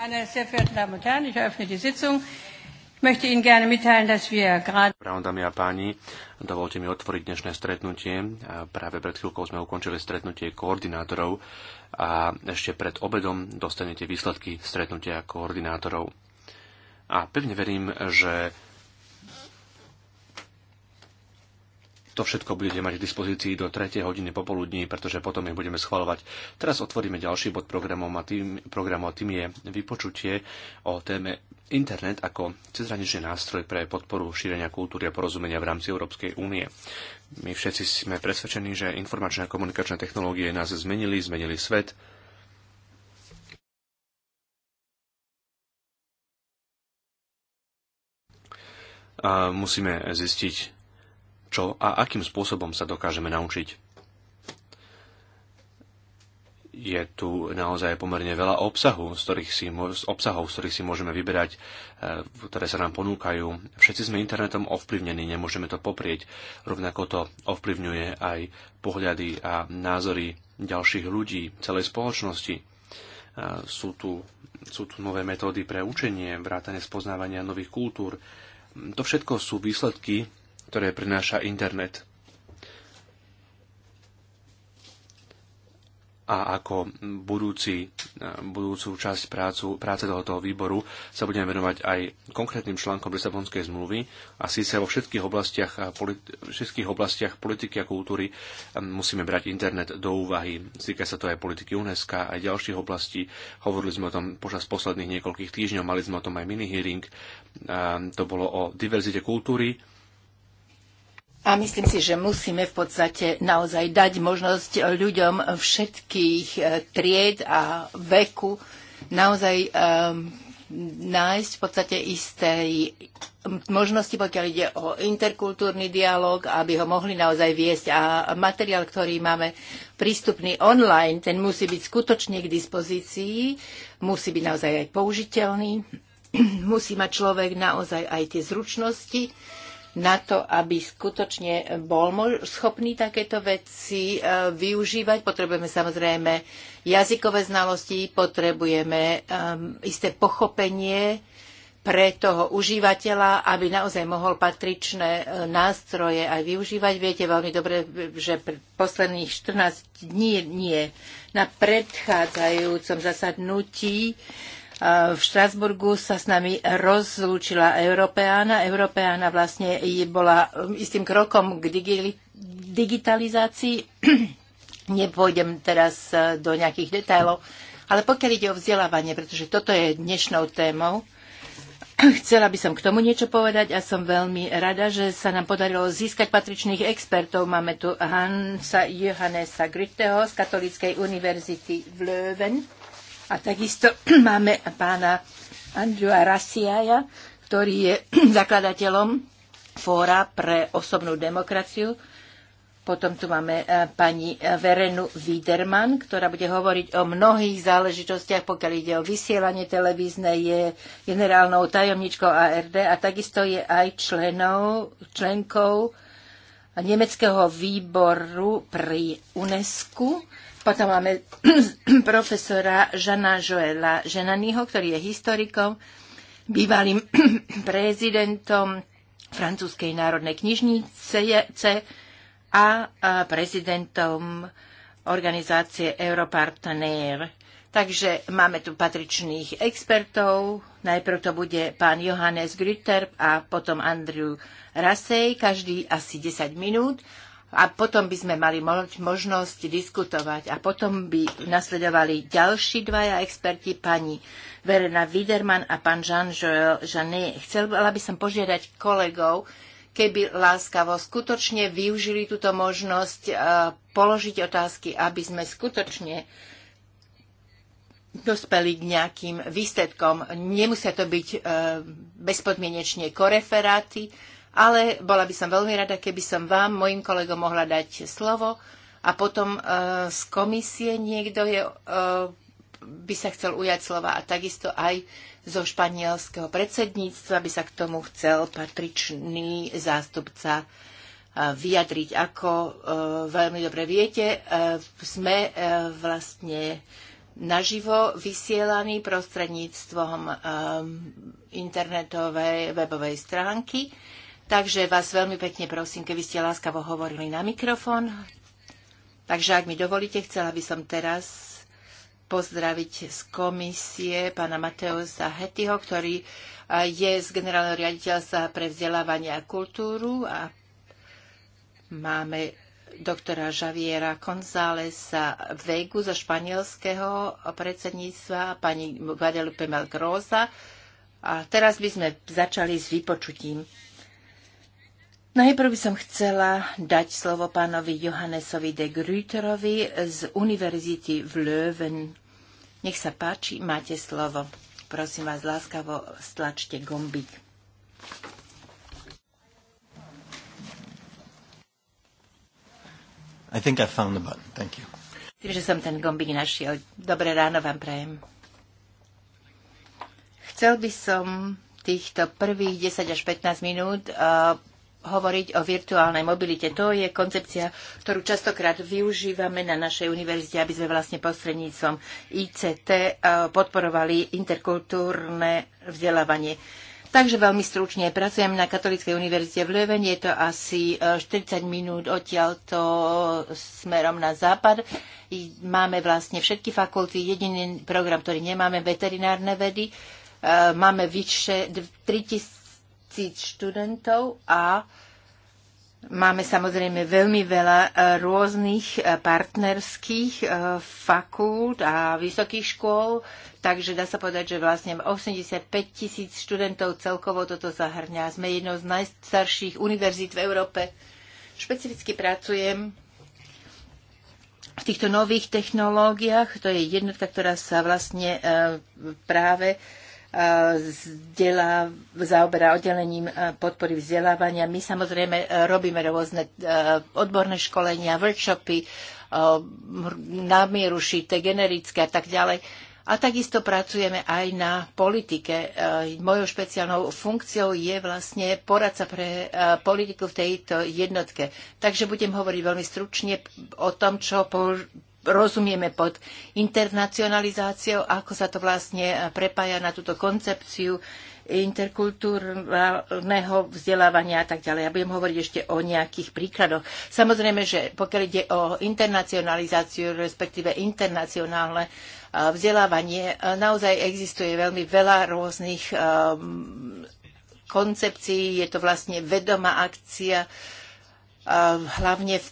Meine sehr verehrten Damen und Herren, ich eröffne die Sitzung. Ich möchte Ihnen gerne mitteilen, dass wir gerade... Dámy a páni, dovolte mi otvoriť dnešné stretnutie. Práve pred chvíľkou sme ukončili stretnutie koordinátorov a ešte pred obedom dostanete výsledky stretnutia koordinátorov. A pevne verím, že To všetko budete mať k dispozícii do 3. hodiny popoludní, pretože potom ich budeme schvalovať. Teraz otvoríme ďalší bod programom a tým, programu a tým je vypočutie o téme Internet ako cezhraničný nástroj pre podporu šírenia kultúry a porozumenia v rámci Európskej únie. My všetci sme presvedčení, že informačné a komunikačné technológie nás zmenili, zmenili svet, musíme zistiť, čo a akým spôsobom sa dokážeme naučiť. Je tu naozaj pomerne veľa obsahu, z ktorých si, obsahov, z ktorých si môžeme vyberať, eh, ktoré sa nám ponúkajú. Všetci sme internetom ovplyvnení, nemôžeme to poprieť. Rovnako to ovplyvňuje aj pohľady a názory ďalších ľudí, celej spoločnosti. Eh, sú tu, sú tu nové metódy pre učenie, vrátane spoznávania nových kultúr. To všetko sú výsledky ktoré prináša internet. a ako budúci, budúcu časť prácu, práce tohoto výboru sa budeme venovať aj konkrétnym článkom Lisabonskej zmluvy a síce vo všetkých oblastiach, politi- všetkých oblastiach politiky a kultúry ehm, musíme brať internet do úvahy. Týka sa to aj politiky UNESCO, aj ďalších oblastí. Hovorili sme o tom počas posledných niekoľkých týždňov, mali sme o tom aj mini-hearing. Ehm, to bolo o diverzite kultúry a myslím si, že musíme v podstate naozaj dať možnosť ľuďom všetkých e, tried a veku naozaj um, nájsť v podstate isté možnosti, pokiaľ ide o interkultúrny dialog, aby ho mohli naozaj viesť. A materiál, ktorý máme prístupný online, ten musí byť skutočne k dispozícii, musí byť naozaj aj použiteľný, musí mať človek naozaj aj tie zručnosti, na to, aby skutočne bol schopný takéto veci e, využívať. Potrebujeme samozrejme jazykové znalosti, potrebujeme isté pochopenie pre toho užívateľa, aby naozaj mohol patričné e, nástroje aj využívať. Viete veľmi dobre, že posledných 14 dní nie na predchádzajúcom zasadnutí Eh, v Štrásburgu sa s nami rozlúčila Európeána. Európeána vlastne bola eh, istým krokom k digitalizácii. Nepôjdem teraz eh, do nejakých detajlov, ale pokiaľ ide o vzdelávanie, pretože toto je dnešnou témou, Chcela by som k tomu niečo povedať a som veľmi rada, že sa nám podarilo získať patričných expertov. Máme tu Hansa Johannesa Gritteho z Katolíckej univerzity v Löwen. A takisto máme pána Andrewa Rasiaja, ktorý je zakladateľom Fóra pre osobnú demokraciu. Potom tu máme e, pani Verenu Widerman, ktorá bude hovoriť o mnohých záležitostiach, pokiaľ ide o vysielanie televízne, je generálnou tajomničkou ARD a takisto je aj členou, členkou Nemeckého výboru pri UNESCO potom máme profesora Žana Joela Ženanyho, ktorý je historikom, bývalým prezidentom Francúzskej národnej knižnice a prezidentom organizácie Europartner. Takže máme tu patričných expertov. Najprv to bude pán Johannes Grütter a potom Andrew Rasej, každý asi 10 minút a potom by sme mali možnosť diskutovať. A potom by nasledovali ďalší dvaja experti, pani Verena Widerman a pán Jean-Joël Jeannet. Chcela by som požiadať kolegov, keby láskavo skutočne využili túto možnosť e, položiť otázky, aby sme skutočne dospeli k nejakým výsledkom. Nemusia to byť e, bezpodmienečne koreferáty, ale bola by som veľmi rada, keby som vám, mojim kolegom, mohla dať slovo a potom e, z komisie niekto je, e, by sa chcel ujať slova a takisto aj zo španielského predsedníctva by sa k tomu chcel patričný zástupca e, vyjadriť. Ako e, veľmi dobre viete, e, sme e, vlastne naživo vysielaní prostredníctvom internetovej webovej stránky Takže vás veľmi pekne prosím, keby ste láskavo hovorili na mikrofón. Takže ak mi dovolíte, chcela by som teraz pozdraviť z komisie pána Mateusa Hetyho, ktorý e, je z generálneho riaditeľstva pre vzdelávanie a kultúru a máme doktora Javiera Gonzálesa Vegu zo španielského predsedníctva, pani Guadalupe Melgroza. A teraz by sme začali s vypočutím. Najprv by som chcela dať slovo pánovi Johannesovi de Grüterovi z Univerzity v Löwen. Nech sa páči, máte slovo. Prosím vás, láskavo stlačte gombík. I think I found the button. Thank you. Tým, že som ten gombík našiel. Dobré ráno vám prajem. Chcel by som týchto prvých 10 až 15 minút uh, hovoriť o virtuálnej mobilite. To je koncepcia, ktorú častokrát využívame na našej univerzite, aby sme vlastne prostredníctvom ICT eh, podporovali interkultúrne vzdelávanie. Takže veľmi stručne pracujem na Katolíckej univerzite v Leuven, je to asi 40 eh, minút odtiaľto eh, smerom na západ. Máme vlastne všetky fakulty, jediný program, ktorý nemáme, veterinárne vedy. Máme vyše 3000 študentov a Máme samozrejme veľmi veľa e, rôznych e, partnerských e, fakult a vysokých škôl, takže dá sa povedať, že vlastne 85 tisíc študentov celkovo toto zahrňa. Sme jednou z najstarších univerzít v Európe. Špecificky pracujem v týchto nových technológiách. To je jednotka, ktorá sa vlastne práve E, zdieľa, zaoberá oddelením e, podpory vzdelávania. My samozrejme e, robíme rôzne odborné školenia, workshopy, námieru šité, generické a tak ďalej. A takisto pracujeme aj na politike. Mojou špeciálnou funkciou je vlastne poradca pre politiku v tejto jednotke. Takže budem hovoriť veľmi stručne o tom, čo rozumieme pod internacionalizáciou, ako sa to vlastne prepája na túto koncepciu interkultúrneho vzdelávania a tak ďalej. Ja budem hovoriť ešte o nejakých príkladoch. Samozrejme, že pokiaľ ide o internacionalizáciu, respektíve internacionálne vzdelávanie, naozaj existuje veľmi veľa rôznych koncepcií. Je to vlastne vedomá akcia, hlavne v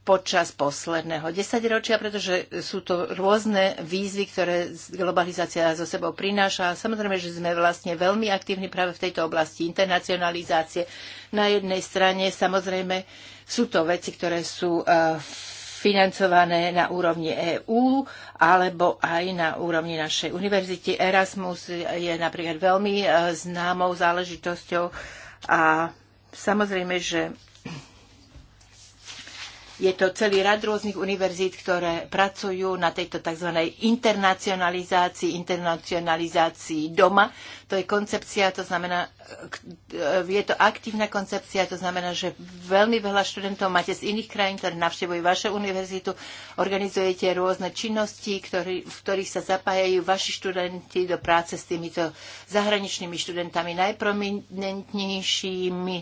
počas posledného desaťročia, pretože sú to rôzne výzvy, ktoré globalizácia so sebou prináša. Samozrejme, že sme vlastne veľmi aktívni práve v tejto oblasti internacionalizácie. Na jednej strane samozrejme sú to veci, ktoré sú e, financované na úrovni EÚ alebo aj na úrovni našej univerzity. Erasmus je napríklad veľmi e, známou záležitosťou a samozrejme, že je to celý rad rôznych univerzít, ktoré pracujú na tejto tzv. internacionalizácii, internacionalizácii doma. To je koncepcia, to znamená, e, je to aktívna koncepcia, to znamená, že veľmi veľa študentov máte z iných krajín, ktoré navštevujú vašu univerzitu, organizujete rôzne činnosti, ktorý, v ktorých sa zapájajú vaši študenti do práce s týmito zahraničnými študentami. Najprominentnejšími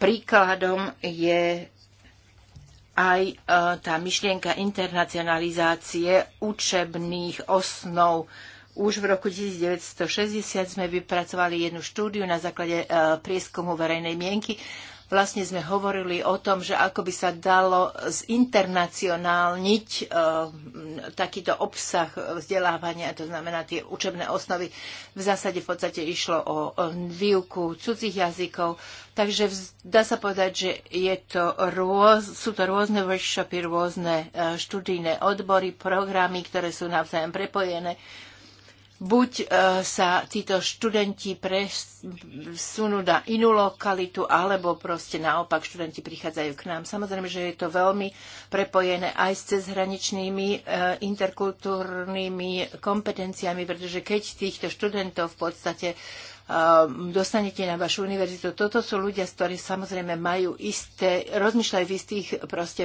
príkladom je aj e, tá myšlienka internacionalizácie učebných osnov už v roku 1960 sme vypracovali jednu štúdiu na základe e, prieskumu verejnej mienky. Vlastne sme hovorili o tom, že ako by sa dalo zinternacionálniť e, takýto obsah vzdelávania, to znamená tie učebné osnovy. V zásade v podstate išlo o výuku cudzích jazykov, takže dá sa povedať, že je to rôz, sú to rôzne workshopy, rôzne e, študijné odbory, programy, ktoré sú navzájom prepojené buď e, sa títo študenti presunú na inú lokalitu, alebo proste naopak študenti prichádzajú k nám. Samozrejme, že je to veľmi prepojené aj s cezhraničnými e, interkultúrnymi kompetenciami, pretože keď týchto študentov v podstate Ehm, dostanete na vašu univerzitu. Toto sú ľudia, z ktorí samozrejme majú isté, rozmýšľajú v istých, proste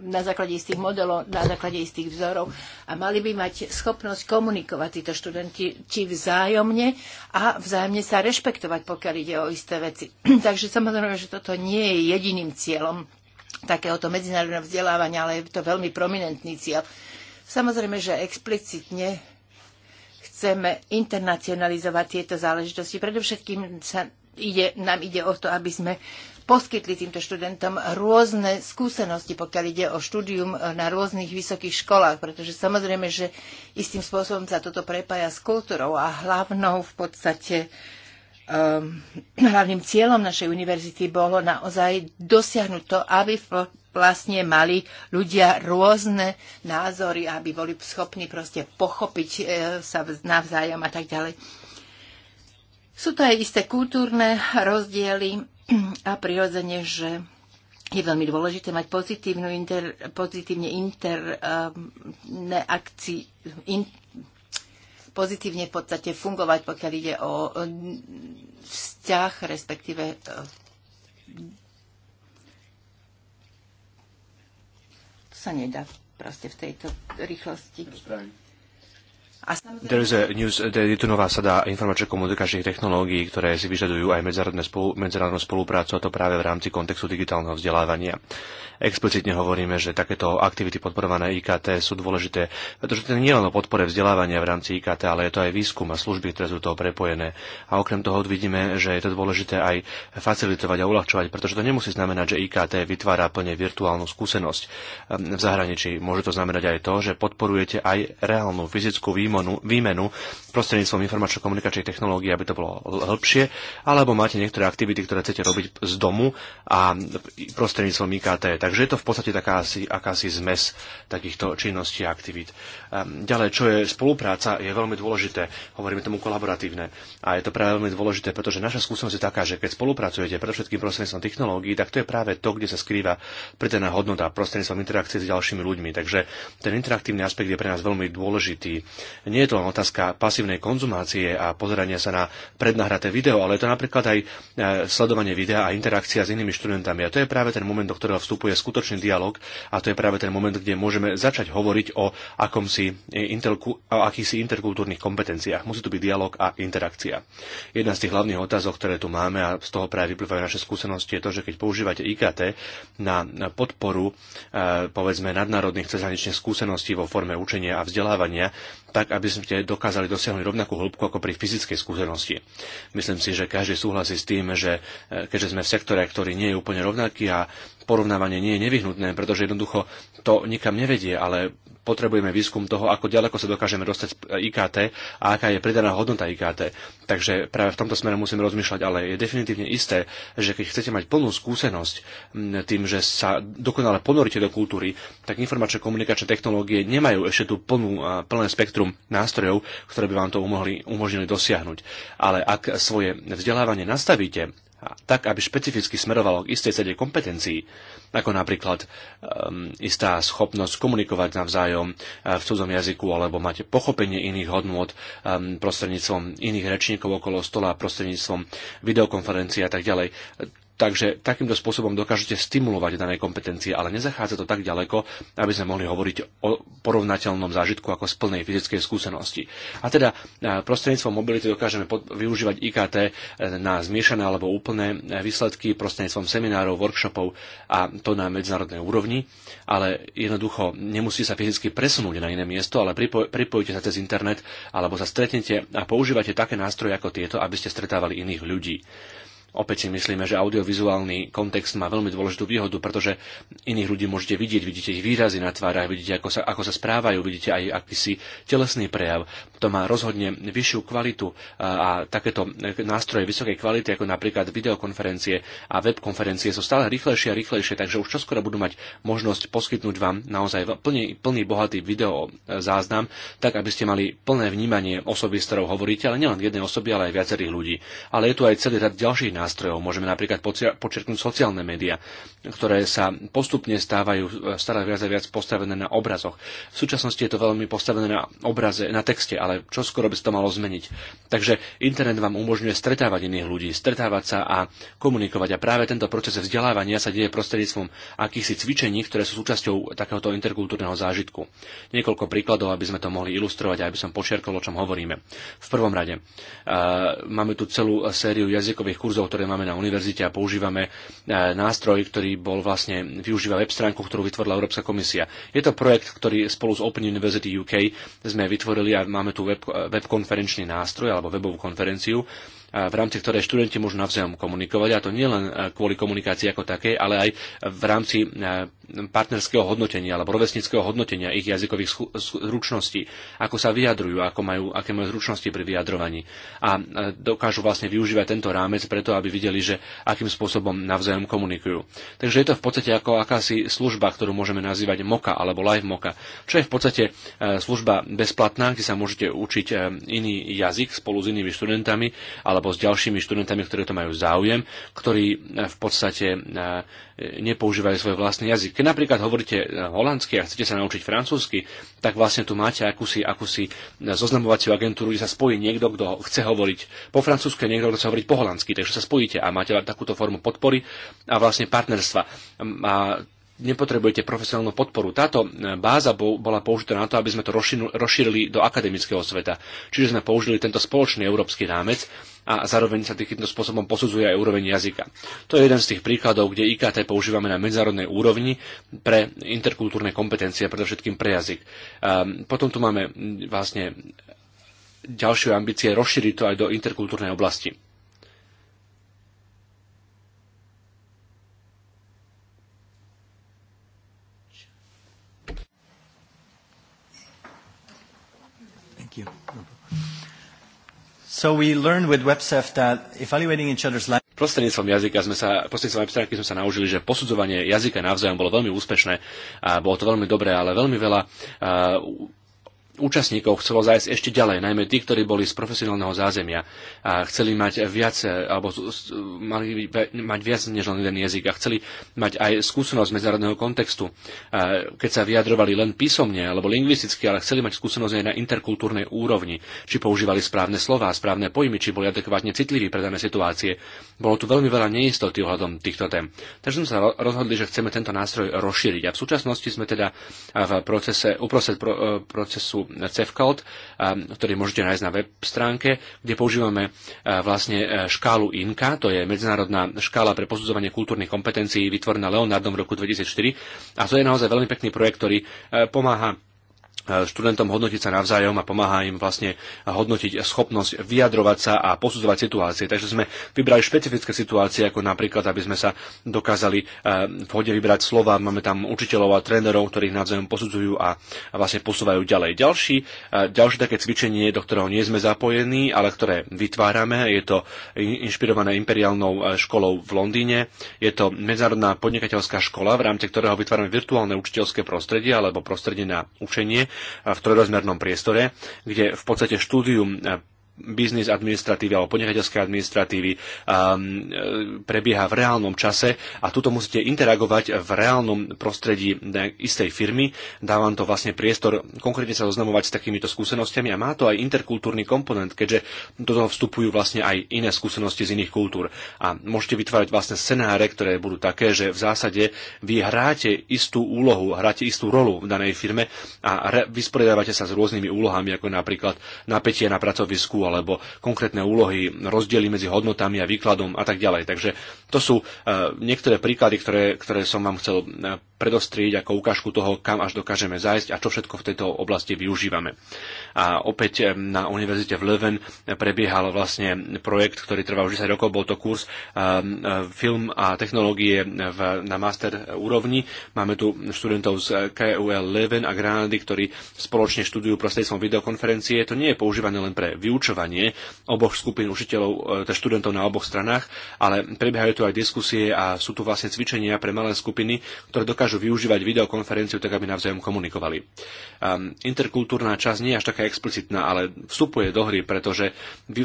na základe istých modelov, na základe istých vzorov a mali by mať schopnosť komunikovať títo študenti či vzájomne a vzájomne sa rešpektovať, pokiaľ ide o isté veci. Takže samozrejme, že toto nie je jediným cieľom takéhoto medzinárodného vzdelávania, ale je to veľmi prominentný cieľ. Samozrejme, že explicitne chceme internacionalizovať tieto záležitosti. Predovšetkým sa ide, nám ide o to, aby sme poskytli týmto študentom rôzne skúsenosti, pokiaľ ide o štúdium e, na rôznych vysokých školách, pretože samozrejme, že istým spôsobom sa toto prepája s kultúrou a hlavnou v podstate uh, Ehm, hlavným cieľom našej univerzity bolo naozaj dosiahnuť to, aby vlastne mali ľudia rôzne názory, aby boli schopní proste pochopiť e, sa navzájom a tak ďalej. Sú to aj isté kultúrne rozdiely a prirodzene, že je veľmi dôležité mať pozitívnu inter, pozitívne interné akci, in, pozitívne v podstate fungovať, pokiaľ ide o vzťah, respektíve e, to sa nedá proste v tejto rýchlosti. Spraviť. A There is a news, je tu nová sada informačných komunikačných technológií, ktoré si vyžadujú aj spolu, medzinárodnú spoluprácu, a to práve v rámci kontextu digitálneho vzdelávania. Explicitne hovoríme, že takéto aktivity podporované IKT sú dôležité, pretože to nie len o podpore vzdelávania v rámci IKT, ale je to aj výskum a služby, ktoré sú toho prepojené. A okrem toho vidíme, že je to dôležité aj facilitovať a uľahčovať, pretože to nemusí znamenať, že IKT vytvára plne virtuálnu skúsenosť v zahraničí. Môže to znamenať aj to, že podporujete aj reálnu fyzickú výmenu výmonu, výmenu prostredníctvom informačno-komunikačných technológie, aby to bolo hĺbšie, alebo máte niektoré aktivity, ktoré chcete robiť z domu a prostredníctvom IKT. Takže je to v podstate taká asi, akási zmes takýchto činností a aktivít. Ehm, ďalej, čo je spolupráca, je veľmi dôležité. Hovoríme tomu kolaboratívne. A je to práve veľmi dôležité, pretože naša skúsenosť je taká, že keď spolupracujete predovšetkým prostredníctvom technológií, tak to je práve to, kde sa skrýva pridaná hodnota prostredníctvom interakcie s ďalšími ľuďmi. Takže ten interaktívny aspekt je pre nás veľmi dôležitý nie je to len otázka pasívnej konzumácie a pozerania sa na prednahraté video, ale je to napríklad aj e, sledovanie videa a interakcia s inými študentami. A to je práve ten moment, do ktorého vstupuje skutočný dialog a to je práve ten moment, kde môžeme začať hovoriť o, akomsi interku, o akýsi interkultúrnych kompetenciách. Musí tu byť dialog a interakcia. Jedna z tých hlavných otázok, ktoré tu máme a z toho práve vyplývajú naše skúsenosti, je to, že keď používate IKT na podporu e, povedzme nadnárodných cezhraničných skúseností vo forme učenia a vzdelávania, tak aby sme dokázali dosiahnuť rovnakú hĺbku ako pri fyzickej skúsenosti. Myslím si, že každý súhlasí s tým, že eh, keďže sme v sektore, ktorý nie je úplne rovnaký a porovnávanie nie je nevyhnutné, pretože jednoducho to nikam nevedie, ale potrebujeme výskum toho, ako ďaleko sa dokážeme dostať IKT a aká je pridaná hodnota IKT. Takže práve v tomto smere musíme rozmýšľať, ale je definitívne isté, že keď chcete mať plnú skúsenosť tým, že sa dokonale ponoríte do kultúry, tak informačné komunikačné technológie nemajú ešte tú plnú, plné spektrum nástrojov, ktoré by vám to umohli, umožnili dosiahnuť. Ale ak svoje vzdelávanie nastavíte tak, aby špecificky smerovalo k istej sede kompetencií, ako napríklad um, istá schopnosť komunikovať navzájom e, v cudzom jazyku alebo mať pochopenie iných hodnôt um, prostredníctvom iných rečníkov okolo stola, prostredníctvom videokonferencií a tak ďalej. Takže takýmto spôsobom dokážete stimulovať dané kompetencie, ale nezachádza to tak ďaleko, aby sme mohli hovoriť o porovnateľnom zážitku ako z plnej fyzickej skúsenosti. A teda e, prostredníctvom mobility dokážeme využívať IKT e, na zmiešané alebo úplné e, výsledky prostredníctvom seminárov, workshopov a to na medzinárodnej úrovni, ale jednoducho nemusí sa fyzicky presunúť na iné miesto, ale pripo- pripojíte sa cez internet alebo sa stretnete a používate také nástroje ako tieto, aby ste stretávali iných ľudí. Opäť si myslíme, že audiovizuálny kontext má veľmi dôležitú výhodu, pretože iných ľudí môžete vidieť, vidíte ich výrazy na tvárach, vidíte, ako sa, ako sa správajú, vidíte aj akýsi telesný prejav. To má rozhodne vyššiu kvalitu a, a takéto nástroje vysokej kvality, ako napríklad videokonferencie a webkonferencie, sú stále rýchlejšie a rýchlejšie, takže už čoskoro budú mať možnosť poskytnúť vám naozaj plný, plný bohatý video záznam, tak aby ste mali plné vnímanie osoby, s ktorou hovoríte, ale nielen jednej osoby, ale aj viacerých ľudí. Ale je tu aj celý rad ďalších nástrojov. Môžeme napríklad počerknúť sociálne médiá, ktoré sa postupne stávajú stále viac a viac postavené na obrazoch. V súčasnosti je to veľmi postavené na obraze, na texte, ale čo skoro by sa to malo zmeniť. Takže internet vám umožňuje stretávať iných ľudí, stretávať sa a komunikovať. A práve tento proces vzdelávania sa deje prostredníctvom akýchsi cvičení, ktoré sú súčasťou takéhoto interkultúrneho zážitku. Niekoľko príkladov, aby sme to mohli ilustrovať a aby som počiarkol, o čom hovoríme. V prvom rade, máme tu celú sériu jazykových kurzov, ktoré máme na univerzite a používame e, nástroj, ktorý bol vlastne, využíva web stránku, ktorú vytvorila Európska komisia. Je to projekt, ktorý spolu s Open University UK sme vytvorili a máme tu web, e, web konferenčný nástroj alebo webovú konferenciu, e, v rámci ktorej študenti môžu navzájom komunikovať, a to nielen kvôli komunikácii ako takej, ale aj v rámci partnerského hodnotenia alebo rovesnického hodnotenia ich jazykových zručností, ako sa vyjadrujú, ako majú, aké majú zručnosti pri vyjadrovaní. A dokážu vlastne využívať tento rámec preto, aby videli, že akým spôsobom navzájom komunikujú. Takže je to v podstate ako akási služba, ktorú môžeme nazývať MOKA alebo Live MOKA, čo je v podstate e, služba bezplatná, kde sa môžete učiť e, iný jazyk spolu s inými študentami alebo s ďalšími študentami, ktorí to majú záujem, ktorí e, v podstate nepoužívajú svoj vlastný jazyk. Keď napríklad hovoríte eh, holandsky a chcete sa naučiť francúzsky, tak vlastne tu máte akúsi, akúsi eh, zoznamovaciu agentúru, kde sa spojí niekto, kto chce hovoriť po francúzsky a niekto, kto chce hovoriť po holandsky. Takže sa spojíte a máte takúto formu podpory a vlastne partnerstva. Mm, a nepotrebujete profesionálnu podporu. Táto eh, báza bola použitá na to, aby sme to rozšírili do akademického sveta. Čiže sme použili tento spoločný európsky rámec a zároveň sa takýmto spôsobom posudzuje aj úroveň jazyka. To je jeden z tých príkladov, kde IKT používame na medzinárodnej úrovni pre interkultúrne kompetencie, predovšetkým pre jazyk. Ehm, potom tu máme vlastne ďalšie ambície rozšíriť to aj do interkultúrnej oblasti. So we learned with WebSEF that evaluating each other's language Prostredníctvom jazyka sme sa, prostredníctvom abstraktky sme sa naučili, že posudzovanie jazyka navzájom bolo veľmi úspešné a bolo to veľmi dobré, ale veľmi veľa uh, účastníkov chcelo zájsť ešte ďalej, najmä tí, ktorí boli z profesionálneho zázemia a chceli mať viac, alebo mali mať viac než len jeden jazyk a chceli mať aj skúsenosť medzinárodného kontextu. A keď sa vyjadrovali len písomne alebo lingvisticky, ale chceli mať skúsenosť aj na interkultúrnej úrovni, či používali správne slova, správne pojmy, či boli adekvátne citliví pre dané situácie. Bolo tu veľmi veľa neistoty ohľadom týchto tém. Takže sme sa rozhodli, že chceme tento nástroj rozšíriť. A v súčasnosti sme teda v procese, uprostred pro, procesu projektu ktorý môžete nájsť na web stránke, kde používame vlastne e, škálu INKA, to je medzinárodná škála pre posudzovanie kultúrnych kompetencií vytvorená Leonardom v roku 2004 a to je naozaj veľmi pekný projekt, ktorý e, pomáha študentom hodnotiť sa navzájom a pomáha im vlastne hodnotiť schopnosť vyjadrovať sa a posudzovať situácie. Takže sme vybrali špecifické situácie, ako napríklad, aby sme sa dokázali eh, v hode vybrať slova. Máme tam učiteľov a trénerov, ktorých navzájom posudzujú a vlastne posúvajú ďalej. Ďalší, eh, ďalšie také cvičenie, do ktorého nie sme zapojení, ale ktoré vytvárame, je to inšpirované imperiálnou eh, školou v Londýne. Je to medzinárodná podnikateľská škola, v rámci ktorého vytvárame virtuálne učiteľské prostredie alebo prostredie na učenie v trojrozmernom priestore, kde v podstate štúdium biznis administratívy alebo podnikateľskej administratívy um, e, prebieha v reálnom čase a tuto musíte interagovať v reálnom prostredí istej firmy. Dá vám to vlastne priestor konkrétne sa zoznamovať s takýmito skúsenostiami a má to aj interkultúrny komponent, keďže do toho vstupujú vlastne aj iné skúsenosti z iných kultúr. A môžete vytvárať vlastne scenáre, ktoré budú také, že v zásade vy hráte istú úlohu, hráte istú rolu v danej firme a vysporiadávate sa s rôznymi úlohami, ako napríklad napätie na pracovisku alebo konkrétne úlohy, rozdiely medzi hodnotami a výkladom a tak ďalej. Takže to sú e, niektoré príklady, ktoré, ktoré som vám chcel e, predostrieť ako ukážku toho, kam až dokážeme zajsť a čo všetko v tejto oblasti využívame a opäť na univerzite v Leuven prebiehal vlastne projekt, ktorý trvá už 10 rokov, bol to kurz film a technológie v, na master úrovni. Máme tu študentov z KUL e Leuven a Granady, ktorí spoločne študujú prostredstvom videokonferencie. To nie je používané len pre vyučovanie oboch skupín učiteľov, e, teda študentov na oboch stranách, ale prebiehajú tu aj diskusie a sú tu vlastne cvičenia pre malé skupiny, ktoré dokážu využívať videokonferenciu tak, aby navzájom komunikovali. Um, interkultúrna časť nie je až taká taká explicitná, ale vstupuje do hry, pretože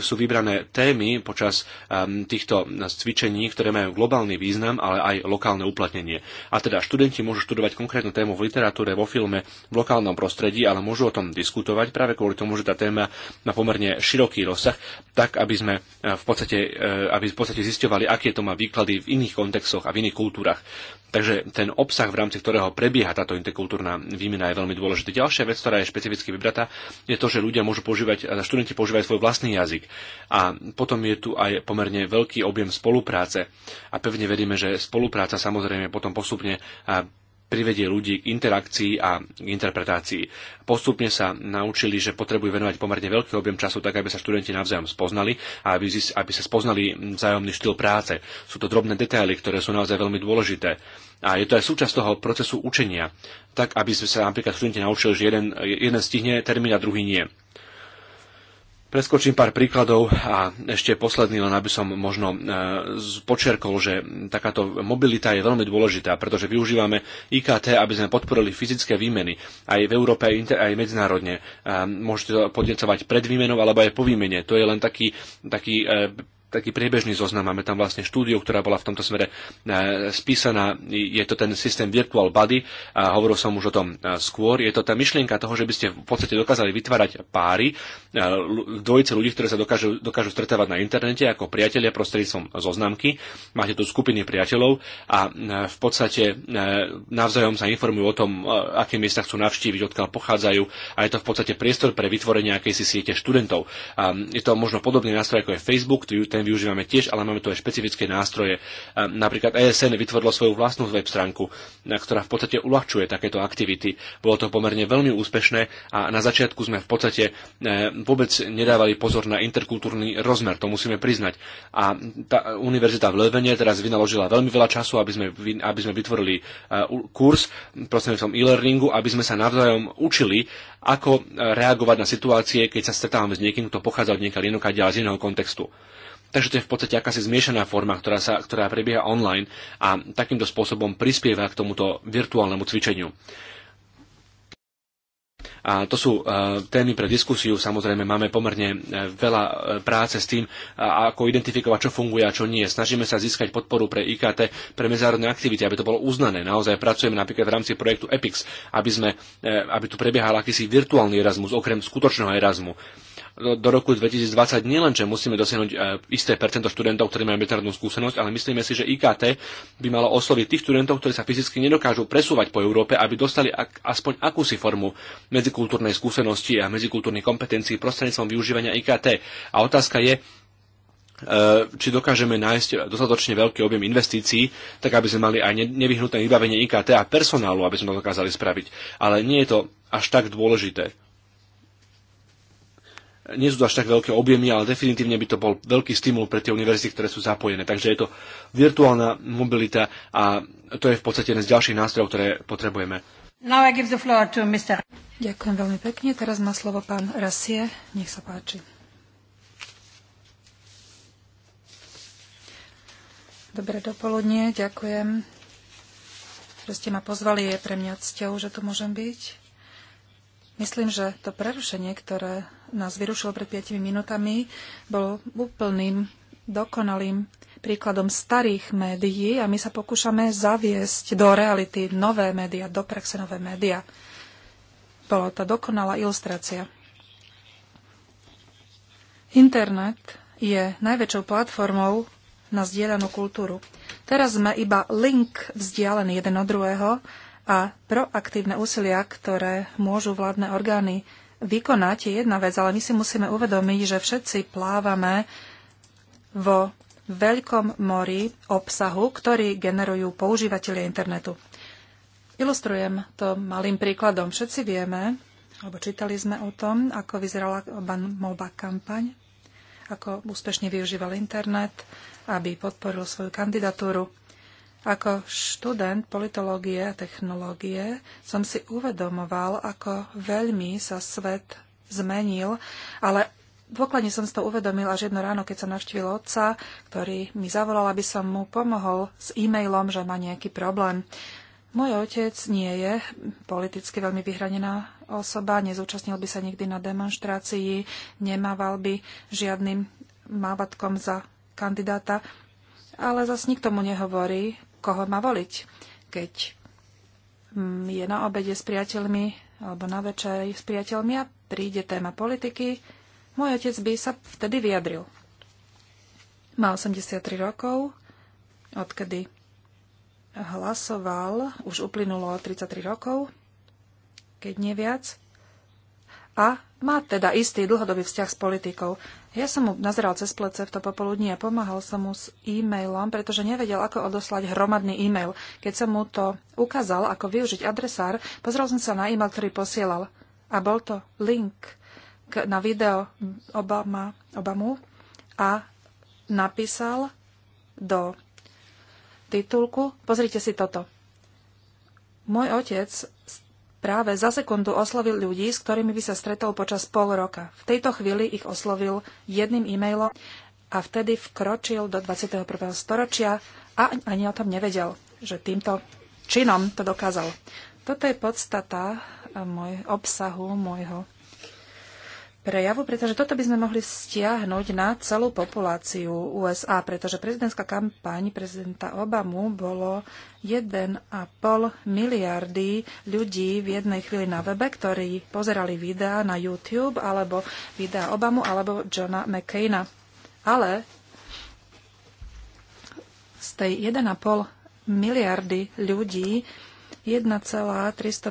sú vybrané témy počas ehm, týchto eh, cvičení, ktoré majú globálny význam, ale aj lokálne uplatnenie. A teda študenti môžu študovať konkrétnu tému v literatúre, vo filme, v lokálnom prostredí, ale môžu o tom diskutovať práve kvôli tomu, že tá téma má pomerne široký rozsah, tak aby sme eh, v podstate, eh, aby v podstate zistovali, aké to má výklady v iných kontextoch a v iných kultúrach. Takže ten obsah, v rámci ktorého prebieha táto interkultúrna výmena, je veľmi dôležitý. Ďalšia vec, ktorá je špecificky vybratá, je to, že ľudia môžu používať, študenti používajú svoj vlastný jazyk. A potom je tu aj pomerne veľký objem spolupráce. A pevne veríme, že spolupráca samozrejme potom postupne privedie ľudí k interakcii a k interpretácii. Postupne sa naučili, že potrebujú venovať pomerne veľký objem času, tak aby sa študenti navzájom spoznali a aby, aby sa spoznali vzájomný štýl práce. Sú to drobné detaily, ktoré sú naozaj veľmi dôležité. A je to aj súčasť toho procesu učenia, tak aby sme sa napríklad študenti naučili, že jeden, jeden stihne termín a druhý nie. Preskočím pár príkladov a ešte posledný, len aby som možno e, počerkol, že takáto mobilita je veľmi dôležitá, pretože využívame IKT, aby sme podporili fyzické výmeny aj v Európe, aj medzinárodne. Môžete to podnecovať pred výmenou alebo aj po výmene. To je len taký, taký e, taký priebežný zoznam, máme tam vlastne štúdiu, ktorá bola v tomto smere e, spísaná, je to ten systém Virtual Body, a hovoril som už o tom e, skôr, je to tá myšlienka toho, že by ste v podstate dokázali vytvárať páry, e, dvojice ľudí, ktoré sa dokážu, dokážu stretávať na internete ako priatelia prostredníctvom zoznamky, máte tu skupiny priateľov a v podstate navzájom sa informujú o tom, aké miesta chcú navštíviť, odkiaľ pochádzajú a je to v podstate priestor pre vytvorenie akejsi siete študentov. A je to možno podobný nástroj ako je Facebook, ten využívame tiež, ale máme tu aj špecifické nástroje. Napríklad ESN vytvorilo svoju vlastnú web stránku, ktorá v podstate uľahčuje takéto aktivity. Bolo to pomerne veľmi úspešné a na začiatku sme v podstate e, vôbec nedávali pozor na interkultúrny rozmer, to musíme priznať. A tá univerzita v Levene teraz vynaložila veľmi veľa času, aby sme, aby sme vytvorili e, kurz prostredníctvom e-learningu, aby sme sa navzájom učili, ako e, reagovať na situácie, keď sa stretávame s niekým, kto pochádza od niekaľ inokadiaľ z iného kontextu. Takže to je v podstate akási zmiešaná forma, ktorá, sa, ktorá prebieha online a takýmto spôsobom prispieva k tomuto virtuálnemu cvičeniu. A to sú e, témy pre diskusiu. Samozrejme, máme pomerne e, veľa e, práce s tým, ako identifikovať, čo funguje a čo nie. Snažíme sa získať podporu pre IKT, pre medzinárodné aktivity, aby to bolo uznané. Naozaj pracujeme napríklad v rámci projektu EPIX, aby, sme, aby tu prebiehal akýsi virtuálny Erasmus, okrem skutočného Erasmu do roku 2020 nielen, že musíme dosiahnuť e, isté percento študentov, ktorí majú medzinárodnú skúsenosť, ale myslíme si, že IKT by malo osloviť tých študentov, ktorí sa fyzicky nedokážu presúvať po Európe, aby dostali aspoň akúsi formu medzikultúrnej skúsenosti a medzikultúrnych kompetencií prostredníctvom využívania IKT. A otázka je, e, či dokážeme nájsť dostatočne veľký objem investícií, tak aby sme mali aj nevyhnutné vybavenie IKT a personálu, aby sme to dokázali spraviť. Ale nie je to až tak dôležité nie sú to až tak veľké objemy, ale definitívne by to bol veľký stimul pre tie univerzity, ktoré sú zapojené. Takže je to virtuálna mobilita a to je v podstate jeden z ďalších nástrojov, ktoré potrebujeme. Ďakujem veľmi pekne. Teraz má slovo pán Rasie. Nech sa páči. Dobré dopoludne, ďakujem, že ste ma pozvali. Je pre mňa cťou, že tu môžem byť. Myslím, že to prerušenie, ktoré nás vyrušilo pred 5 minútami, bolo úplným, dokonalým príkladom starých médií a my sa pokúšame zaviesť do reality nové médiá, do praxe nové médiá. Bolo to dokonalá ilustrácia. Internet je najväčšou platformou na zdieľanú kultúru. Teraz sme iba link vzdialený jeden od druhého a proaktívne úsilia, ktoré môžu vládne orgány vykonať, je jedna vec, ale my si musíme uvedomiť, že všetci plávame vo veľkom mori obsahu, ktorý generujú používateľe internetu. Ilustrujem to malým príkladom. Všetci vieme, alebo čítali sme o tom, ako vyzerala Moba kampaň, ako úspešne využíval internet, aby podporil svoju kandidatúru. Ako študent politológie a technológie som si uvedomoval, ako veľmi sa svet zmenil, ale dôkladne som si to uvedomil až jedno ráno, keď som navštívil otca, ktorý mi zavolal, aby som mu pomohol s e-mailom, že má nejaký problém. Môj otec nie je politicky veľmi vyhranená osoba, nezúčastnil by sa nikdy na demonstrácii, nemával by žiadnym mávatkom za kandidáta, ale zas nikto mu nehovorí, koho má voliť. Keď mm, je na obede s priateľmi alebo na večeri s priateľmi a príde téma politiky, môj otec by sa vtedy vyjadril. Má 83 rokov, odkedy hlasoval, už uplynulo 33 rokov, keď nie viac. A má teda istý dlhodobý vzťah s politikou. Ja som mu nazeral cez plece v to popoludní a pomáhal som mu s e-mailom, pretože nevedel, ako odoslať hromadný e-mail. Keď som mu to ukázal, ako využiť adresár, pozrel som sa na e-mail, ktorý posielal. A bol to link k, na video Obama, Obamu a napísal do titulku, pozrite si toto. Môj otec práve za sekundu oslovil ľudí, s ktorými by sa stretol počas pol roka. V tejto chvíli ich oslovil jedným e-mailom a vtedy vkročil do 21. storočia a ani o tom nevedel, že týmto činom to dokázal. Toto je podstata eh, môj obsahu môjho prejavu, pretože toto by sme mohli stiahnuť na celú populáciu USA, pretože prezidentská kampaň prezidenta Obamu bolo 1,5 miliardy ľudí v jednej chvíli na webe, ktorí pozerali videá na YouTube alebo videá Obamu alebo Johna McCaina. Ale z tej 1,5 miliardy ľudí 1,350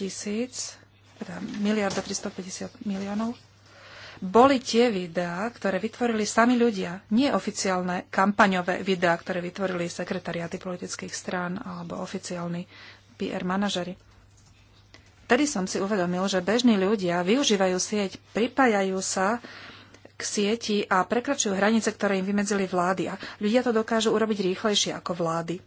tisíc teda miliarda 350 miliónov, boli tie videá, ktoré vytvorili sami ľudia, nie oficiálne kampaňové videá, ktoré vytvorili sekretariáty politických strán alebo oficiálni PR manažery. Tedy som si uvedomil, že bežní ľudia využívajú sieť, pripájajú sa k sieti a prekračujú hranice, ktoré im vymedzili vlády. A ľudia to dokážu urobiť rýchlejšie ako vlády.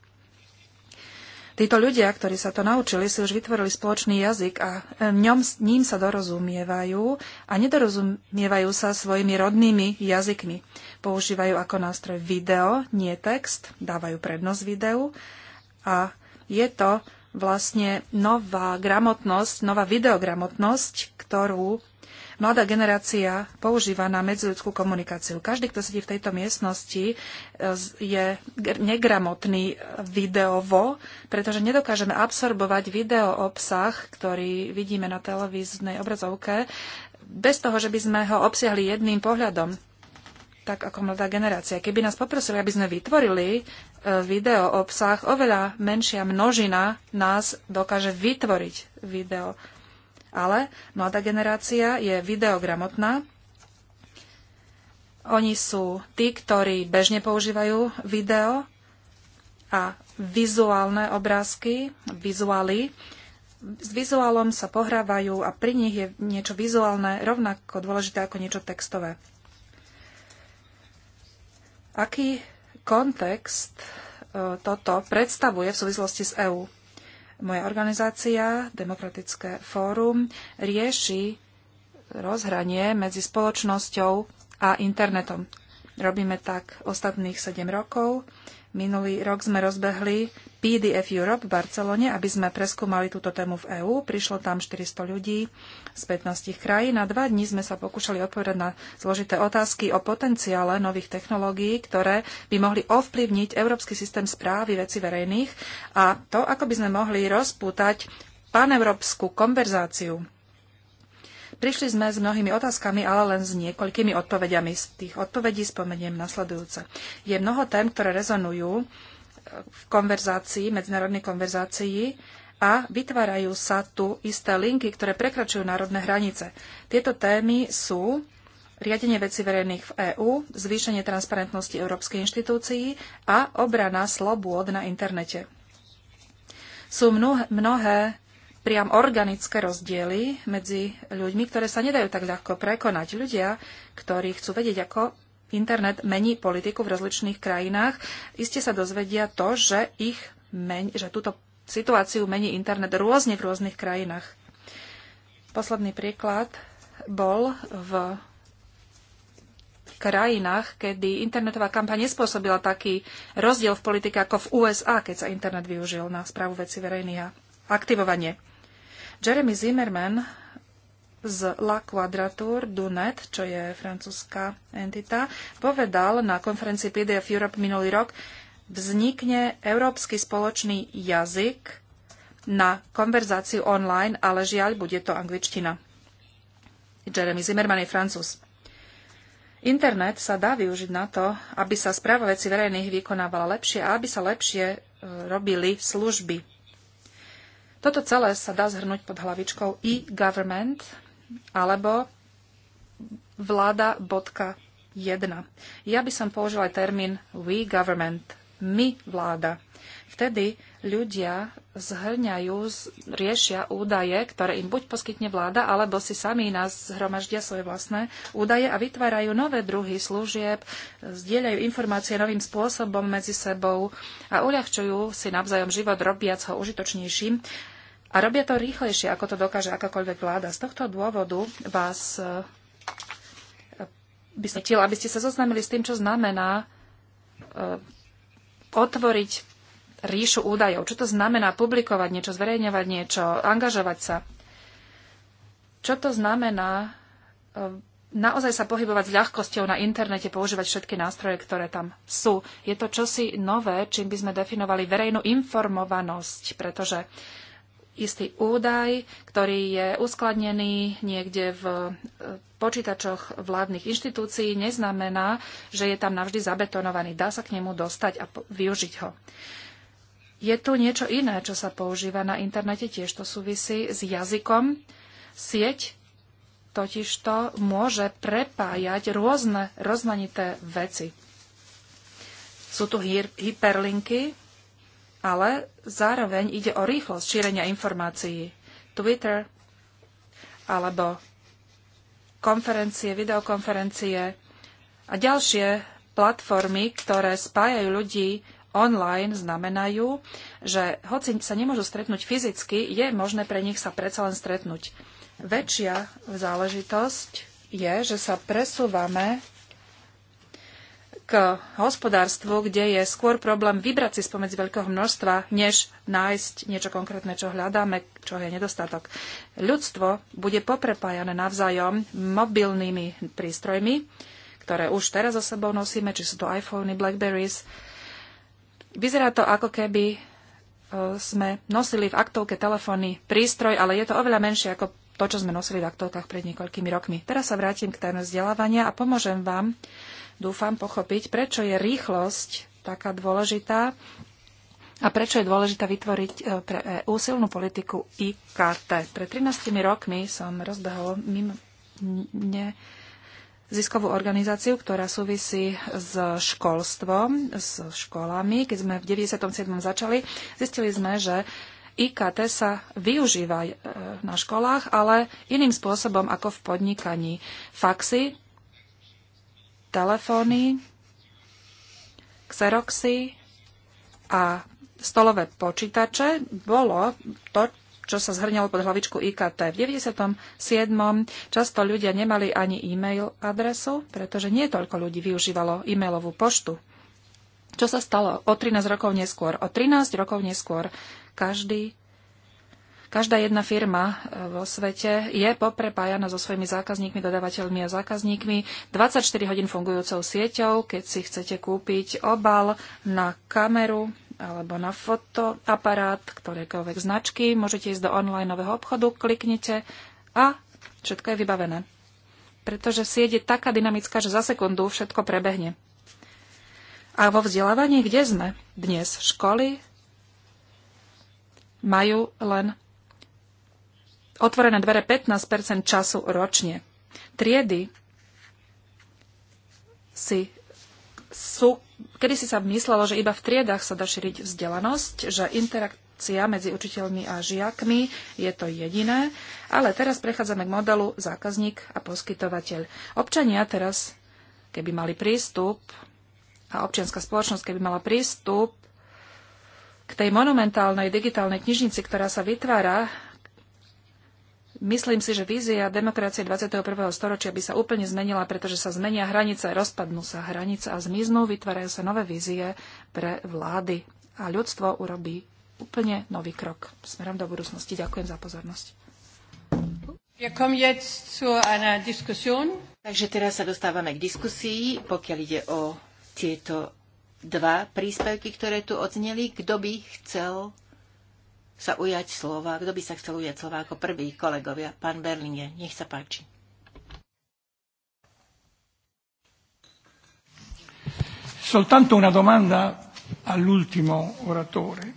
Títo ľudia, ktorí sa to naučili, si už vytvorili spoločný jazyk a e, ňom, ním sa dorozumievajú a nedorozumievajú sa svojimi rodnými jazykmi. Používajú ako nástroj video, nie text, dávajú prednosť videu a je to vlastne nová gramotnosť, nová videogramotnosť, ktorú mladá generácia používa na medziludskú komunikáciu. Každý, kto sedí v tejto miestnosti, e, je negramotný videovo, pretože nedokážeme absorbovať video obsah, ktorý vidíme na televíznej obrazovke, bez toho, že by sme ho obsiahli jedným pohľadom tak ako mladá generácia. Keby nás poprosili, aby sme vytvorili e, video obsah, oveľa menšia množina nás dokáže vytvoriť video ale mladá generácia je videogramotná. Oni sú tí, ktorí bežne používajú video a vizuálne obrázky, vizuály. S vizuálom sa pohrávajú a pri nich je niečo vizuálne rovnako dôležité ako niečo textové. Aký kontext e, toto predstavuje v súvislosti s EÚ? Moja organizácia, Demokratické fórum, rieši rozhranie medzi spoločnosťou a internetom. Robíme tak ostatných 7 rokov Minulý rok sme rozbehli PDF Europe v Barcelone, aby sme preskúmali túto tému v EÚ. Prišlo tam 400 ľudí z 15 krajín. Na dva dní sme sa pokúšali odpovedať na zložité otázky o potenciále nových technológií, ktoré by mohli ovplyvniť európsky systém správy veci verejných a to, ako by sme mohli rozpútať paneurópsku konverzáciu Prišli sme s mnohými otázkami, ale len s niekoľkými odpovediami. Z tých odpovedí spomeniem nasledujúce. Je mnoho tém, ktoré rezonujú e, v konverzácii, medzinárodnej konverzácii a vytvárajú sa tu isté linky, ktoré prekračujú národné hranice. Tieto témy sú riadenie veci verejných v EÚ, zvýšenie transparentnosti európskej inštitúcií a obrana slobôd na internete. Sú mnohé priam organické rozdiely medzi ľuďmi, ktoré sa nedajú tak ľahko prekonať. Ľudia, ktorí chcú vedieť, ako internet mení politiku v rozličných krajinách, iste sa dozvedia to, že, ich meni, že túto situáciu mení internet rôzne v rôznych krajinách. Posledný príklad bol v krajinách, kedy internetová kampaň nespôsobila taký rozdiel v politike ako v USA, keď sa internet využil na správu veci verejných a aktivovanie. Jeremy Zimmerman z La Quadrature du Net, čo je francúzska entita, povedal na konferencii PDF Europe minulý rok, vznikne európsky spoločný jazyk na konverzáciu online, ale žiaľ, bude to angličtina. Jeremy Zimmerman je francúz. Internet sa dá využiť na to, aby sa správa veci verejných vykonávala lepšie a aby sa lepšie e, robili služby toto celé sa dá zhrnúť pod hlavičkou e-government alebo vláda.1. Ja by som použila aj termín we government, my vláda. Vtedy ľudia zhrňajú, riešia údaje, ktoré im buď poskytne vláda, alebo si sami nás zhromaždia svoje vlastné údaje a vytvárajú nové druhy služieb, zdieľajú informácie novým spôsobom medzi sebou a uľahčujú si navzájom život, robiac ho užitočnejším. A robia to rýchlejšie, ako to dokáže akákoľvek vláda. Z tohto dôvodu vás eh, by som chtiel, aby ste sa zoznámili s tým, čo znamená eh, otvoriť ríšu údajov. Čo to znamená publikovať niečo, zverejňovať niečo, angažovať sa? Čo to znamená e, naozaj sa pohybovať s ľahkosťou na internete, používať všetky nástroje, ktoré tam sú? Je to čosi nové, čím by sme definovali verejnú informovanosť, pretože istý údaj, ktorý je uskladnený niekde v e, počítačoch vládnych inštitúcií, neznamená, že je tam navždy zabetonovaný. Dá sa k nemu dostať a využiť ho je tu niečo iné, čo sa používa na internete, tiež to súvisí s jazykom. Sieť totižto môže prepájať rôzne rozmanité veci. Sú tu hyperlinky, ale zároveň ide o rýchlosť šírenia informácií. Twitter alebo konferencie, videokonferencie a ďalšie platformy, ktoré spájajú ľudí online znamenajú, že hoci sa nemôžu stretnúť fyzicky, je možné pre nich sa predsa len stretnúť. Väčšia záležitosť je, že sa presúvame k hospodárstvu, kde je skôr problém vybrať si spomedzi veľkého množstva, než nájsť niečo konkrétne, čo hľadáme, čo je nedostatok. Ľudstvo bude poprepájane navzájom mobilnými prístrojmi, ktoré už teraz za sebou nosíme, či sú to iPhony, Blackberries, Vyzerá to ako keby e, sme nosili v aktovke telefónny prístroj, ale je to oveľa menšie ako to, čo sme nosili v aktovkách pred niekoľkými rokmi. Teraz sa vrátim k téme vzdelávania a pomôžem vám, dúfam, pochopiť, prečo je rýchlosť taká dôležitá a prečo je dôležité vytvoriť e, pre EU silnú politiku IKT. Pred 13 rokmi som rozbehol mimo ne, ziskovú organizáciu, ktorá súvisí s školstvom, s školami. Keď sme v 97. začali, zistili sme, že IKT sa využíva e, na školách, ale iným spôsobom ako v podnikaní. Faxy, telefóny, xeroxy a stolové počítače bolo to, čo sa zhrňalo pod hlavičku IKT. V 97. často ľudia nemali ani e-mail adresu, pretože nie toľko ľudí využívalo e-mailovú poštu. Čo sa stalo o 13 rokov neskôr? O 13 rokov neskôr každý, každá jedna firma e, vo svete je poprepájana so svojimi zákazníkmi, dodávateľmi a zákazníkmi 24 hodín fungujúcou sieťou, keď si chcete kúpiť obal na kameru, alebo na fotoaparát ktorékoľvek značky. Môžete ísť do online obchodu, kliknite a všetko je vybavené. Pretože sieť je taká dynamická, že za sekundu všetko prebehne. A vo vzdelávaní, kde sme dnes? Školy majú len otvorené dvere 15 času ročne. Triedy si sú kedy si sa myslelo, že iba v triedách sa dá šíriť vzdelanosť, že interakcia medzi učiteľmi a žiakmi je to jediné, ale teraz prechádzame k modelu zákazník a poskytovateľ. Občania teraz, keby mali prístup, a občianská spoločnosť, keby mala prístup k tej monumentálnej digitálnej knižnici, ktorá sa vytvára Myslím si, že vízia demokracie 21. storočia by sa úplne zmenila, pretože sa zmenia hranice, rozpadnú sa hranice a zmiznú, vytvárajú sa nové vízie pre vlády. A ľudstvo urobí úplne nový krok smerom do budúcnosti. Ďakujem za pozornosť. Takže teraz sa dostávame k diskusii, pokiaľ ide o tieto dva príspevky, ktoré tu odzneli. Kto by chcel sa ujať slova. Kto by sa chcel ujať slova ako prvý kolegovia? Pán Berlinie, nech sa páči. Soltanto una domanda all'ultimo oratore.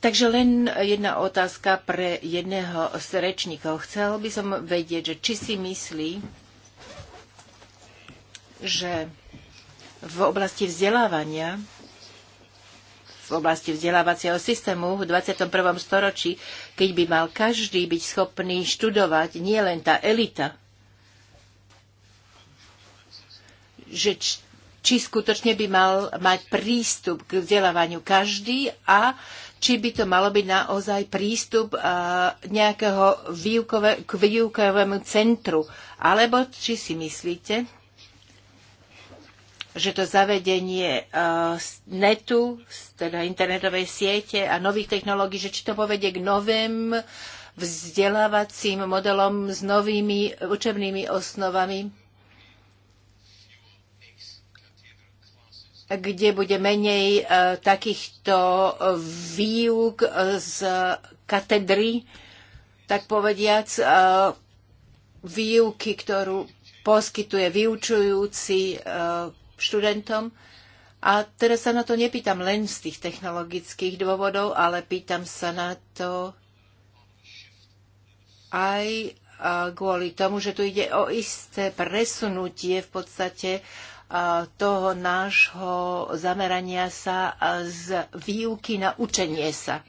Takže len jedna otázka pre jedného z rečníkov. Chcel by som vedieť, že či si myslí, že v oblasti vzdelávania v oblasti vzdelávacieho systému v 21. storočí, keď by mal každý byť schopný študovať, nie len tá elita. Že či, či skutočne by mal mať prístup k vzdelávaniu každý a či by to malo byť naozaj prístup nejakého výukové, k výukovému centru. Alebo či si myslíte, že to zavedenie e, netu, teda internetovej siete a nových technológií, že či to povedie k novým vzdelávacím modelom s novými učebnými osnovami, kde bude menej e, takýchto výuk z katedry, tak povediac, e, výuky, ktorú poskytuje vyučujúci študentom. A teraz sa na to nepýtam len z tých technologických dôvodov, ale pýtam sa na to aj kvôli tomu, že tu ide o isté presunutie v podstate toho nášho zamerania sa z výuky na učenie sa.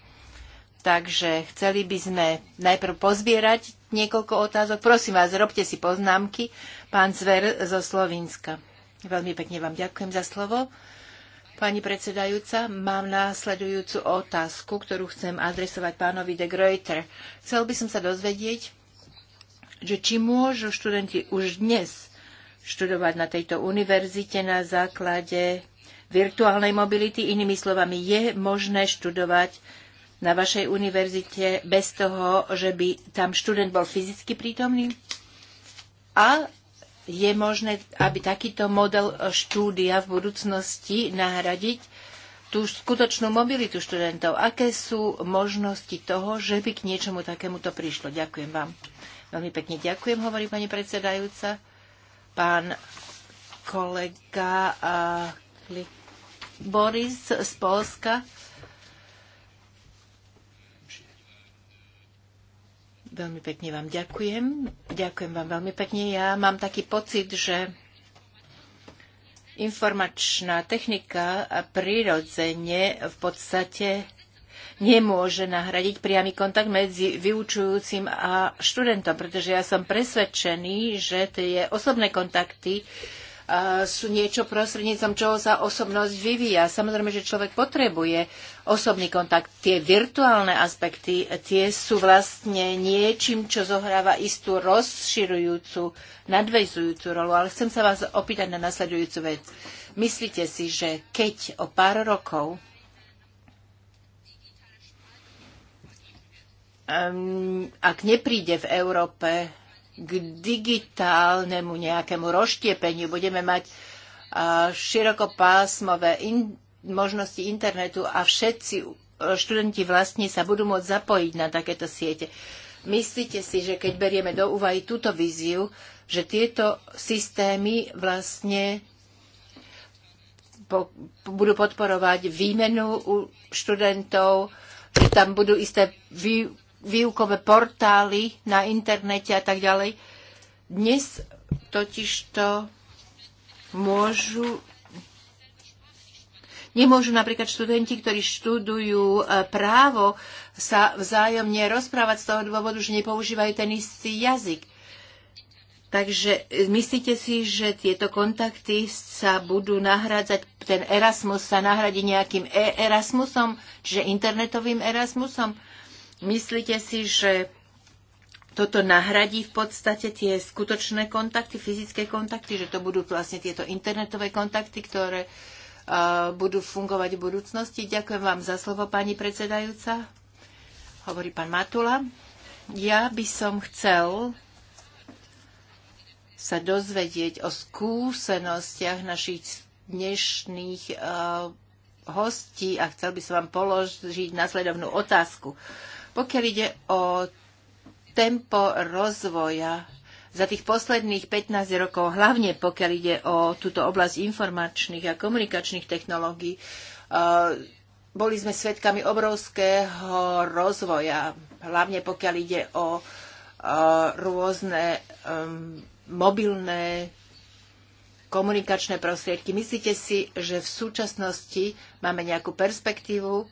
Takže chceli by sme najprv pozbierať niekoľko otázok. Prosím vás, robte si poznámky. Pán Zver zo Slovenska. Veľmi pekne vám ďakujem za slovo. Pani predsedajúca, mám následujúcu otázku, ktorú chcem adresovať pánovi de Greuter. Chcel by som sa dozvedieť, že či môžu študenti už dnes študovať na tejto univerzite na základe virtuálnej mobility. Inými slovami, je možné študovať na vašej univerzite bez toho, že by tam študent bol fyzicky prítomný? A je možné, aby takýto model štúdia v budúcnosti nahradiť tú skutočnú mobilitu študentov. Aké sú možnosti toho, že by k niečomu takémuto prišlo? Ďakujem vám. Veľmi pekne ďakujem, hovorí pani predsedajúca. Pán kolega uh, Boris z Polska Veľmi pekne vám ďakujem. Ďakujem vám veľmi pekne. Ja mám taký pocit, že informačná technika a prirodzene v podstate nemôže nahradiť priamy kontakt medzi vyučujúcim a študentom, pretože ja som presvedčený, že tie osobné kontakty sú niečo prostrednícom, čoho sa osobnosť vyvíja. Samozrejme, že človek potrebuje osobný kontakt. Tie virtuálne aspekty, tie sú vlastne niečím, čo zohráva istú rozširujúcu, nadvezujúcu rolu. Ale chcem sa vás opýtať na nasledujúcu vec. Myslíte si, že keď o pár rokov ak nepríde v Európe k digitálnemu nejakému roštiepeniu. Budeme mať širokopásmové in, možnosti internetu a všetci e, študenti vlastní sa budú môcť zapojiť na takéto siete. Myslíte si, že keď berieme do úvahy túto víziu, že tieto systémy vlastne po, budú podporovať výmenu u študentov, že tam budú isté vý, výukové portály na internete a tak ďalej. Dnes totiž to môžu Nemôžu napríklad študenti, ktorí študujú e, právo, sa vzájomne rozprávať z toho dôvodu, že nepoužívajú ten istý jazyk. Takže e, myslíte si, že tieto kontakty sa budú nahrádzať, ten Erasmus sa nahradí nejakým e Erasmusom, čiže internetovým Erasmusom? Myslíte si, že toto nahradí v podstate tie skutočné kontakty, fyzické kontakty, že to budú vlastne tieto internetové kontakty, ktoré uh, budú fungovať v budúcnosti. Ďakujem vám za slovo, pani predsedajúca. Hovorí pán Matula. Ja by som chcel sa dozvedieť o skúsenostiach našich dnešných uh, hostí a chcel by som vám položiť nasledovnú otázku. Pokiaľ ide o tempo rozvoja za tých posledných 15 rokov, hlavne pokiaľ ide o túto oblasť informačných a komunikačných technológií, eh, boli sme svedkami obrovského rozvoja, hlavne pokiaľ ide o eh, rôzne eh, mobilné komunikačné prostriedky. Myslíte si, že v súčasnosti máme nejakú perspektívu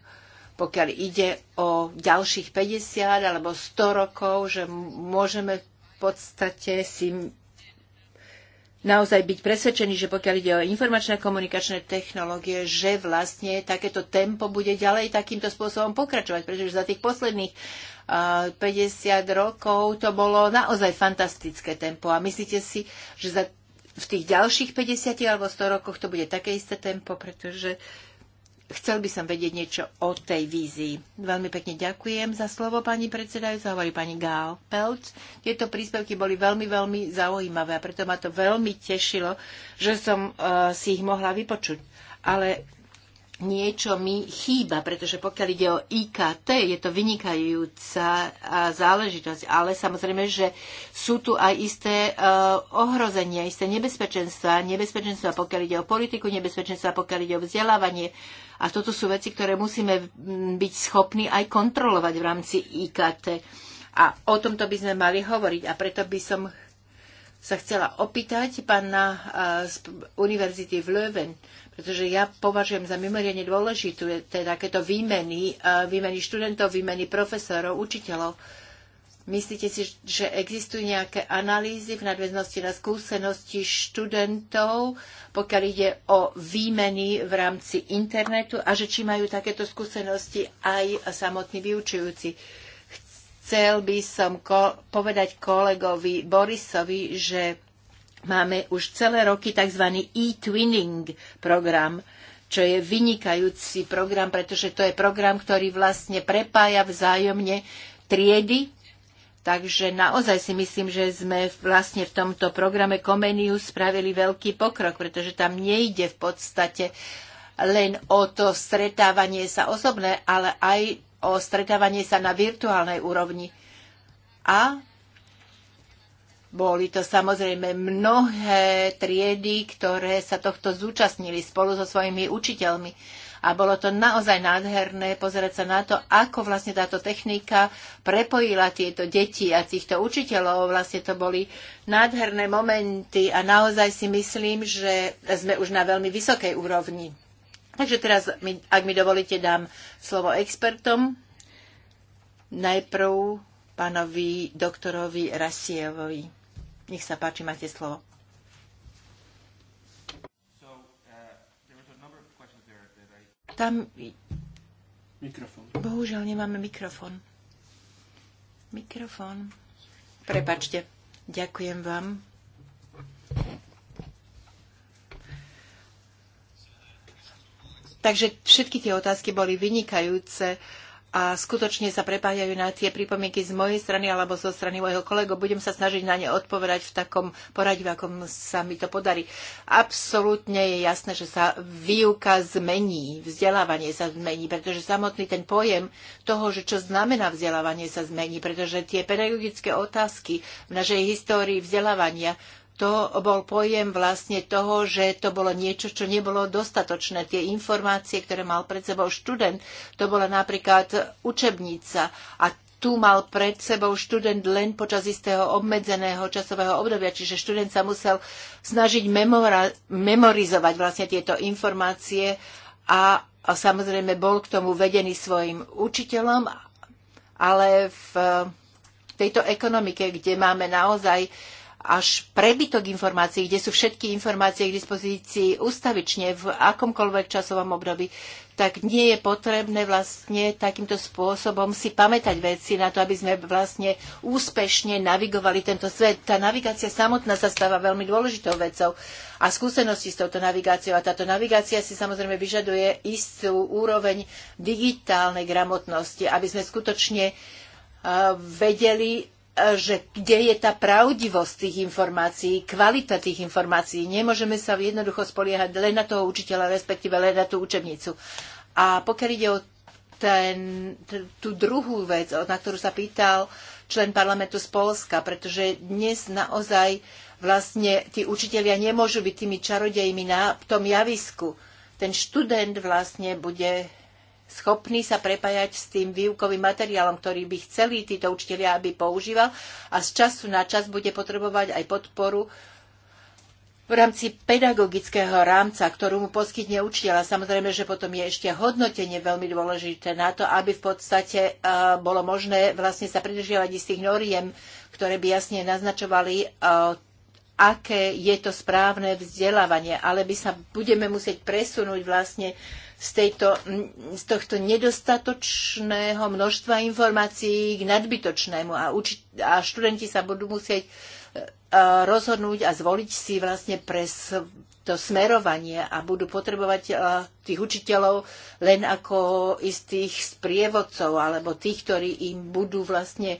pokiaľ ide o ďalších 50 alebo 100 rokov, že môžeme v podstate si naozaj byť presvedčení, že pokiaľ ide o informačné a komunikačné technológie, že vlastne takéto tempo bude ďalej takýmto spôsobom pokračovať, pretože za tých posledných 50 rokov to bolo naozaj fantastické tempo. A myslíte si, že za, v tých ďalších 50 alebo 100 rokoch to bude také isté tempo, pretože uh, Chcel by som vedieť niečo o tej vízii. Veľmi pekne ďakujem za slovo, pani predsedajúca, hovorí pani Gál Pelc. Tieto príspevky boli veľmi, veľmi zaujímavé a preto ma to veľmi tešilo, že som uh, si ich mohla vypočuť. Ale niečo mi chýba, pretože pokiaľ ide o IKT, je to vynikajúca e, záležitosť, ale samozrejme, že sú tu aj isté e, ohrozenia, isté nebezpečenstva, nebezpečenstva pokiaľ ide o politiku, nebezpečenstva pokiaľ ide o vzdelávanie, a toto sú veci, ktoré musíme byť schopní aj kontrolovať v rámci IKT. A o tomto by sme mali hovoriť. A preto by som sa chcela opýtať pána z univerzity v Leuven, pretože ja považujem za mimoriadne dôležité teda takéto výmeny, výmeny študentov, výmeny profesorov, učiteľov, Myslíte si, že existujú nejaké analýzy v nadväznosti na skúsenosti študentov, pokiaľ ide o výmeny v rámci internetu a že či majú takéto skúsenosti aj samotní vyučujúci? Chcel by som ko- povedať kolegovi Borisovi, že máme už celé roky tzv. e-twinning program, čo je vynikajúci program, pretože to je program, ktorý vlastne prepája vzájomne triedy Takže naozaj si myslím, že sme vlastne v tomto programe Komeniu spravili veľký pokrok, pretože tam nejde v podstate len o to stretávanie sa osobné, ale aj o stretávanie sa na virtuálnej úrovni. A boli to samozrejme mnohé triedy, ktoré sa tohto zúčastnili spolu so svojimi učiteľmi a bolo to naozaj nádherné pozerať sa na to, ako vlastne táto technika prepojila tieto deti a týchto učiteľov. Vlastne to boli nádherné momenty a naozaj si myslím, že sme už na veľmi vysokej úrovni. Takže teraz, ak mi dovolíte, dám slovo expertom. Najprv pánovi doktorovi Rasievovi. Nech sa páči, máte slovo. Tam... Mikrofón. Bohužiaľ nemáme mikrofón. Mikrofón. Prepačte. Ďakujem vám. Takže všetky tie otázky boli vynikajúce. Uh, a skutočne sa prepájajú na tie pripomienky z mojej strany alebo zo strany mojho kolegu. Budem sa snažiť na ne odpovedať v takom poradí, akom sa mi to podarí. Absolútne je jasné, že sa výuka zmení, vzdelávanie sa zmení, pretože samotný ten pojem toho, že čo znamená vzdelávanie sa zmení, pretože tie pedagogické otázky v našej histórii vzdelávania to bol pojem vlastne toho, že to bolo niečo, čo nebolo dostatočné. Tie informácie, ktoré mal pred sebou študent, to bola napríklad učebnica a tu mal pred sebou študent len počas istého obmedzeného časového obdobia, čiže študent sa musel snažiť memora- memorizovať vlastne tieto informácie a, a samozrejme bol k tomu vedený svojim učiteľom, ale v tejto ekonomike, kde máme naozaj uh, až prebytok informácií, kde sú všetky informácie k dispozícii ustavične v akomkoľvek časovom období, tak nie je potrebné vlastne takýmto spôsobom si pamätať veci na to, aby sme vlastne úspešne navigovali tento svet. Tá navigácia samotná sa stáva veľmi dôležitou vecou a skúsenosti s touto navigáciou. A táto navigácia si samozrejme vyžaduje istú úroveň digitálnej gramotnosti, aby sme skutočne eh, vedeli že kde je tá pravdivosť tých informácií, kvalita tých informácií. Nemôžeme sa jednoducho spoliehať len na toho učiteľa, respektíve len na tú učebnicu. A pokiaľ ide o ten, tú druhú vec, na ktorú sa pýtal člen parlamentu z Polska, pretože dnes naozaj vlastne tí učitelia nemôžu byť tými čarodejmi na tom javisku. Ten študent vlastne bude schopní sa prepájať s tým výukovým materiálom, ktorý by chceli títo učiteľia, aby používal a z času na čas bude potrebovať aj podporu v rámci pedagogického rámca, ktorú mu poskytne učiteľ. A samozrejme, že potom je ešte hodnotenie veľmi dôležité na to, aby v podstate uh, bolo možné vlastne sa pridržiavať istých noriem, ktoré by jasne naznačovali uh, aké je to správne vzdelávanie, ale my sa budeme musieť presunúť vlastne z, tejto, z tohto nedostatočného množstva informácií k nadbytočnému a, uči, a študenti sa budú musieť e, rozhodnúť a zvoliť si vlastne pre to smerovanie a budú potrebovať e, tých učiteľov len ako istých sprievodcov alebo tých, ktorí im budú vlastne e,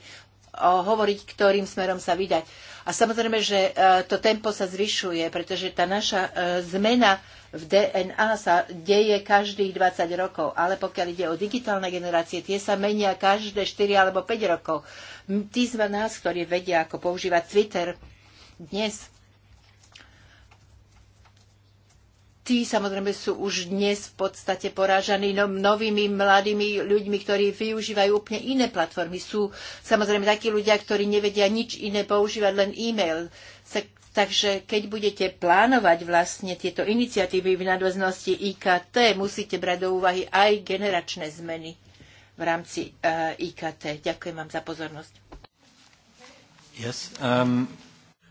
hovoriť, ktorým smerom sa vydať. A samozrejme, že to tempo sa zvyšuje, pretože tá naša zmena v DNA sa deje každých 20 rokov, ale pokiaľ ide o digitálne generácie, tie sa menia každé 4 alebo 5 rokov. Tí z nás, ktorí vedia, ako používať Twitter dnes, tí samozrejme sú už dnes v podstate porážaní no, novými mladými ľuďmi, ktorí využívajú úplne iné platformy. Sú samozrejme takí ľudia, ktorí nevedia nič iné používať, len e-mail. Takže keď budete plánovať vlastne tieto iniciatívy v nadväznosti IKT, musíte brať do úvahy aj generačné zmeny v rámci uh, eh, IKT. Ďakujem vám za pozornosť. Yes, um...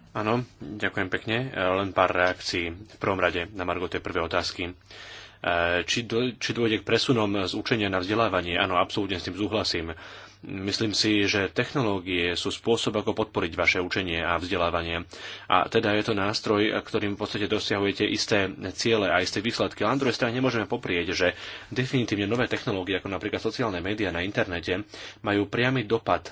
Áno, ďakujem pekne. Eh, len pár reakcií v prvom rade na Margo tej prvé otázky. Eh, či, do, či dôjde k presunom z učenia na vzdelávanie? Áno, absolútne s tým súhlasím Myslím si, že technológie sú spôsob, ako podporiť vaše učenie a vzdelávanie. A teda je to nástroj, ktorým v podstate dosiahujete isté ciele a isté výsledky. Ale na druhej strane nemôžeme poprieť, že definitívne nové technológie, ako napríklad sociálne médiá na internete, majú priamy dopad e,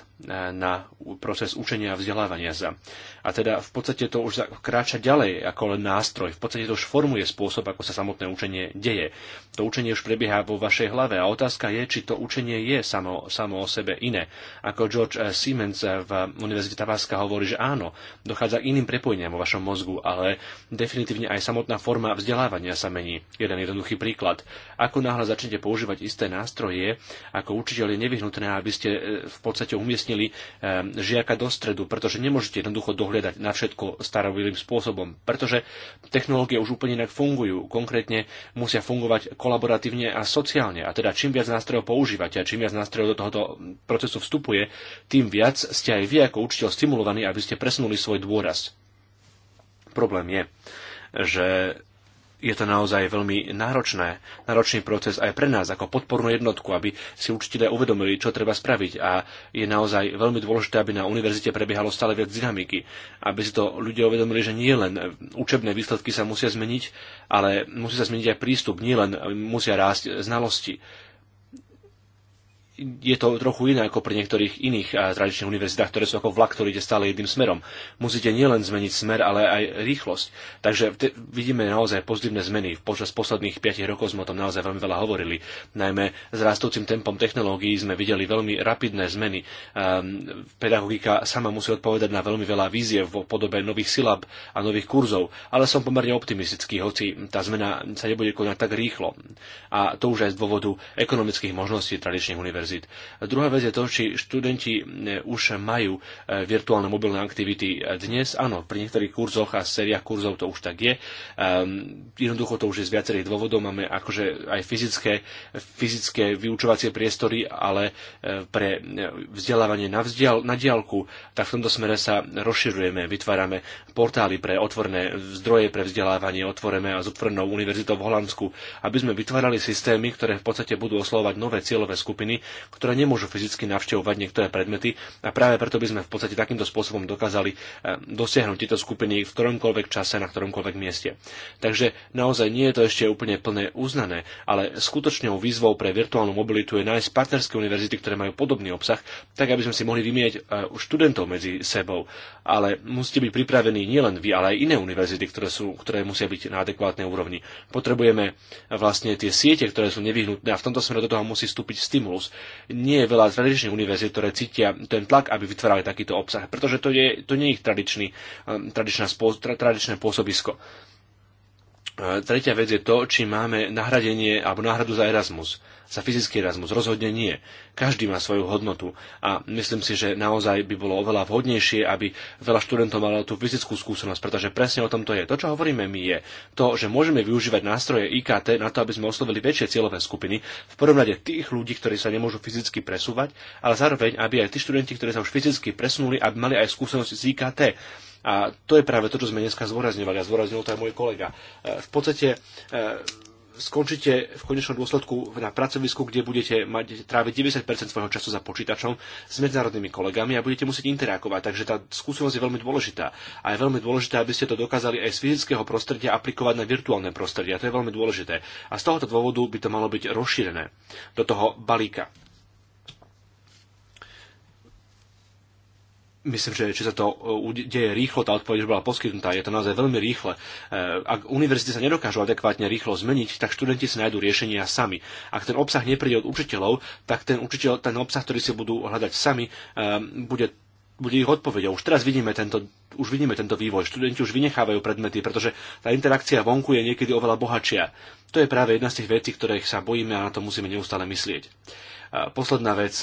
na proces učenia a vzdelávania sa. A teda v podstate to už kráča ďalej ako len nástroj. V podstate to už formuje spôsob, ako sa samotné učenie deje. To učenie už prebieha vo vašej hlave a otázka je, či to učenie je samo, samo o sebe iné. Ako George eh, Siemens eh, v Univerzite Tavaska hovorí, že áno, dochádza k iným prepojeniam vo vašom mozgu, ale definitívne aj samotná forma vzdelávania sa mení. Jeden jednoduchý príklad. Ako náhle začnete používať isté nástroje, ako učiteľ je nevyhnutné, aby ste eh, v podstate umiestnili žiaka do stredu, pretože nemôžete jednoducho dohliadať na všetko starobilým spôsobom, pretože technológie už úplne inak fungujú. Konkrétne musia fungovať kolaboratívne a sociálne. A teda čím viac nástrojov používate a čím viac nástrojov do tohoto hm, procesu vstupuje, tým viac ste aj vy ako učiteľ stimulovaní, aby ste presunuli svoj dôraz. Problém je, že je to naozaj veľmi náročné, náročný proces aj pre nás ako podpornú jednotku, aby si učiteľe uvedomili, čo treba spraviť a je naozaj veľmi dôležité, aby na univerzite prebiehalo stále viac dynamiky, aby si to ľudia uvedomili, že nie len učebné výsledky sa musia zmeniť, ale musí sa zmeniť aj prístup, nie len musia rásť znalosti je to trochu iné ako pri niektorých iných eh, tradičných univerzitách, ktoré sú ako vlak, ktorý ide stále jedným smerom. Musíte nielen zmeniť smer, ale aj rýchlosť. Takže vidíme naozaj pozitívne zmeny. Počas posledných 5 rokov sme o tom naozaj veľmi veľa hovorili. Najmä s rastúcim tempom technológií sme videli veľmi rapidné zmeny. Ehm, pedagogika sama musí odpovedať na veľmi veľa víziev v podobe nových silab a nových kurzov, ale som pomerne optimistický, hoci tá zmena sa nebude konať tak rýchlo. A to už aj z dôvodu ekonomických možností tradičných univerzít univerzít. Druhá vec je to, či študenti e, už majú e, virtuálne mobilné aktivity dnes. Áno, pri niektorých kurzoch a sériách kurzov to už tak je. Um, jednoducho to už je z viacerých dôvodov. Máme akože aj fyzické, fyzické vyučovacie priestory, ale e, pre vzdelávanie na, vzdial, na diálku, tak v tomto smere sa rozširujeme, vytvárame portály pre otvorné zdroje pre vzdelávanie, otvoreme a s otvorenou univerzitou v Holandsku, aby sme vytvárali systémy, ktoré v podstate budú oslovať nové cieľové skupiny ktoré nemôžu fyzicky navštevovať niektoré predmety a práve preto by sme v podstate takýmto spôsobom dokázali eh, dosiahnuť tieto skupiny v ktoromkoľvek čase, na ktoromkoľvek mieste. Takže naozaj nie je to ešte úplne plne uznané, ale skutočnou výzvou pre virtuálnu mobilitu je nájsť partnerské univerzity, ktoré majú podobný obsah, tak aby sme si mohli vymieť eh, študentov medzi sebou. Ale musíte byť pripravení nielen vy, ale aj iné univerzity, ktoré, sú, ktoré musia byť na adekvátnej úrovni. Potrebujeme eh, vlastne tie siete, ktoré sú nevyhnutné a v tomto smere do toho musí vstúpiť stimulus nie je veľa tradičných univerzít, ktoré cítia ten tlak, aby vytvárali takýto obsah, pretože to, je, to nie je ich tradičný, um, tradičná, tradičné pôsobisko. E, tretia vec je to, či máme nahradenie alebo náhradu za Erasmus, za fyzický Erasmus. Rozhodne nie. Každý má svoju hodnotu a myslím si, že naozaj by bolo oveľa vhodnejšie, aby veľa študentov malo tú fyzickú skúsenosť, pretože presne o tom to je. To, čo hovoríme my, je to, že môžeme využívať nástroje IKT na to, aby sme oslovili väčšie cieľové skupiny, v prvom rade tých ľudí, ktorí sa nemôžu fyzicky presúvať, ale zároveň, aby aj tí študenti, ktorí sa už fyzicky presunuli, aby mali aj skúsenosti z IKT a to je práve to, čo sme dneska zvorazňovali a zvorazňoval to aj môj kolega. E, v podstate e, skončíte v konečnom dôsledku na pracovisku, kde budete mať tráviť 90% svojho času za počítačom s medzinárodnými kolegami a budete musieť interakovať. Takže tá skúsenosť je veľmi dôležitá. A je veľmi dôležité, aby ste to dokázali aj z fyzického prostredia aplikovať na virtuálne prostredie. A to je veľmi dôležité. A z tohoto dôvodu by to malo byť rozšírené do toho balíka. Myslím, že či sa to e, deje rýchlo, tá odpoveď už bola poskytnutá, je to naozaj veľmi rýchle. E, ak univerzity sa nedokážu adekvátne rýchlo zmeniť, tak študenti si nájdú riešenia sami. Ak ten obsah nepríde od učiteľov, tak ten, učiteľ, ten obsah, ktorý si budú hľadať sami, e, bude bude ich odpovedou. Už teraz vidíme tento, už vidíme tento vývoj. Študenti už vynechávajú predmety, pretože tá interakcia vonku je niekedy oveľa bohatšia. To je práve jedna z tých vecí, ktorých sa bojíme a na to musíme neustále myslieť. Posledná vec,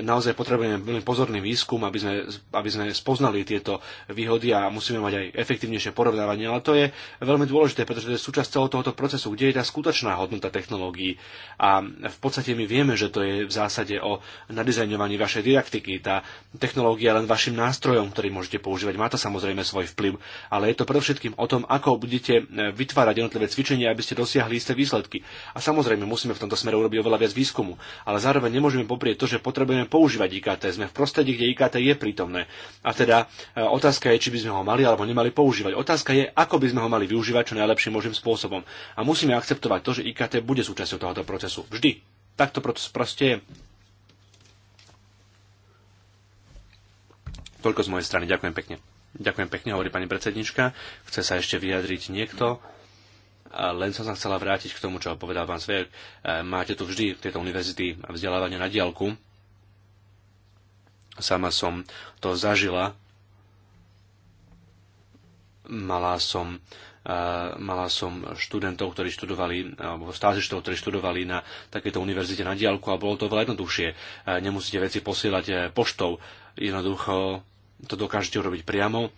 naozaj potrebujeme veľmi pozorný výskum, aby sme, aby sme spoznali tieto výhody a musíme mať aj efektívnejšie porovnávanie, ale to je veľmi dôležité, pretože to je súčasť celého tohoto procesu, kde je tá skutočná hodnota technológií. A v podstate my vieme, že to je v zásade o nadizajňovaní vašej didaktiky. Tá technológia je len vašim nástrojom, ktorý môžete používať. Má to samozrejme svoj vplyv, ale je to predovšetkým o tom, ako budete e, vytvárať jednotlivé cvičenia, aby ste dosiahli isté výsledky. A samozrejme musíme v tomto smere urobiť oveľa viac výskumu, ale zároveň nemôžeme poprieť to, že potrebujeme používať IKT. Sme v prostredí, kde IKT je prítomné. A teda e, otázka je, či by sme ho mali alebo nemali používať. Otázka je, ako by sme ho mali využívať čo najlepším možným spôsobom. A musíme akceptovať to, že IKT bude súčasťou tohoto procesu. Vždy. Takto proces proste je. Toľko z mojej strany. Ďakujem pekne. Ďakujem pekne, hovorí pani predsednička. Chce sa ešte vyjadriť niekto? Len som sa chcela vrátiť k tomu, čo povedal pán Sver. E, máte tu vždy tieto univerzity a vzdelávanie na diálku. Sama som to zažila. Mala som e, mala som študentov, ktorí študovali, alebo stážištov, ktorí študovali na takéto univerzite na diálku a bolo to veľa jednoduchšie. E, nemusíte veci posielať poštou, jednoducho to dokážete urobiť priamo,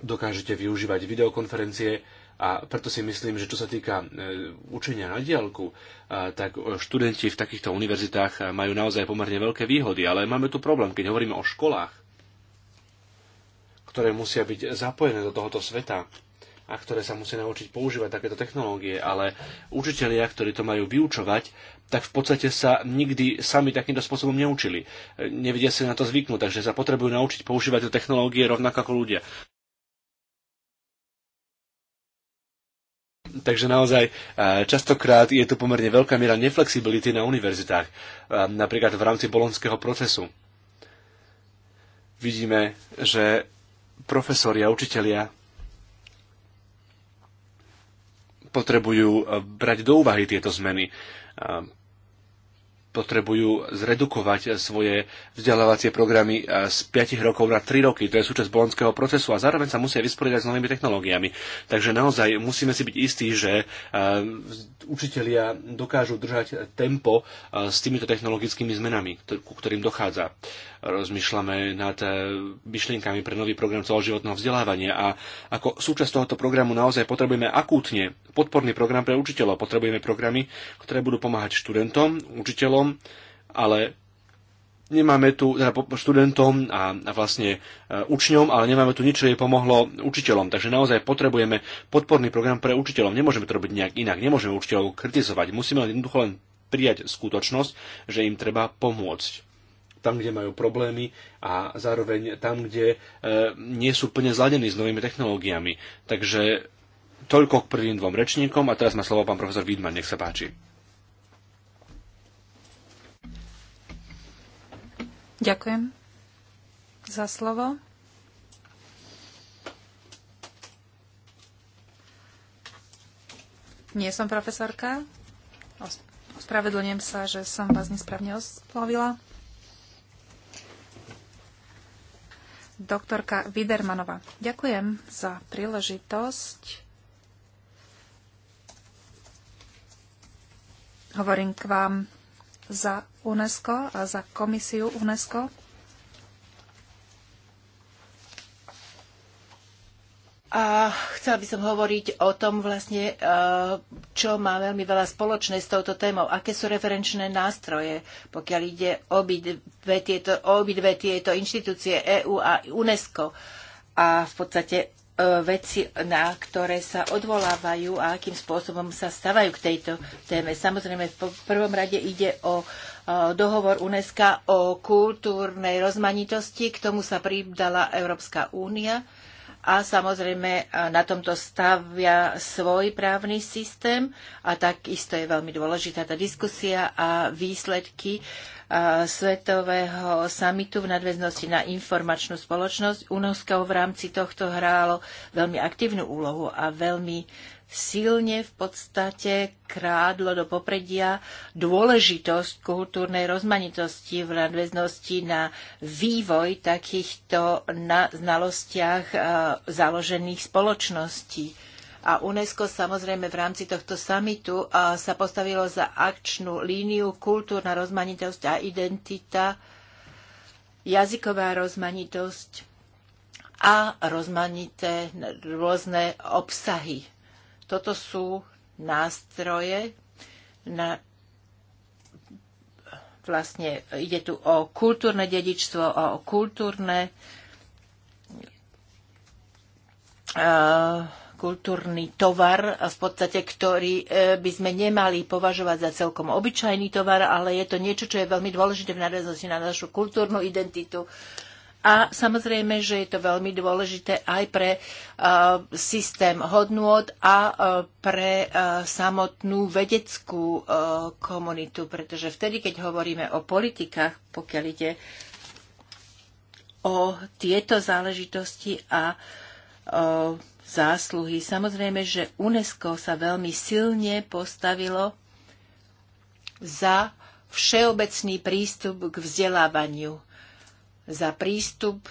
dokážete využívať videokonferencie, a preto si myslím, že čo sa týka e, učenia na diálku, e, tak e, študenti v takýchto univerzitách majú naozaj pomerne veľké výhody, ale máme tu problém, keď hovoríme o školách, ktoré musia byť zapojené do tohoto sveta a ktoré sa musia naučiť používať takéto technológie, ale učitelia, ktorí to majú vyučovať, tak v podstate sa nikdy sami takýmto spôsobom neučili. Nevedia si na to zvyknúť, takže sa potrebujú naučiť používať tie technológie rovnako ako ľudia. Takže naozaj e, častokrát je tu pomerne veľká miera neflexibility na univerzitách, e, napríklad v rámci bolonského procesu. Vidíme, že profesori a učitelia potrebujú e, brať do úvahy tieto zmeny potrebujú zredukovať svoje vzdelávacie programy e, z 5 rokov na 3 roky. To je súčasť bolonského procesu a zároveň sa musia vysporiadať s novými technológiami. Takže naozaj musíme si byť istí, že e, učitelia dokážu držať tempo e, s týmito technologickými zmenami, ku ktorým dochádza rozmýšľame nad eh, myšlienkami pre nový program celoživotného vzdelávania a ako súčasť tohoto programu naozaj potrebujeme akútne podporný program pre učiteľov. Potrebujeme programy, ktoré budú pomáhať študentom, učiteľom, ale nemáme tu, teda študentom a, vlastne eh, učňom, ale nemáme tu nič, čo jej pomohlo učiteľom. Takže naozaj potrebujeme podporný program pre učiteľov. Nemôžeme to robiť nejak inak, nemôžeme učiteľov kritizovať. Musíme len jednoducho len prijať skutočnosť, že im treba pomôcť tam, kde majú problémy a zároveň tam, kde e, nie sú plne zladení s novými technológiami. Takže toľko k prvým dvom rečníkom a teraz má slovo pán profesor Widman, nech sa páči. Ďakujem za slovo. Nie som profesorka. Ospravedlňujem sa, že som vás nesprávne oslovila. doktorka Vidermanová, Ďakujem za príležitosť. Hovorím k vám za UNESCO a za komisiu UNESCO. A chcela by som hovoriť o tom vlastne, e, čo má veľmi veľa spoločné s touto témou. Aké sú referenčné nástroje, pokiaľ ide obidve tieto, obidve tieto inštitúcie EÚ a UNESCO a v podstate e, veci, na ktoré sa odvolávajú a akým spôsobom sa stavajú k tejto téme. Samozrejme, v prvom rade ide o e, dohovor UNESCO o kultúrnej rozmanitosti. K tomu sa pridala Európska únia a samozrejme e, na tomto stavia svoj právny systém a takisto je veľmi dôležitá tá diskusia a výsledky e, svetového samitu v nadväznosti na informačnú spoločnosť. UNESCO v rámci tohto hrálo veľmi aktívnu úlohu a veľmi silne v podstate krádlo do popredia dôležitosť kultúrnej rozmanitosti v nadväznosti na vývoj takýchto na znalostiach e, založených spoločností. A UNESCO samozrejme v rámci tohto samitu e, sa postavilo za akčnú líniu kultúrna rozmanitosť a identita, jazyková rozmanitosť a rozmanité rôzne obsahy toto sú nástroje na vlastne ide tu o kultúrne dedičstvo, o kultúrne kultúrny tovar, v podstate, ktorý e, by sme nemali považovať za celkom obyčajný tovar, ale je to niečo, čo je veľmi dôležité v nadväznosti na našu kultúrnu identitu, a samozrejme, že je to veľmi dôležité aj pre uh, systém hodnôt a uh, pre uh, samotnú vedeckú uh, komunitu, pretože vtedy, keď hovoríme o politikách, pokiaľ ide o tieto záležitosti a uh, zásluhy, samozrejme, že UNESCO sa veľmi silne postavilo za všeobecný prístup k vzdelávaniu za prístup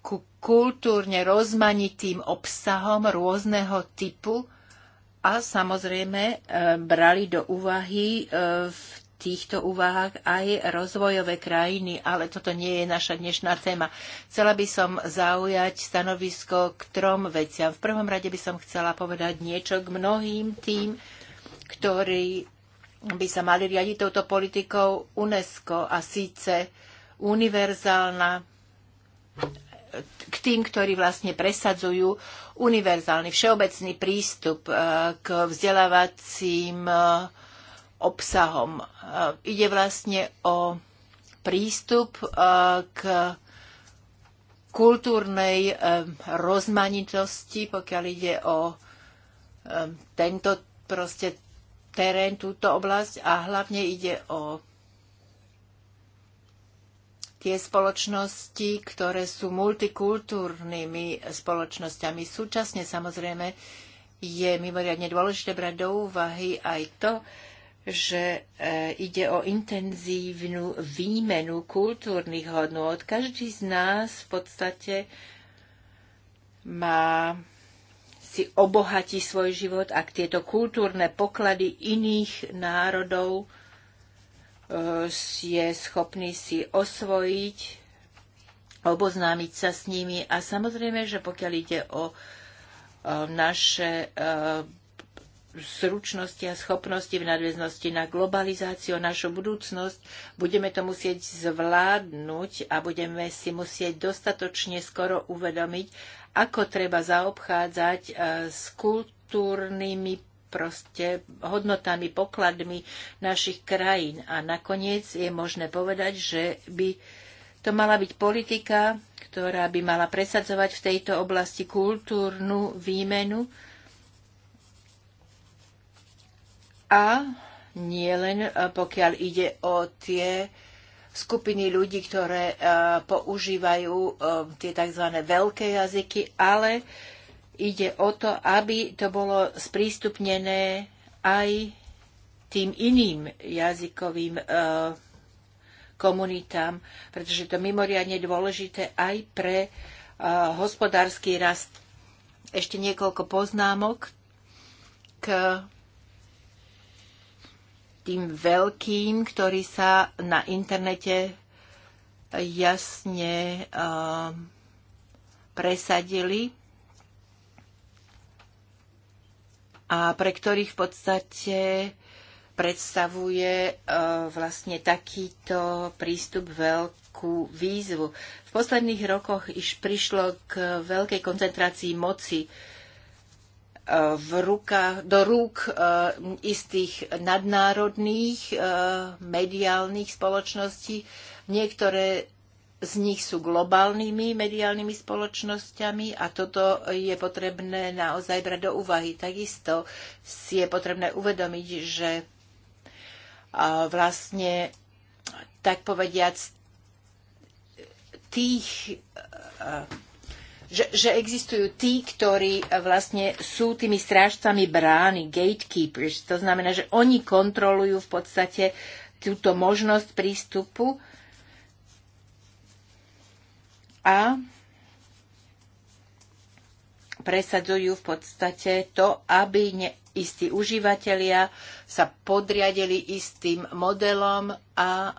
ku kultúrne rozmanitým obsahom rôzneho typu a samozrejme e, brali do úvahy e, v týchto úvahách aj rozvojové krajiny, ale toto nie je naša dnešná téma. Chcela by som zaujať stanovisko k trom veciam. V prvom rade by som chcela povedať niečo k mnohým tým, ktorí by sa mali riadiť touto politikou UNESCO a síce univerzálna k tým, ktorí vlastne presadzujú univerzálny, všeobecný prístup e, k vzdelávacím e, obsahom. E, ide vlastne o prístup k kultúrnej rozmanitosti, pokiaľ ide o tento proste terén, túto oblasť a hlavne ide o tie spoločnosti, ktoré sú multikultúrnymi spoločnosťami. Súčasne samozrejme je mimoriadne dôležité brať do úvahy aj to, že e, ide o intenzívnu výmenu kultúrnych hodnôt. Každý z nás v podstate má si obohatí svoj život, ak tieto kultúrne poklady iných národov e, je schopný si osvojiť, oboznámiť sa s nimi. A samozrejme, že pokiaľ ide o e, naše e, zručnosti a schopnosti v nadväznosti na globalizáciu, našu budúcnosť, budeme to musieť zvládnuť a budeme si musieť dostatočne skoro uvedomiť, ako treba zaobchádzať e, s kultúrnymi proste hodnotami, pokladmi našich krajín. A nakoniec je možné povedať, že by to mala byť politika, ktorá by mala presadzovať v tejto oblasti kultúrnu výmenu a nie len e, pokiaľ ide o tie skupiny ľudí, ktoré eh, používajú eh, tie tzv. veľké jazyky, ale ide o to, aby to bolo sprístupnené aj tým iným jazykovým eh, komunitám, pretože to je mimoriadne dôležité aj pre hospodársky rast. Ešte niekoľko poznámok k tým veľkým, ktorý sa na internete jasne uh, presadili a pre ktorých v podstate predstavuje uh, vlastne takýto prístup veľkú výzvu. V posledných rokoch iš prišlo k veľkej koncentrácii moci v rukách, do rúk e, istých nadnárodných e, mediálnych spoločností. Niektoré z nich sú globálnymi mediálnymi spoločnosťami a toto je potrebné naozaj brať do úvahy. Takisto si je potrebné uvedomiť, že e, vlastne tak povediac tých že, že existujú tí, ktorí e, vlastne sú tými strážcami brány, gatekeepers. To znamená, že oni kontrolujú v podstate túto možnosť prístupu a presadzujú v podstate to, aby istí užívateľia sa podriadili istým modelom a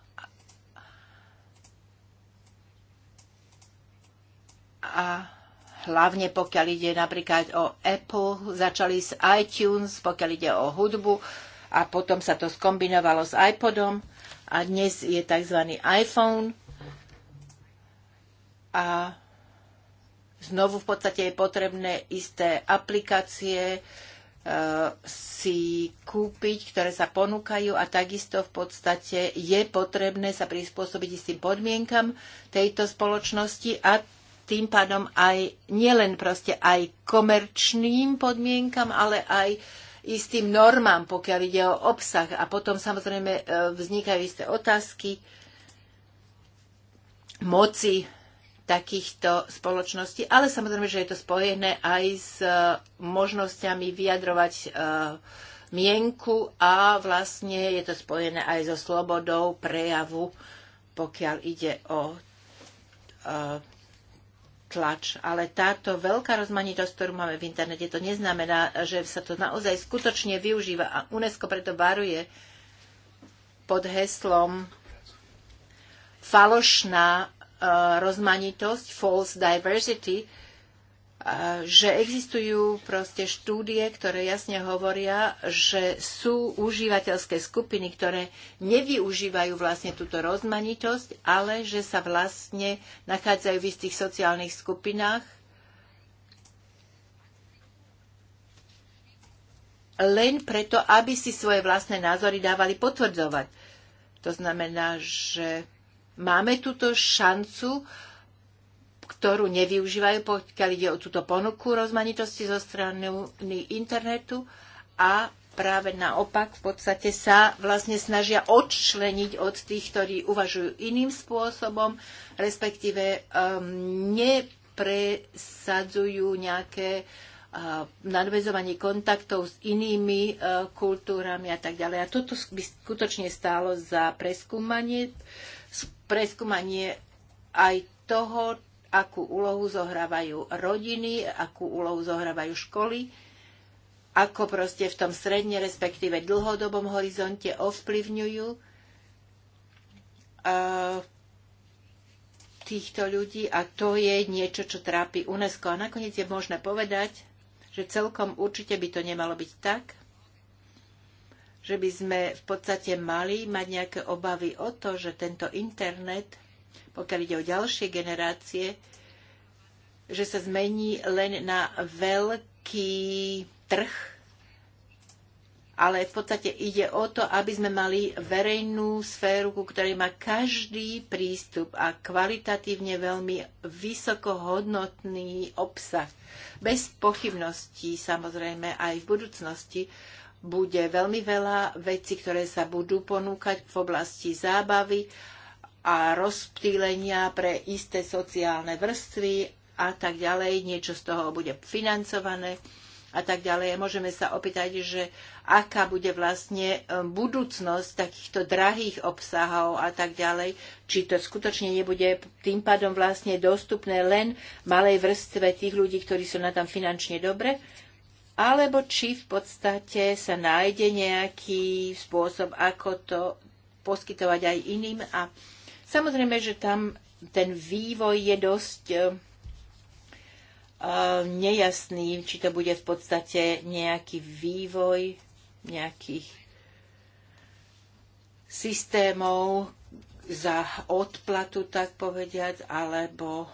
a hlavne pokiaľ ide napríklad o Apple, začali s iTunes, pokiaľ ide o hudbu a potom sa to skombinovalo s iPodom a dnes je tzv. iPhone a znovu v podstate je potrebné isté aplikácie, e, si kúpiť, ktoré sa ponúkajú a takisto v podstate je potrebné sa prispôsobiť istým podmienkam tejto spoločnosti a tým pádom aj nielen proste aj komerčným podmienkam, ale aj istým normám, pokiaľ ide o obsah. A potom samozrejme e, vznikajú isté otázky moci takýchto spoločností, ale samozrejme, že je to spojené aj s e, možnosťami vyjadrovať e, mienku a vlastne je to spojené aj so slobodou prejavu, pokiaľ ide o tlač. Ale táto veľká rozmanitosť, ktorú máme v internete, to neznamená, že sa to naozaj skutočne využíva. A UNESCO preto varuje pod heslom falošná e, rozmanitosť, false diversity, že existujú proste štúdie, ktoré jasne hovoria, že sú užívateľské skupiny, ktoré nevyužívajú vlastne túto rozmanitosť, ale že sa vlastne nachádzajú v istých sociálnych skupinách, len preto, aby si svoje vlastné názory dávali potvrdzovať. To znamená, že máme túto šancu ktorú nevyužívajú, pokiaľ ide o túto ponuku rozmanitosti zo strany internetu a práve naopak v podstate sa vlastne snažia odčleniť od tých, ktorí uvažujú iným spôsobom, respektíve um, nepresadzujú nejaké uh, nadvezovanie kontaktov s inými uh, kultúrami a tak ďalej. A toto by skutočne stálo za preskúmanie, preskúmanie aj toho, akú úlohu zohrávajú rodiny, akú úlohu zohrávajú školy, ako proste v tom stredne, respektíve dlhodobom horizonte ovplyvňujú e, týchto ľudí a to je niečo, čo trápi UNESCO. A nakoniec je možné povedať, že celkom určite by to nemalo byť tak, že by sme v podstate mali mať nejaké obavy o to, že tento internet pokiaľ ide o ďalšie generácie, že sa zmení len na veľký trh, ale v podstate ide o to, aby sme mali verejnú sféru, ku ktorej má každý prístup a kvalitatívne veľmi vysokohodnotný obsah. Bez pochybností samozrejme aj v budúcnosti bude veľmi veľa vecí, ktoré sa budú ponúkať v oblasti zábavy a rozptýlenia pre isté sociálne vrstvy a tak ďalej, niečo z toho bude financované a tak ďalej. Môžeme sa opýtať, že aká bude vlastne e, budúcnosť takýchto drahých obsahov a tak ďalej, či to skutočne nebude tým pádom vlastne dostupné len malej vrstve tých ľudí, ktorí sú na tam finančne dobre, alebo či v podstate sa nájde nejaký spôsob, ako to poskytovať aj iným a Samozrejme, že tam ten vývoj je dosť eh, eh, nejasný, či to bude v podstate nejaký vývoj nejakých systémov za odplatu, tak povediať, alebo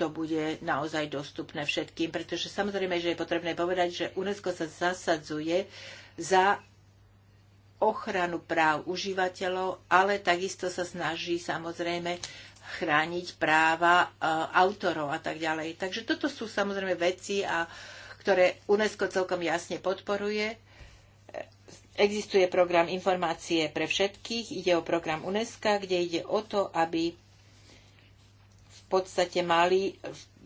to bude naozaj dostupné všetkým, pretože samozrejme, že je potrebné povedať, že UNESCO sa zasadzuje za ochranu práv užívateľov, ale takisto sa snaží samozrejme chrániť práva e, autorov a tak ďalej. Takže toto sú samozrejme veci, a, ktoré UNESCO celkom jasne podporuje. Existuje program informácie pre všetkých, ide o program UNESCO, kde ide o to, aby v podstate mali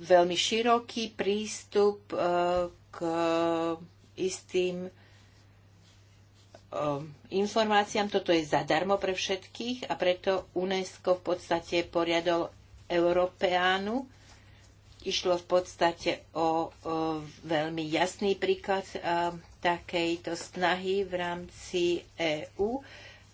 veľmi široký prístup e, k istým Um, informáciám. Toto je zadarmo pre všetkých a preto UNESCO v podstate poriadol Európeánu. Išlo v podstate o, o veľmi jasný príklad o, um, takejto snahy v rámci EÚ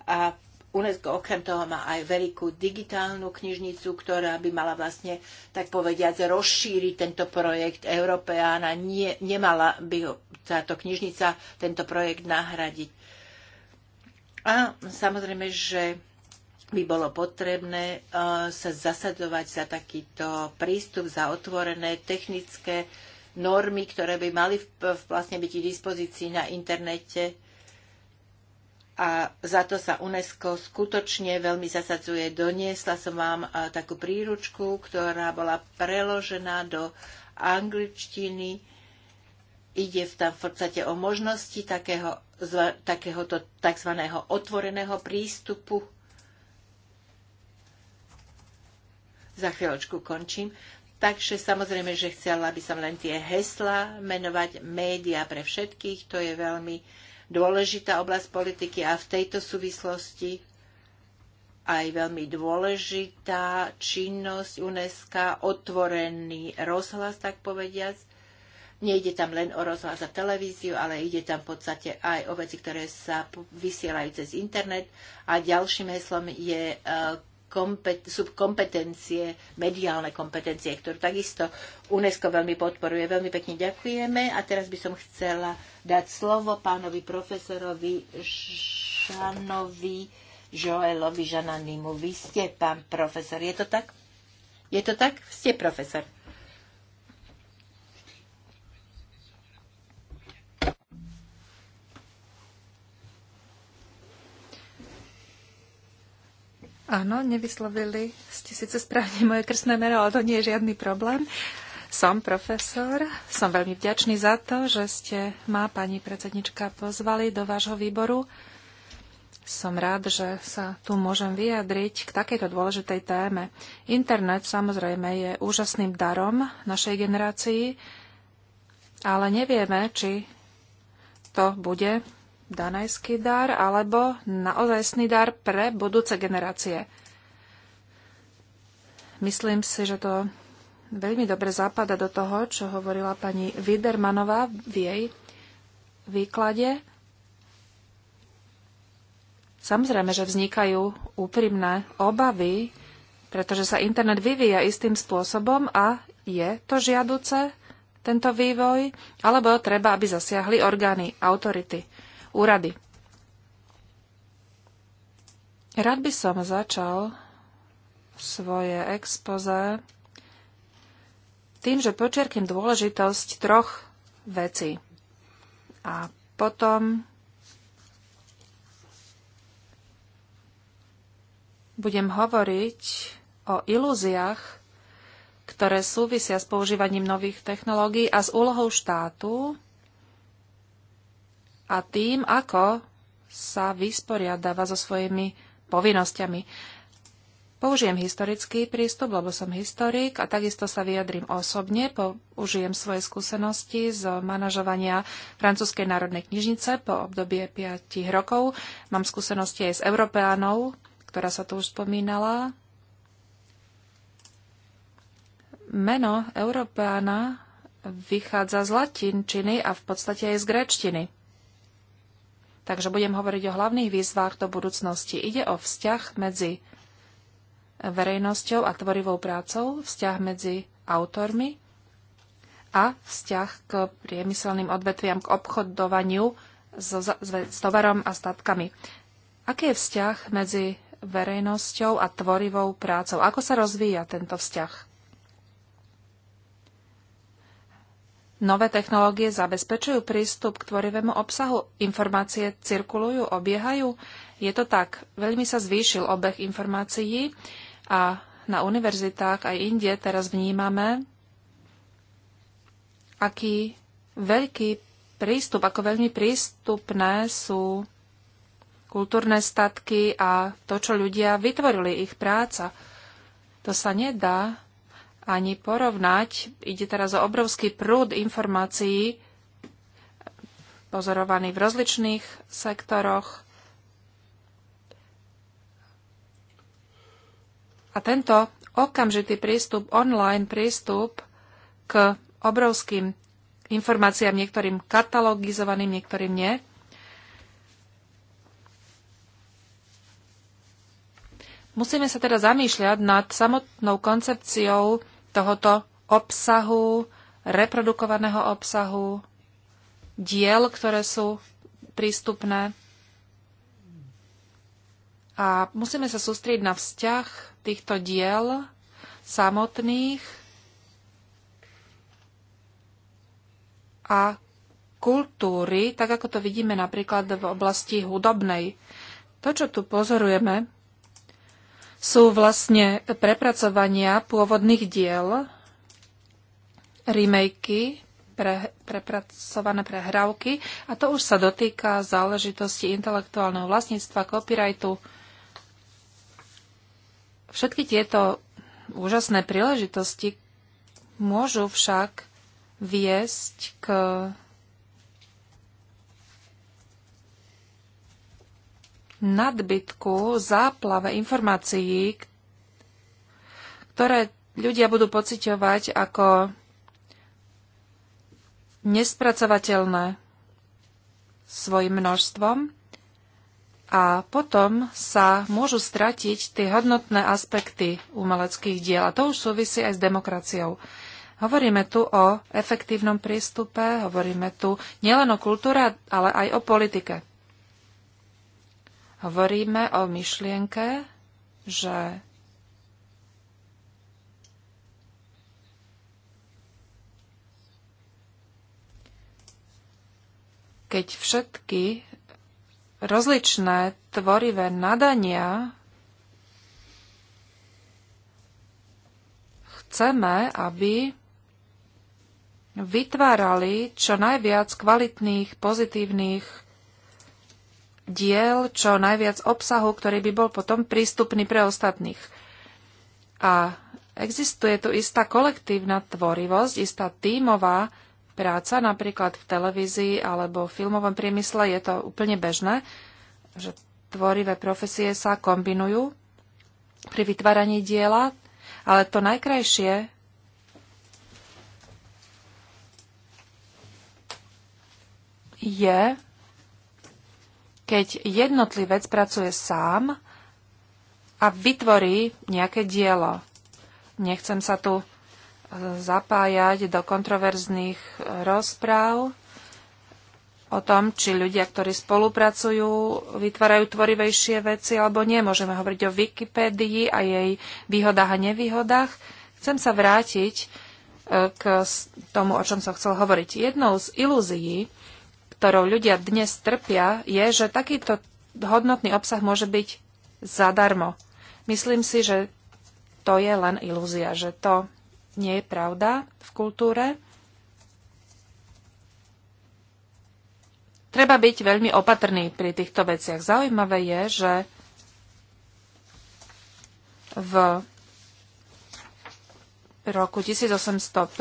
a UNESCO okrem toho má aj veľkú digitálnu knižnicu, ktorá by mala vlastne, tak povediať, rozšíriť tento projekt Európeána. Nie, nemala by ho táto knižnica tento projekt nahradiť. A samozrejme, že by bolo potrebné e, sa zasadovať za takýto prístup, za otvorené technické normy, ktoré by mali vlastne byť k dispozícii na internete. A za to sa UNESCO skutočne veľmi zasadzuje. Doniesla som vám e, takú príručku, ktorá bola preložená do angličtiny. Ide tam v podstate o možnosti takého takéhoto tzv. otvoreného prístupu. Za chvíľočku končím. Takže samozrejme, že chcela by som len tie hesla menovať média pre všetkých. To je veľmi dôležitá oblasť politiky a v tejto súvislosti aj veľmi dôležitá činnosť UNESCO, otvorený rozhlas, tak povediac. Nejde tam len o rozhlas a televíziu, ale ide tam v podstate aj o veci, ktoré sa vysielajú cez internet. A ďalším heslom je e, sú kompetencie, mediálne kompetencie, ktorú takisto UNESCO veľmi podporuje. Veľmi pekne ďakujeme a teraz by som chcela dať slovo pánovi profesorovi Žanovi Joelovi Žananimu. Vy ste pán profesor, je to tak? Je to tak? Ste profesor. Áno, nevyslovili ste síce správne moje krstné meno, ale to nie je žiadny problém. Som profesor, som veľmi vďačný za to, že ste ma, pani predsednička, pozvali do vášho výboru. Som rád, že sa tu môžem vyjadriť k takejto dôležitej téme. Internet samozrejme je úžasným darom našej generácii, ale nevieme, či to bude danajský dar alebo naozajstný dar pre budúce generácie. Myslím si, že to veľmi dobre zapada do toho, čo hovorila pani Widermanová v jej výklade. Samozrejme, že vznikajú úprimné obavy, pretože sa internet vyvíja istým spôsobom a je to žiaduce, tento vývoj, alebo treba, aby zasiahli orgány, autority úrady. Rád by som začal svoje expoze tým, že počerkím dôležitosť troch vecí. A potom budem hovoriť o ilúziách, ktoré súvisia s používaním nových technológií a s úlohou štátu a tým, ako sa vysporiadáva so svojimi povinnosťami. Použijem historický prístup, lebo som historik a takisto sa vyjadrím osobne. Použijem svoje skúsenosti z manažovania Francúzskej národnej knižnice po obdobie 5 rokov. Mám skúsenosti aj s Európeánov, ktorá sa tu už spomínala. Meno Európeána vychádza z latinčiny a v podstate aj z gréčtiny. Takže budem hovoriť o hlavných výzvách do budúcnosti. Ide o vzťah medzi verejnosťou a tvorivou prácou, vzťah medzi autormi a vzťah k priemyselným odvetviam, k obchodovaniu s, s tovarom a statkami. Aký je vzťah medzi verejnosťou a tvorivou prácou? Ako sa rozvíja tento vzťah? Nové technológie zabezpečujú prístup k tvorivému obsahu? Informácie cirkulujú, obiehajú? Je to tak. Veľmi sa zvýšil obeh informácií a na univerzitách aj inde teraz vnímame, aký veľký prístup, ako veľmi prístupné sú kultúrne statky a to, čo ľudia vytvorili, ich práca. To sa nedá ani porovnať. Ide teraz o obrovský prúd informácií, pozorovaný v rozličných sektoroch. A tento okamžitý prístup, online prístup k obrovským informáciám, niektorým katalogizovaným, niektorým nie, Musíme sa teda zamýšľať nad samotnou koncepciou tohoto obsahu, reprodukovaného obsahu, diel, ktoré sú prístupné. A musíme sa sústrieť na vzťah týchto diel samotných a kultúry, tak ako to vidíme napríklad v oblasti hudobnej. To, čo tu pozorujeme, sú vlastne prepracovania pôvodných diel, remakey, pre, prepracované prehrávky a to už sa dotýka záležitosti intelektuálneho vlastníctva, copyrightu. Všetky tieto úžasné príležitosti môžu však viesť k nadbytku, záplave informácií, ktoré ľudia budú pociťovať ako nespracovateľné svojim množstvom a potom sa môžu stratiť tie hodnotné aspekty umeleckých diel. A to už súvisí aj s demokraciou. Hovoríme tu o efektívnom prístupe, hovoríme tu nielen o kultúre, ale aj o politike. Hovoríme o myšlienke, že keď všetky rozličné tvorivé nadania chceme, aby vytvárali čo najviac kvalitných, pozitívnych diel čo najviac obsahu, ktorý by bol potom prístupný pre ostatných. A existuje tu istá kolektívna tvorivosť, istá tímová práca, napríklad v televízii alebo v filmovom priemysle je to úplne bežné, že tvorivé profesie sa kombinujú pri vytváraní diela, ale to najkrajšie je keď jednotlivec pracuje sám a vytvorí nejaké dielo. Nechcem sa tu e, zapájať do kontroverzných e, rozpráv o tom, či ľudia, ktorí spolupracujú, vytvárajú tvorivejšie veci alebo nie. Môžeme hovoriť o Wikipédii a jej výhodách a nevýhodách. Chcem sa vrátiť e, k tomu, o čom som chcel hovoriť. Jednou z ilúzií, ktorou ľudia dnes trpia, je, že takýto hodnotný obsah môže byť zadarmo. Myslím si, že to je len ilúzia, že to nie je pravda v kultúre. Treba byť veľmi opatrný pri týchto veciach. Zaujímavé je, že v roku 1850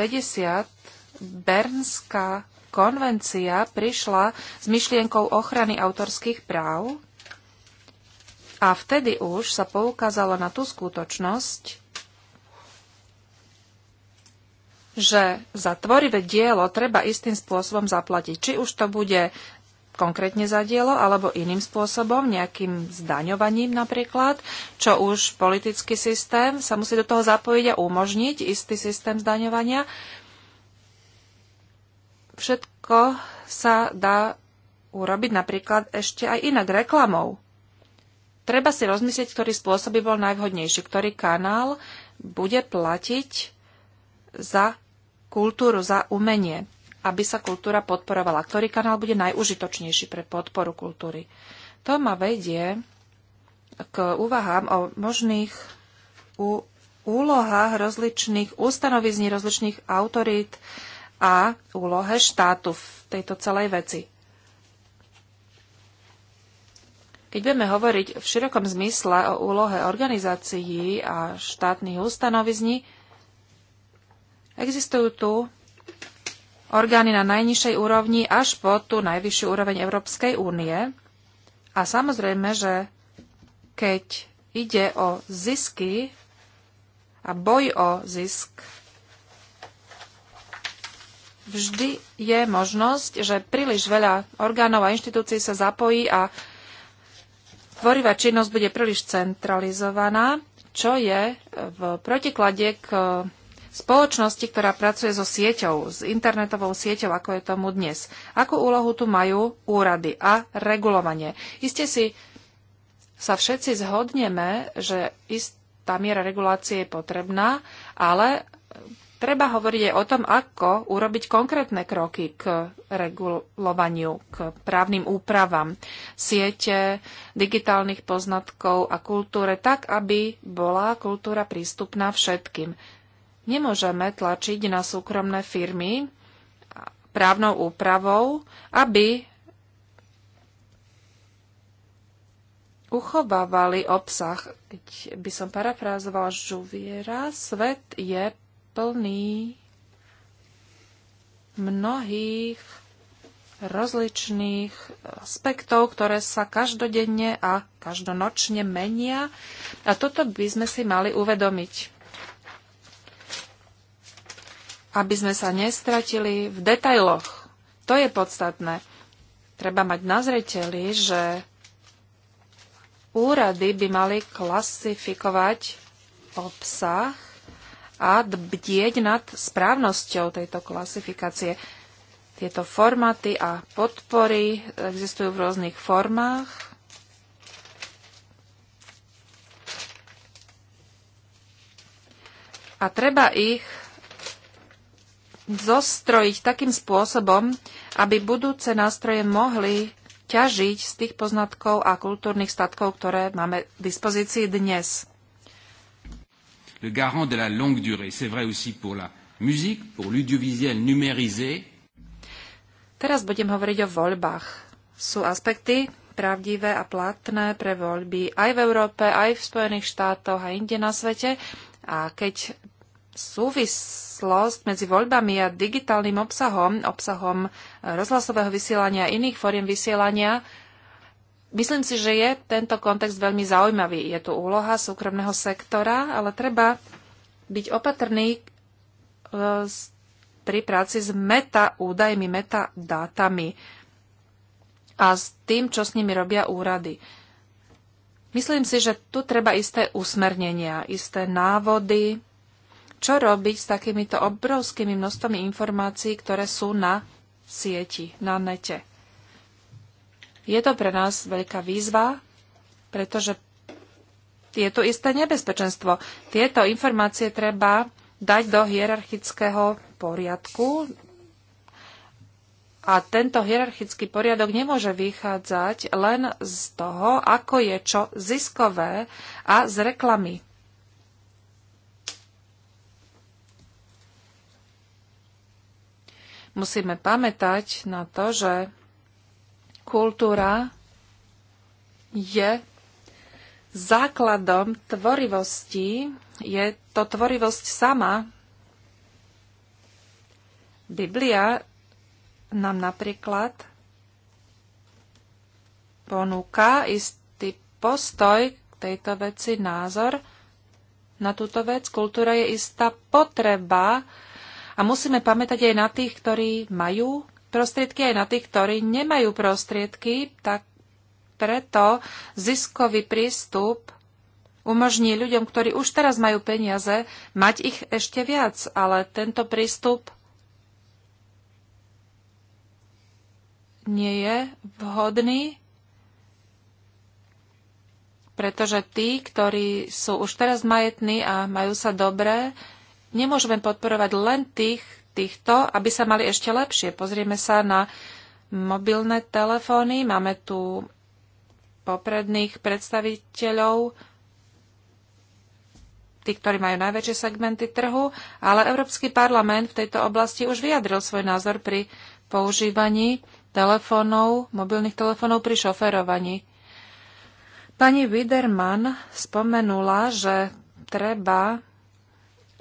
Bernská konvencia prišla s myšlienkou ochrany autorských práv a vtedy už sa poukázalo na tú skutočnosť, že za tvorivé dielo treba istým spôsobom zaplatiť. Či už to bude konkrétne za dielo, alebo iným spôsobom, nejakým zdaňovaním napríklad, čo už politický systém sa musí do toho zapojiť a umožniť istý systém zdaňovania všetko sa dá urobiť napríklad ešte aj inak reklamou. Treba si rozmyslieť, ktorý spôsob by bol najvhodnejší, ktorý kanál bude platiť za kultúru, za umenie, aby sa kultúra podporovala. Ktorý kanál bude najúžitočnejší pre podporu kultúry. To ma vedie k úvahám o možných úlohách rozličných ustanovizní, rozličných autorít, a úlohe štátu v tejto celej veci. Keď budeme hovoriť v širokom zmysle o úlohe organizácií a štátnych ustanovizní, existujú tu orgány na najnižšej úrovni až po tú najvyššiu úroveň Európskej únie. A samozrejme, že keď ide o zisky a boj o zisk vždy je možnosť, že príliš veľa orgánov a inštitúcií sa zapojí a tvorivá činnosť bude príliš centralizovaná, čo je v protiklade k spoločnosti, ktorá pracuje so sieťou, s internetovou sieťou, ako je tomu dnes. Akú úlohu tu majú úrady a regulovanie? Isté si sa všetci zhodneme, že istá miera regulácie je potrebná, ale Treba hovoriť aj o tom, ako urobiť konkrétne kroky k regulovaniu, k právnym úpravám siete, digitálnych poznatkov a kultúre, tak aby bola kultúra prístupná všetkým. Nemôžeme tlačiť na súkromné firmy právnou úpravou, aby uchovávali obsah. Keď by som parafrázovala Žuviera, svet je plný mnohých rozličných aspektov, ktoré sa každodenne a každonočne menia. A toto by sme si mali uvedomiť. Aby sme sa nestratili v detailoch. To je podstatné. Treba mať na zreteli, že úrady by mali klasifikovať obsah a bdieť nad správnosťou tejto klasifikácie. Tieto formáty a podpory existujú v rôznych formách. A treba ich zostrojiť takým spôsobom, aby budúce nástroje mohli ťažiť z tých poznatkov a kultúrnych statkov, ktoré máme k dispozícii dnes le garant de la longue durée. C'est vrai aussi pour la musique, pour l'audiovisuel numérisé. Teraz budem hovoriť o voľbách. Sú aspekty pravdivé a platné pre voľby aj v Európe, aj v Spojených štátoch a inde na svete. A keď súvislosť medzi voľbami a digitálnym obsahom, obsahom rozhlasového vysielania a iných fóriem vysielania Myslím si, že je tento kontext veľmi zaujímavý. Je tu úloha súkromného sektora, ale treba byť opatrný e, pri práci s meta údajmi, meta dátami a s tým, čo s nimi robia úrady. Myslím si, že tu treba isté usmernenia, isté návody, čo robiť s takýmito obrovskými množstvami informácií, ktoré sú na sieti, na nete. Je to pre nás veľká výzva, pretože je tu isté nebezpečenstvo. Tieto informácie treba dať do hierarchického poriadku a tento hierarchický poriadok nemôže vychádzať len z toho, ako je čo ziskové a z reklamy. Musíme pamätať na to, že Kultúra je základom tvorivosti, je to tvorivosť sama. Biblia nám napríklad ponúka istý postoj k tejto veci, názor na túto vec. Kultúra je istá potreba a musíme pamätať aj na tých, ktorí majú prostriedky aj na tých, ktorí nemajú prostriedky, tak preto ziskový prístup umožní ľuďom, ktorí už teraz majú peniaze, mať ich ešte viac, ale tento prístup nie je vhodný, pretože tí, ktorí sú už teraz majetní a majú sa dobré, nemôžeme podporovať len tých, týchto, aby sa mali ešte lepšie. Pozrieme sa na mobilné telefóny. Máme tu popredných predstaviteľov, tí, ktorí majú najväčšie segmenty trhu, ale Európsky parlament v tejto oblasti už vyjadril svoj názor pri používaní telefónov, mobilných telefónov pri šoferovaní. Pani Widerman spomenula, že treba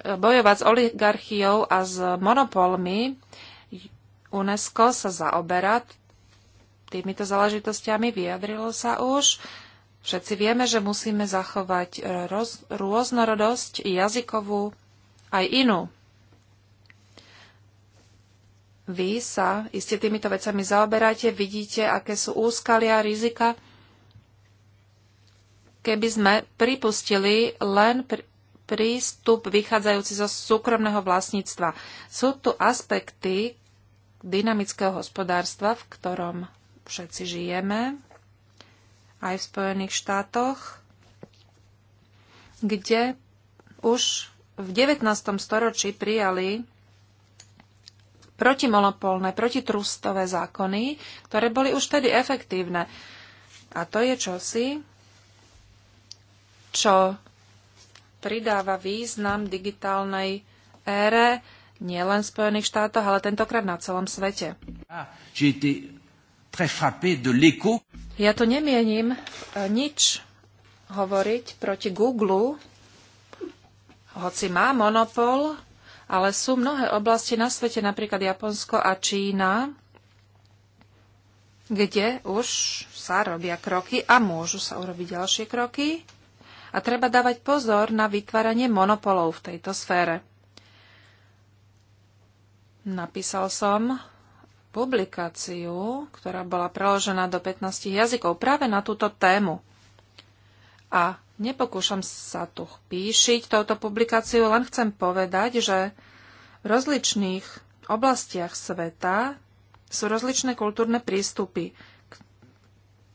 bojovať s oligarchiou a s monopolmi. UNESCO sa zaoberá týmito záležitostiami, vyjadrilo sa už. Všetci vieme, že musíme zachovať roz, rôznorodosť jazykovú aj inú. Vy sa iste týmito vecami zaoberáte, vidíte, aké sú úskalia, rizika, keby sme pripustili len pri, prístup vychádzajúci zo súkromného vlastníctva. Sú tu aspekty dynamického hospodárstva, v ktorom všetci žijeme, aj v Spojených štátoch, kde už v 19. storočí prijali protimonopolné, protitrustové zákony, ktoré boli už vtedy efektívne. A to je čosi, čo pridáva význam digitálnej ére nielen v Spojených štátoch, ale tentokrát na celom svete. Ah, ja tu nemienim e, nič hovoriť proti Google, hoci má monopol, ale sú mnohé oblasti na svete, napríklad Japonsko a Čína, kde už sa robia kroky a môžu sa urobiť ďalšie kroky a treba dávať pozor na vytváranie monopolov v tejto sfére. Napísal som publikáciu, ktorá bola preložená do 15 jazykov práve na túto tému. A nepokúšam sa tu píšiť touto publikáciu, len chcem povedať, že v rozličných oblastiach sveta sú rozličné kultúrne prístupy k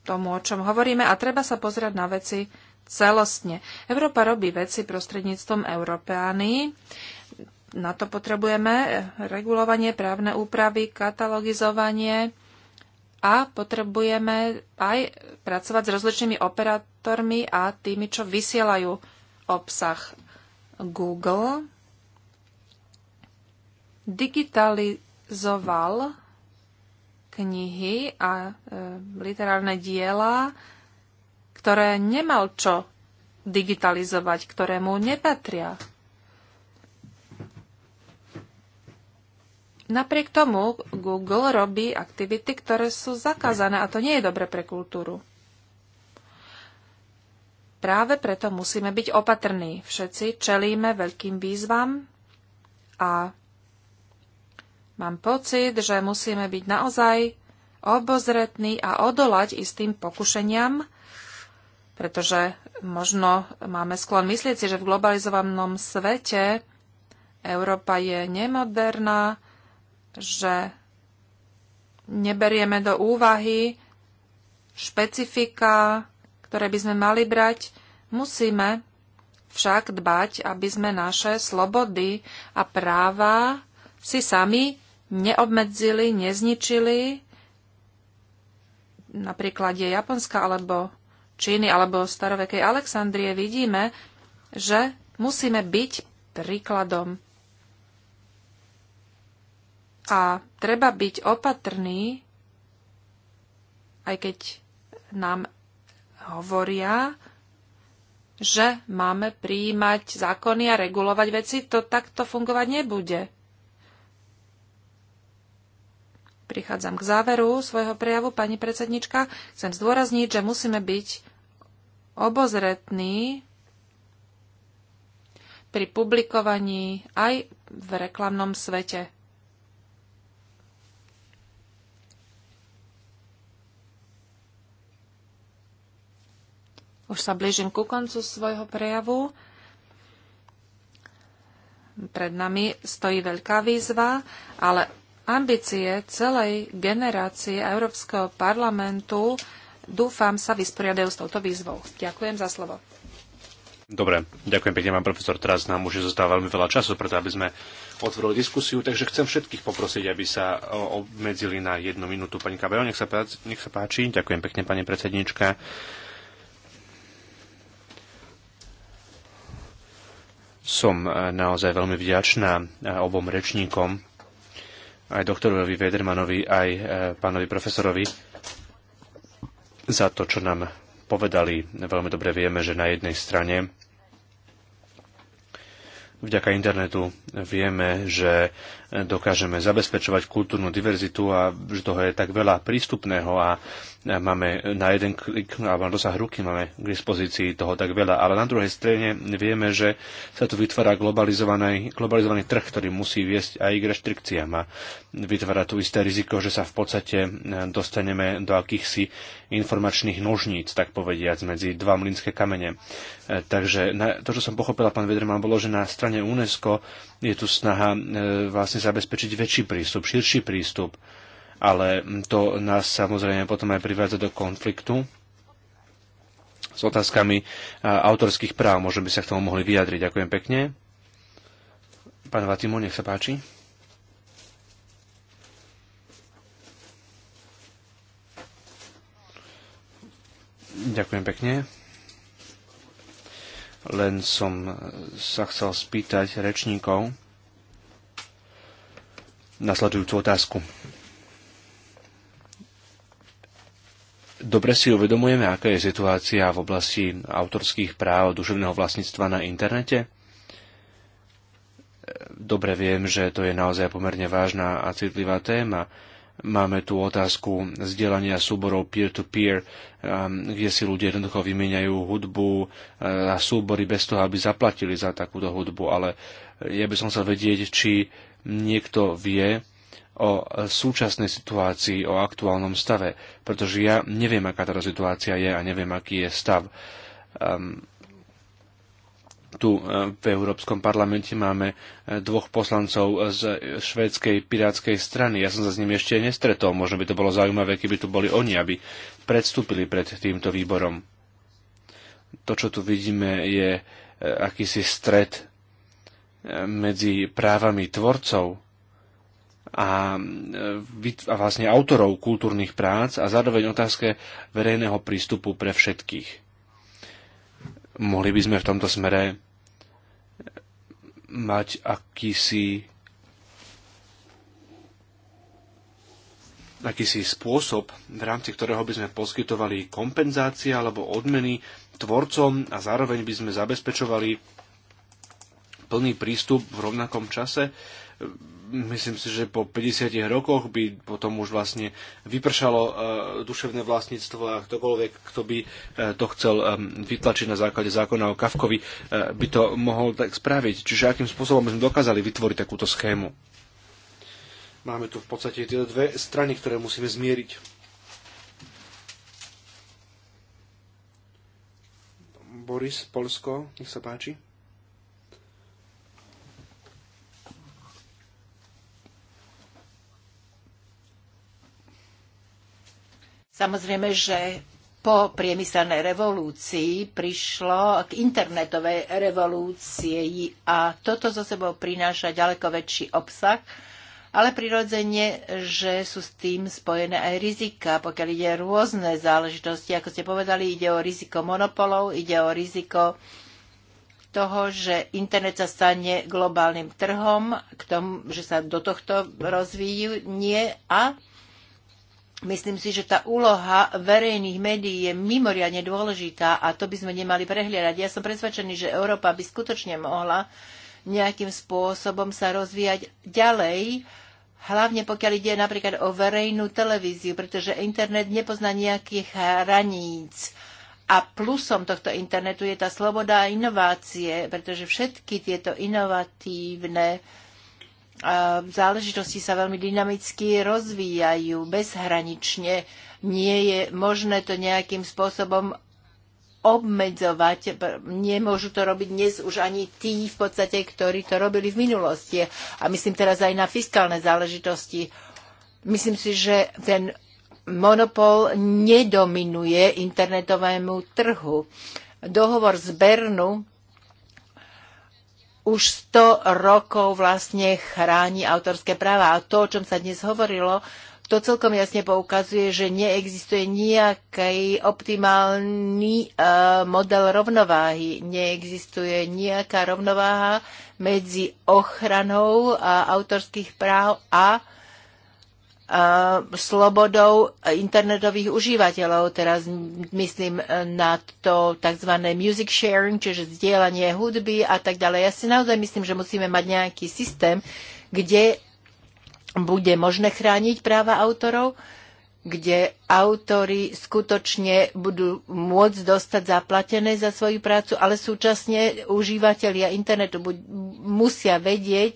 tomu, o čom hovoríme a treba sa pozrieť na veci celostne. Európa robí veci prostredníctvom Európeány. Na to potrebujeme regulovanie, právne úpravy, katalogizovanie a potrebujeme aj pracovať s rozličnými operátormi a tými, čo vysielajú obsah Google. Digitalizoval knihy a e, literárne diela ktoré nemal čo digitalizovať, ktoré mu nepatria. Napriek tomu Google robí aktivity, ktoré sú zakázané a to nie je dobre pre kultúru. Práve preto musíme byť opatrní. Všetci čelíme veľkým výzvam a mám pocit, že musíme byť naozaj obozretní a odolať istým pokušeniam, pretože možno máme sklon myslieť si, že v globalizovanom svete Európa je nemoderná, že neberieme do úvahy špecifika, ktoré by sme mali brať. Musíme však dbať, aby sme naše slobody a práva si sami neobmedzili, nezničili. Napríklad je Japonska alebo Číny alebo starovekej Alexandrie vidíme, že musíme byť príkladom. A treba byť opatrný, aj keď nám hovoria, že máme príjmať zákony a regulovať veci, to takto fungovať nebude. Prichádzam k záveru svojho prejavu, pani predsednička. Chcem zdôrazniť, že musíme byť Obozretný, pri publikovaní aj v reklamnom svete. Už sa blížim ku koncu svojho prejavu. Pred nami stojí veľká výzva, ale ambície celej generácie Európskeho parlamentu dúfam, sa vysporiadajú s touto výzvou. Ďakujem za slovo. Dobre, ďakujem pekne pán profesor. Teraz nám už zostáva veľmi veľa času, preto aby sme otvorili diskusiu, takže chcem všetkých poprosiť, aby sa obmedzili na jednu minútu. Pani Kabeo, nech sa, nech sa páči. Ďakujem pekne, pani predsednička. Som e, naozaj veľmi vďačná e, obom rečníkom, aj doktorovi Vedermanovi, aj e, pánovi profesorovi za to, čo nám povedali. Veľmi dobre vieme, že na jednej strane vďaka internetu vieme, že dokážeme zabezpečovať kultúrnu diverzitu a že toho je tak veľa prístupného a máme na jeden klik alebo na dosah ruky máme k dispozícii toho tak veľa. Ale na druhej strane vieme, že sa tu vytvára globalizovaný, globalizovaný trh, ktorý musí viesť aj k reštrikciám a vytvára tu isté riziko, že sa v podstate e, dostaneme do akýchsi informačných nožníc, tak povediac, medzi dva mlynské kamene. E, takže to, čo som pochopila, pán Vedrman, bolo, že na strane UNESCO je tu snaha e, vlastne vlastne zabezpečiť väčší prístup, širší prístup, ale to nás samozrejme potom aj privádza do konfliktu s otázkami autorských práv. Možno by sa k tomu mohli vyjadriť. Ďakujem pekne. Pán Vatimo, nech sa páči. Ďakujem pekne. Len som sa chcel spýtať rečníkov, nasledujúcu otázku. Dobre si uvedomujeme, aká je situácia v oblasti autorských práv duševného vlastníctva na internete? Dobre viem, že to je naozaj pomerne vážna a citlivá téma Máme tu otázku zdieľania súborov peer-to-peer, -peer, um, kde si ľudia jednoducho vymieňajú hudbu uh, a súbory bez toho, aby zaplatili za takúto hudbu. Ale ja by som chcel vedieť, či niekto vie o súčasnej situácii, o aktuálnom stave, pretože ja neviem, aká táto situácia je a neviem, aký je stav. Um, tu e, v Európskom parlamente máme e, dvoch poslancov z švédskej pirátskej strany. Ja som sa s nimi ešte nestretol. Možno by to bolo zaujímavé, keby tu boli oni, aby predstúpili pred týmto výborom. To, čo tu vidíme, je e, akýsi stret medzi právami tvorcov a, a vlastne autorov kultúrnych prác a zároveň otázke verejného prístupu pre všetkých. Mohli by sme v tomto smere mať akýsi akýsi spôsob, v rámci ktorého by sme poskytovali kompenzácie alebo odmeny tvorcom a zároveň by sme zabezpečovali plný prístup v rovnakom čase myslím si, že po 50 rokoch by potom už vlastne vypršalo e, duševné vlastníctvo a ktokoľvek, kto by e, to chcel e, vytlačiť na základe zákona o Kavkovi, by to mohol tak spraviť. Čiže akým spôsobom by sme dokázali vytvoriť takúto schému? Máme tu v podstate tie dve strany, ktoré musíme zmieriť. Boris, Polsko, nech sa páči. Samozrejme, že po priemyselnej revolúcii prišlo k internetovej revolúcii a toto zo sebou prináša ďaleko väčší obsah, ale prirodzene, že sú s tým spojené aj rizika, pokiaľ ide rôzne záležitosti. Ako ste povedali, ide o riziko monopolov, ide o riziko toho, že internet sa stane globálnym trhom, k tomu, že sa do tohto rozvíjú nie a Myslím si, že tá úloha verejných médií je mimoriadne dôležitá a to by sme nemali prehliadať. Ja som presvedčený, že Európa by skutočne mohla nejakým spôsobom sa rozvíjať ďalej, hlavne pokiaľ ide napríklad o verejnú televíziu, pretože internet nepozná nejakých hraníc. A plusom tohto internetu je tá sloboda a inovácie, pretože všetky tieto inovatívne záležitosti sa veľmi dynamicky rozvíjajú bezhranične. Nie je možné to nejakým spôsobom obmedzovať. Nemôžu to robiť dnes už ani tí v podstate, ktorí to robili v minulosti. A myslím teraz aj na fiskálne záležitosti. Myslím si, že ten monopol nedominuje internetovému trhu. Dohovor z Bernu už 100 rokov vlastne chráni autorské práva. A to, o čom sa dnes hovorilo, to celkom jasne poukazuje, že neexistuje nejaký optimálny e, model rovnováhy. Neexistuje nejaká rovnováha medzi ochranou e, autorských práv a Eh, slobodou internetových užívateľov. Teraz myslím eh, na to tzv. music sharing, čiže zdieľanie hudby a tak ďalej. Ja si naozaj myslím, že musíme mať nejaký systém, kde bude možné chrániť práva autorov, kde autory skutočne budú môcť dostať zaplatené za svoju prácu, ale súčasne užívateľia internetu musia vedieť,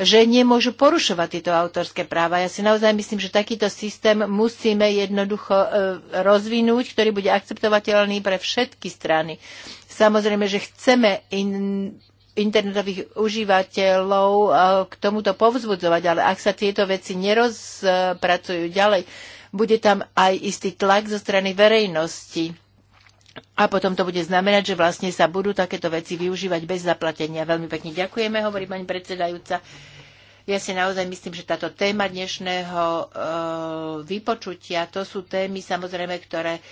že nemôžu porušovať tieto autorské práva. Ja si naozaj myslím, že takýto systém musíme jednoducho e, rozvinúť, ktorý bude akceptovateľný pre všetky strany. Samozrejme, že chceme in internetových užívateľov e, k tomuto povzbudzovať, ale ak sa tieto veci nerozpracujú ďalej, bude tam aj istý tlak zo strany verejnosti a potom to bude znamenať, že vlastne sa budú takéto veci využívať bez zaplatenia. Veľmi pekne ďakujeme, hovorí pani predsedajúca. Ja si naozaj myslím, že táto téma dnešného e, vypočutia, to sú témy samozrejme, ktoré e,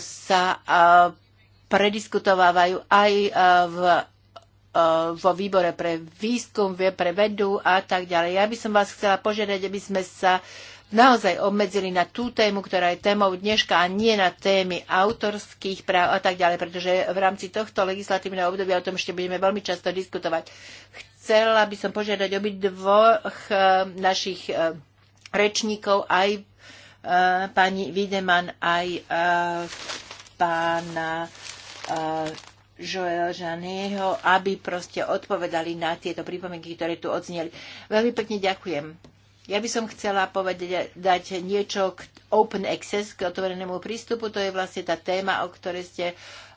sa e, prediskutovávajú aj e, v e, vo výbore pre výskum, pre vedu a tak ďalej. Ja by som vás chcela požiadať, aby sme sa naozaj obmedzili na tú tému, ktorá je témou dneška a nie na témy autorských práv a tak ďalej, pretože v rámci tohto legislatívneho obdobia o tom ešte budeme veľmi často diskutovať. Chcela by som požiadať obi dvoch eh, našich eh, rečníkov, aj eh, pani Videman, aj pána Joel Žanieho, aby proste odpovedali na tieto pripomienky, ktoré tu odzneli. Veľmi pekne ďakujem. Ja by som chcela povedať, dať niečo k open access, k otvorenému prístupu. To je vlastne tá téma, o ktorej ste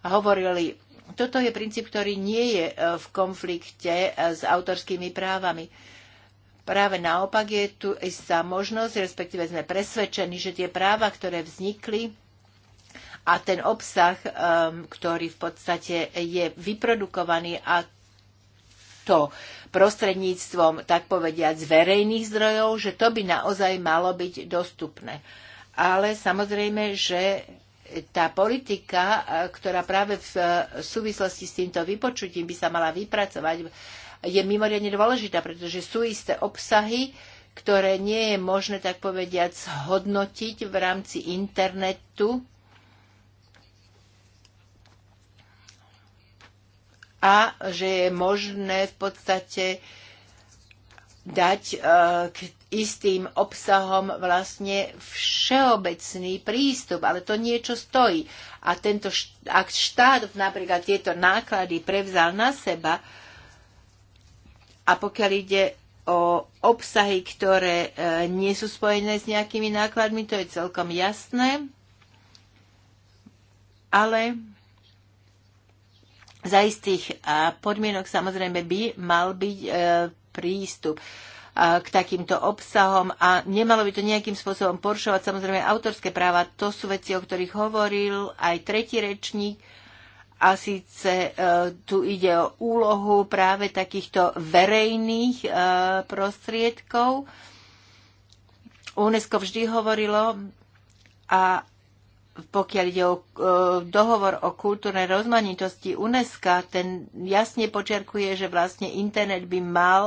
hovorili. Toto je princíp, ktorý nie je e, v konflikte e, s autorskými právami. Práve naopak je tu istá možnosť, respektíve sme presvedčení, že tie práva, ktoré vznikli a ten obsah, e, ktorý v podstate je vyprodukovaný a to, prostredníctvom, tak povediať, z verejných zdrojov, že to by naozaj malo byť dostupné. Ale samozrejme, že tá politika, e, ktorá práve e, v súvislosti s týmto vypočutím by sa mala vypracovať, je mimoriadne dôležitá, pretože sú isté obsahy, ktoré nie je možné, tak povediať, zhodnotiť v rámci internetu, a že je možné v podstate dať e, k istým obsahom vlastne všeobecný prístup, ale to niečo stojí. A tento, ak štát napríklad tieto náklady prevzal na seba, a pokiaľ ide o obsahy, ktoré e, nie sú spojené s nejakými nákladmi, to je celkom jasné, ale za istých podmienok samozrejme by mal byť e, prístup k takýmto obsahom a nemalo by to nejakým spôsobom poršovať samozrejme autorské práva. To sú veci, o ktorých hovoril aj tretí rečník. A síce e, tu ide o úlohu práve takýchto verejných e, prostriedkov. UNESCO vždy hovorilo a pokiaľ ide o e, dohovor o kultúrnej rozmanitosti UNESCO, ten jasne počerkuje, že vlastne internet by mal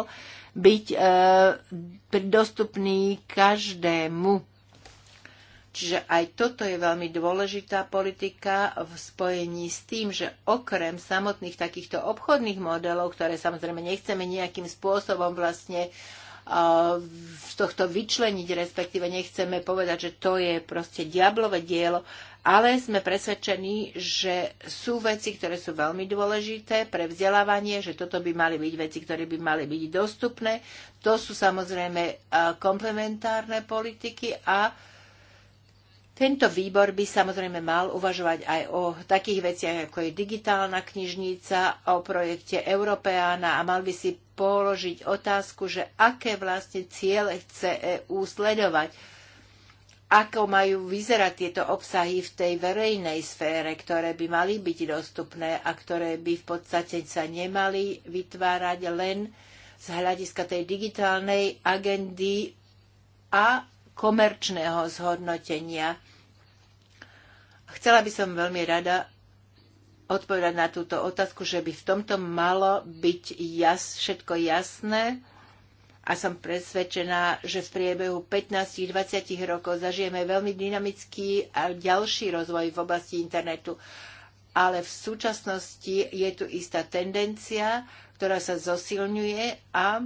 byť e, dostupný každému. Čiže aj toto je veľmi dôležitá politika v spojení s tým, že okrem samotných takýchto obchodných modelov, ktoré samozrejme nechceme nejakým spôsobom vlastne e, z tohto vyčleniť, respektíve nechceme povedať, že to je proste diablové dielo, ale sme presvedčení, že sú veci, ktoré sú veľmi dôležité pre vzdelávanie, že toto by mali byť veci, ktoré by mali byť dostupné. To sú samozrejme e, komplementárne politiky a tento výbor by samozrejme mal uvažovať aj o takých veciach, ako je digitálna knižnica, o projekte Európeána a mal by si položiť otázku, že aké vlastne ciele chce EU sledovať. Ako majú vyzerať tieto obsahy v tej verejnej sfére, ktoré by mali byť dostupné a ktoré by v podstate sa nemali vytvárať len z hľadiska tej digitálnej agendy a komerčného zhodnotenia. Chcela by som veľmi rada odpovedať na túto otázku, že by v tomto malo byť jas, všetko jasné a som presvedčená, že v priebehu 15-20 rokov zažijeme veľmi dynamický a ďalší rozvoj v oblasti internetu. Ale v súčasnosti je tu istá tendencia, ktorá sa zosilňuje a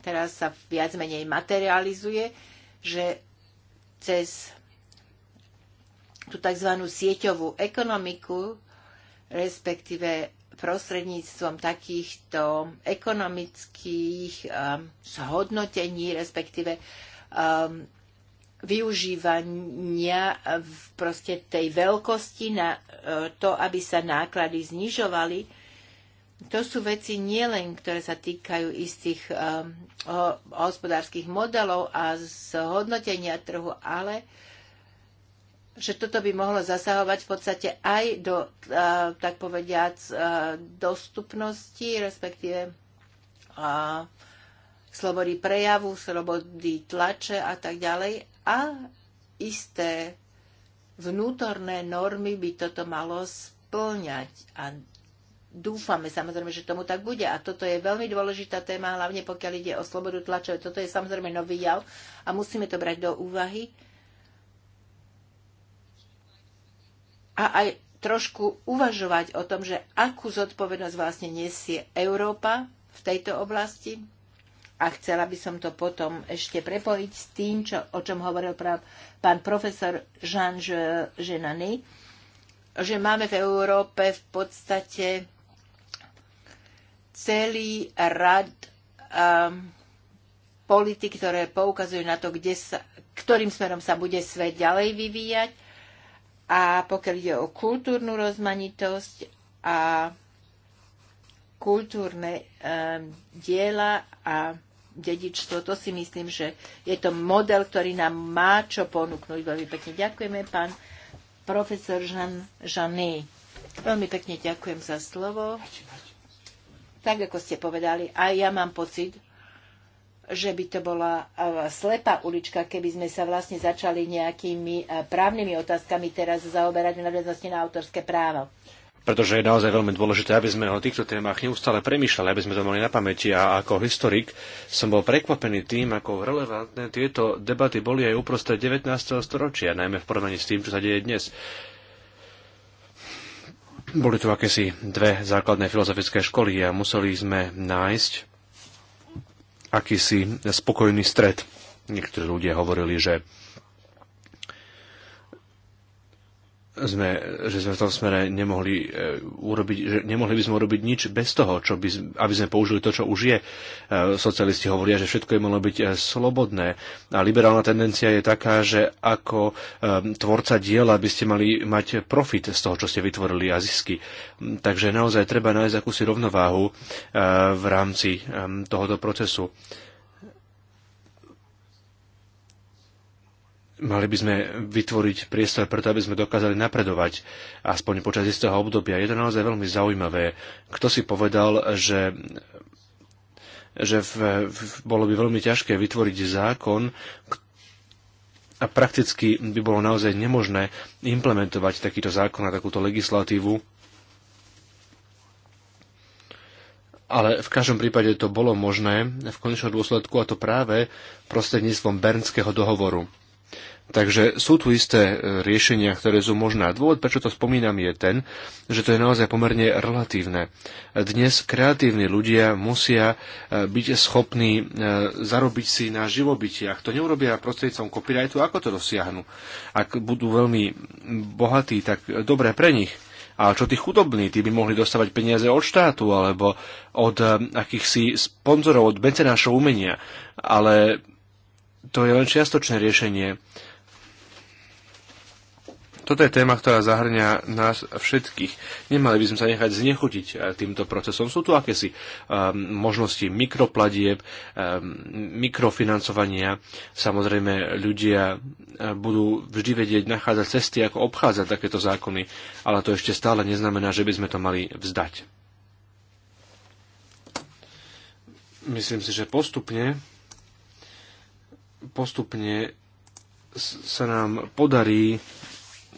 teraz sa viac menej materializuje, že cez tú tzv. sieťovú ekonomiku respektíve prostredníctvom takýchto ekonomických um, zhodnotení, respektíve um, využívania v proste tej veľkosti na uh, to, aby sa náklady znižovali. To sú veci nielen, ktoré sa týkajú istých um, hospodárskych modelov a zhodnotenia trhu, ale že toto by mohlo zasahovať v podstate aj do, tak povediac, dostupnosti, respektíve slobody prejavu, slobody tlače a tak ďalej. A isté vnútorné normy by toto malo splňať. A dúfame samozrejme, že tomu tak bude. A toto je veľmi dôležitá téma, hlavne pokiaľ ide o slobodu tlače. Toto je samozrejme nový jav a musíme to brať do úvahy a aj trošku uvažovať o tom, že akú zodpovednosť vlastne nesie Európa v tejto oblasti. A chcela by som to potom ešte prepojiť s tým, čo, o čom hovoril práv, pán profesor Jean Ženany, že máme v Európe v podstate celý rad um, politik, ktoré poukazujú na to, kde sa, ktorým smerom sa bude svet ďalej vyvíjať a pokiaľ ide o kultúrnu rozmanitosť a kultúrne e, diela a dedičstvo, to si myslím, že je to model, ktorý nám má čo ponúknuť. Veľmi pekne ďakujeme, pán profesor Jean Jeanne. Veľmi pekne ďakujem za slovo. Tak, ako ste povedali, aj ja mám pocit, že by to bola e, slepá ulička, keby sme sa vlastne začali nejakými e, právnymi otázkami teraz zaoberať na vlastne na autorské právo pretože je naozaj veľmi dôležité, aby sme o týchto témach neustále premýšľali, aby sme to mali na pamäti. A ako historik som bol prekvapený tým, ako relevantné tieto debaty boli aj uprostred 19. storočia, najmä v porovnaní s tým, čo sa deje dnes. Boli tu akési dve základné filozofické školy a museli sme nájsť akýsi spokojný stred. Niektorí ľudia hovorili, že sme, že sme v tom smere nemohli e, urobiť, že nemohli by sme urobiť nič bez toho, čo by, aby sme použili to, čo už je. E, socialisti hovoria, že všetko je malo byť e, slobodné a liberálna tendencia je taká, že ako tvorca diela by ste mali mať profit z toho, čo ste vytvorili a zisky. Takže naozaj treba nájsť akúsi rovnováhu v rámci tohoto procesu. mali by sme vytvoriť priestor preto, aby sme dokázali napredovať aspoň počas istého obdobia. Je to naozaj veľmi zaujímavé. Kto si povedal, že že v, v, bolo by veľmi ťažké vytvoriť zákon a prakticky by bolo naozaj nemožné implementovať takýto zákon a takúto legislatívu. Ale v každom prípade to bolo možné v konečnom dôsledku a to práve prostredníctvom Bernského dohovoru Takže sú tu isté e, riešenia, ktoré sú možné. dôvod, prečo to spomínam, je ten, že to je naozaj pomerne relatívne. Dnes kreatívni ľudia musia e, byť schopní e, zarobiť si na živobytie. Ak to neurobia prostredníctvom copyrightu, ako to dosiahnu? Ak budú veľmi bohatí, tak dobré pre nich. A čo tí chudobní, tí by mohli dostávať peniaze od štátu alebo od akýchsi sponzorov, od mecenášov umenia. Ale to je len čiastočné riešenie toto je téma, ktorá zahrňa nás všetkých. Nemali by sme sa nechať znechutiť eh, týmto procesom. Sú tu akési um, možnosti mikropladieb, um, ehm, mikrofinancovania. Samozrejme, ľudia eh, budú vždy vedieť nachádzať cesty, ako obchádzať takéto zákony, ale to ešte stále neznamená, že by sme to mali vzdať. Myslím si, že postupne postupne sa nám podarí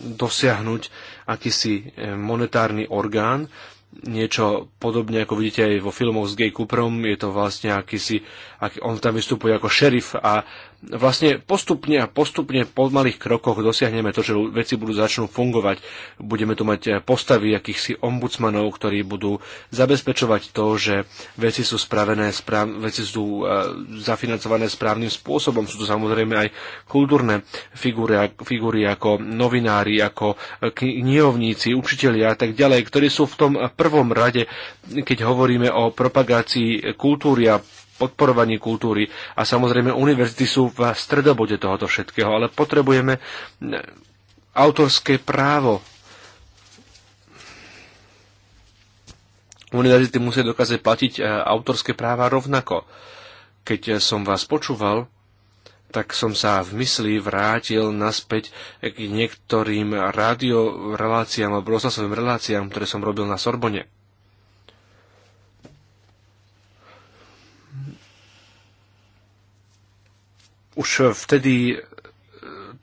dosiahnuť akýsi e, monetárny orgán, niečo podobne, ako vidíte aj vo filmoch s Gay Cooperom, je to vlastne akýsi, aký, on tam vystupuje ako šerif a vlastne postupne a postupne po malých krokoch dosiahneme to, že veci budú začnú fungovať. Budeme tu mať eh, postavy akýchsi ombudsmanov, ktorí budú zabezpečovať to, že veci sú spravené, správ, veci sú eh, zafinancované správnym spôsobom. Sú tu samozrejme aj kultúrne figúry, figúry ako novinári, ako eh, knihovníci, učitelia a tak ďalej, ktorí sú v tom prvom rade, keď hovoríme o propagácii kultúry a podporovaní kultúry a samozrejme univerzity sú v stredobode tohoto všetkého, ale potrebujeme eh, autorské právo. Univerzity musia dokázať platiť eh, autorské práva rovnako. Keď eh, som vás počúval, tak som sa v mysli vrátil naspäť k niektorým radioreláciám alebo rozhlasovým reláciám, ktoré som robil na Sorbone. už vtedy e,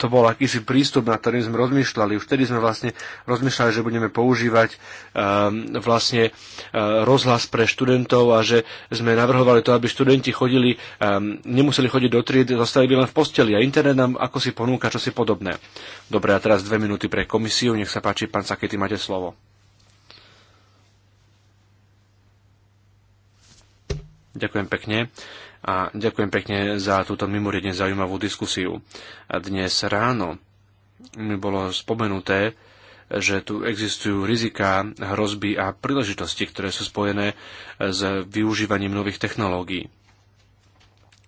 to bol akýsi prístup, na ktorým sme rozmýšľali. Už vtedy sme vlastne rozmýšľali, že budeme používať um, vlastne uh, rozhlas pre študentov a že sme navrhovali to, aby študenti chodili, um, nemuseli chodiť do tried, zostali by len v posteli a internet nám ako si ponúka čosi podobné. Dobre, a teraz dve minúty pre komisiu. Nech sa páči, pán Sakety, máte slovo. Ďakujem pekne a ďakujem pekne za túto mimoriadne zaujímavú diskusiu. A dnes ráno mi bolo spomenuté, že tu existujú rizika, hrozby a príležitosti, ktoré sú spojené s využívaním nových technológií.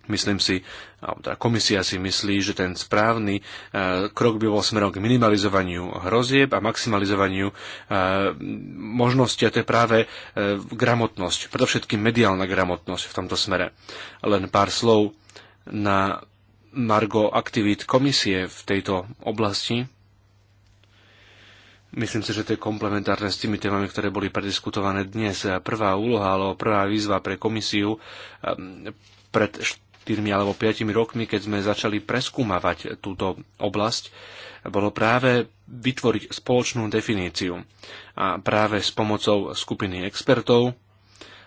Myslím si, alebo teda komisia si myslí, že ten správny e, krok by bol smerom k minimalizovaniu hrozieb a maximalizovaniu e, možnosti a to je práve e, gramotnosť, predovšetkým mediálna gramotnosť v tomto smere. Len pár slov na margo aktivít komisie v tejto oblasti. Myslím si, že to je komplementárne s tými témami, ktoré boli prediskutované dnes. Prvá úloha alebo prvá výzva pre komisiu pred 4 alebo 5 rokmi, keď sme začali preskúmavať túto oblasť, bolo práve vytvoriť spoločnú definíciu. A práve s pomocou skupiny expertov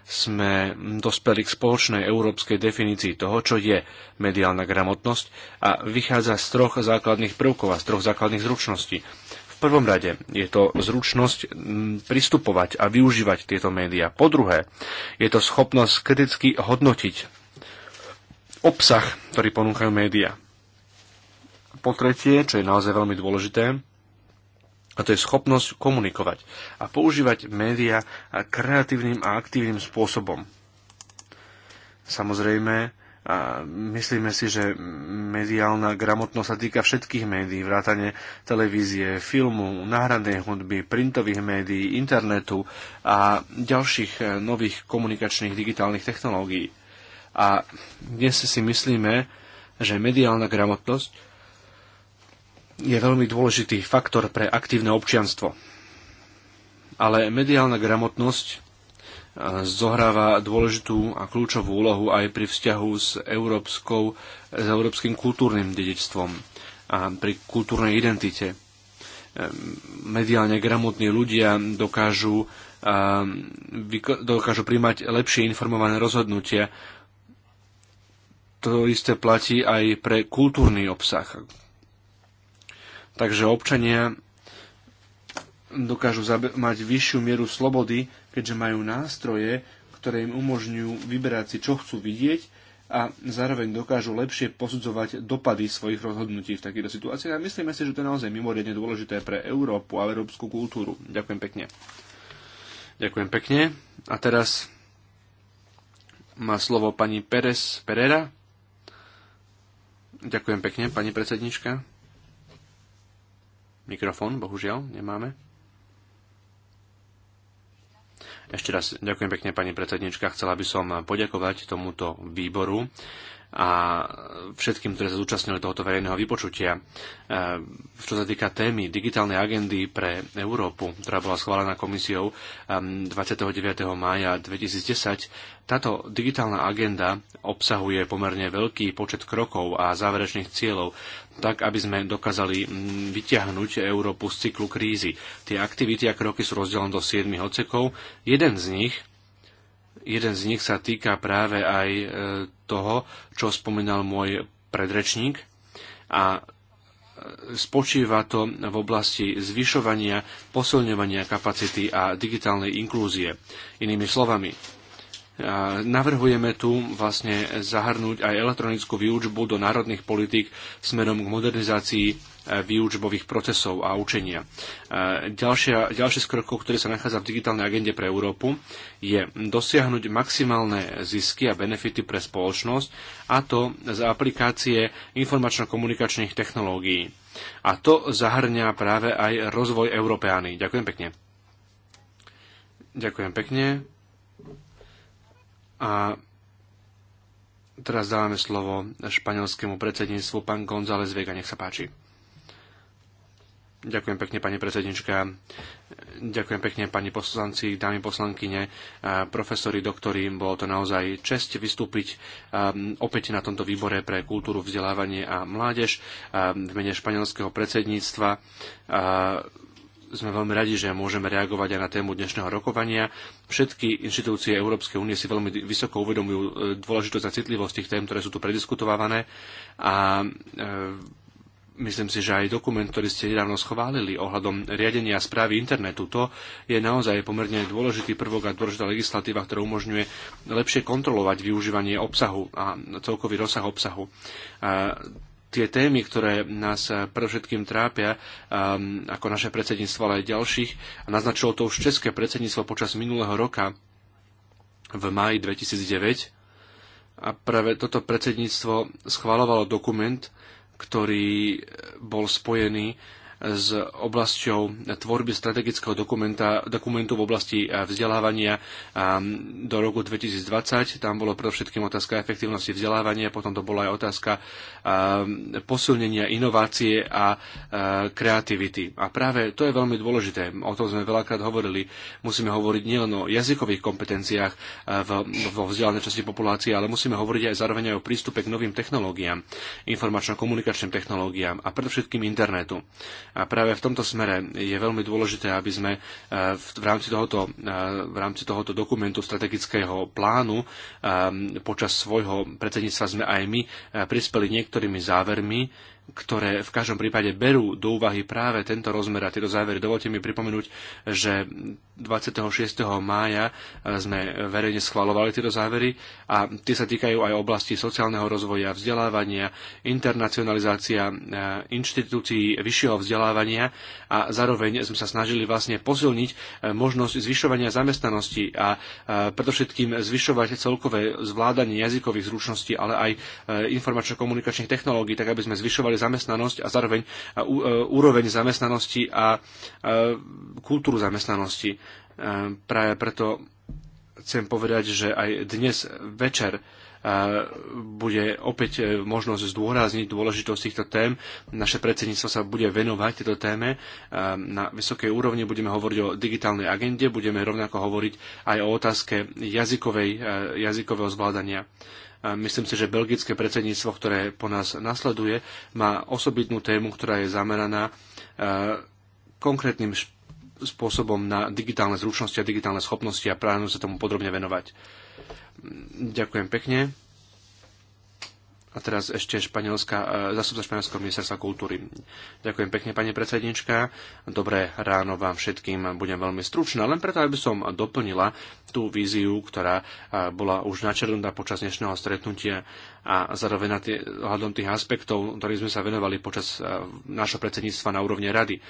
sme dospeli k spoločnej európskej definícii toho, čo je mediálna gramotnosť a vychádza z troch základných prvkov a z troch základných zručností. V prvom rade je to zručnosť pristupovať a využívať tieto médiá. Po druhé, je to schopnosť kriticky hodnotiť obsah, ktorý ponúkajú médiá. Po tretie, čo je naozaj veľmi dôležité, a to je schopnosť komunikovať a používať médiá kreatívnym a aktívnym spôsobom. Samozrejme, a myslíme si, že mediálna gramotnosť sa týka všetkých médií, vrátane televízie, filmu, náhradnej hudby, printových médií, internetu a ďalších nových komunikačných digitálnych technológií. A dnes si myslíme, že mediálna gramotnosť je veľmi dôležitý faktor pre aktívne občianstvo. Ale mediálna gramotnosť eh, zohráva dôležitú a kľúčovú úlohu aj pri vzťahu s, európskou, s európskym kultúrnym dedičstvom a pri kultúrnej identite. Eh, mediálne gramotní ľudia dokážu, eh, dokážu príjmať lepšie informované rozhodnutia to isté platí aj pre kultúrny obsah. Takže občania dokážu mať vyššiu mieru slobody, keďže majú nástroje, ktoré im umožňujú vyberať si, čo chcú vidieť a zároveň dokážu lepšie posudzovať dopady svojich rozhodnutí v takýchto situáciách. A myslíme si, že to je naozaj mimoriadne dôležité pre Európu a európsku kultúru. Ďakujem pekne. Ďakujem pekne. A teraz má slovo pani Pérez Pereira, Ďakujem pekne, pani predsednička. Mikrofón, bohužiaľ, nemáme. Ešte raz ďakujem pekne, pani predsednička. Chcela by som poďakovať tomuto výboru a všetkým, ktorí sa zúčastnili tohoto verejného vypočutia. E, čo sa týka témy digitálnej agendy pre Európu, ktorá bola schválená komisiou 29. mája 2010, táto digitálna agenda obsahuje pomerne veľký počet krokov a záverečných cieľov, tak aby sme dokázali vyťahnuť Európu z cyklu krízy. Tie aktivity a kroky sú rozdelené do 7 odsekov. Jeden z nich Jeden z nich sa týka práve aj e, toho, čo spomínal môj predrečník a e, spočíva to v oblasti zvyšovania, posilňovania kapacity a digitálnej inklúzie. Inými slovami, e, navrhujeme tu vlastne zahrnúť aj elektronickú výučbu do národných politík smerom k modernizácii výučbových procesov a učenia. E, ďalšia, ďalší z krokov, ktorý sa nachádza v digitálnej agende pre Európu, je dosiahnuť maximálne zisky a benefity pre spoločnosť, a to z aplikácie informačno-komunikačných technológií. A to zahrňa práve aj rozvoj Európeány. Ďakujem pekne. Ďakujem pekne. A teraz dávame slovo španielskému predsedníctvu. Pán González Vega, nech sa páči. Ďakujem pekne, pani predsednička. Ďakujem pekne, pani poslanci, dámy poslankyne, profesori, doktori. Bolo to naozaj čest vystúpiť um, opäť na tomto výbore pre kultúru, vzdelávanie a mládež um, v mene španielského predsedníctva sme veľmi radi, že môžeme reagovať aj na tému dnešného rokovania. Všetky inštitúcie Európskej únie si veľmi vysoko uvedomujú e, dôležitosť a citlivosť tých tém, ktoré sú tu prediskutované a e, Myslím si, že aj dokument, ktorý ste nedávno schválili ohľadom riadenia správy internetu, to je naozaj pomerne dôležitý prvok a dôležitá legislatíva, ktorá umožňuje lepšie kontrolovať využívanie obsahu a celkový rozsah obsahu. A tie témy, ktoré nás predovšetkým trápia, um, ako naše predsedníctvo, ale aj ďalších, naznačilo to už české predsedníctvo počas minulého roka v maji 2009, a práve toto predsedníctvo schvalovalo dokument, ktorý e, bol spojený s oblasťou tvorby strategického dokumenta, dokumentu v oblasti vzdelávania do roku 2020. Tam bolo predovšetkým otázka efektívnosti vzdelávania, potom to bola aj otázka posilnenia inovácie a kreativity. A práve to je veľmi dôležité. O tom sme veľakrát hovorili. Musíme hovoriť nielen o jazykových kompetenciách vo vzdelanej časti populácie, ale musíme hovoriť aj zároveň aj o prístupe k novým technológiám, informačno-komunikačným technológiám a predovšetkým internetu. A práve v tomto smere je veľmi dôležité, aby sme e, v rámci tohoto, e, v rámci tohoto dokumentu strategického plánu e, počas svojho predsedníctva sme aj my prispeli niektorými závermi, ktoré v každom prípade berú do úvahy práve tento rozmer a tieto závery. Dovolte mi pripomenúť, že 26. mája e, sme verejne schvalovali tieto závery a tie sa týkajú aj oblasti sociálneho rozvoja, vzdelávania, internacionalizácia e, inštitúcií vyššieho vzdelávania a zároveň sme sa snažili vlastne posilniť e, možnosť zvyšovania zamestnanosti a predovšetkým zvyšovať celkové zvládanie jazykových zručností, ale aj informačno-komunikačných technológií, tak aby sme zvyšovali zamestnanosť a zároveň úroveň zamestnanosti a kultúru zamestnanosti. Ehm, práve preto chcem povedať, že aj dnes večer ehm, bude opäť ehm, možnosť zdôrazniť dôležitosť týchto tém. Naše predsedníctvo sa bude venovať tejto téme na vysokej úrovni. Budeme hovoriť o digitálnej agende, budeme rovnako hovoriť aj o otázke jazykovej, jazykového zvládania. Myslím si, že belgické predsedníctvo, ktoré po nás nasleduje, má osobitnú tému, ktorá je zameraná konkrétnym špe- spôsobom na digitálne zručnosti a digitálne schopnosti a plánujú sa tomu podrobne venovať. Ďakujem pekne. A teraz ešte španielská, e, zastupca Španielského ministerstva kultúry. Ďakujem pekne, pani predsednička. Dobré ráno vám všetkým. Budem veľmi stručná, len preto, aby som doplnila tú víziu, ktorá e, bola už načernutá počas dnešného stretnutia a zároveň na ohľadom tých aspektov, ktorých sme sa venovali počas e, nášho predsedníctva na úrovni rady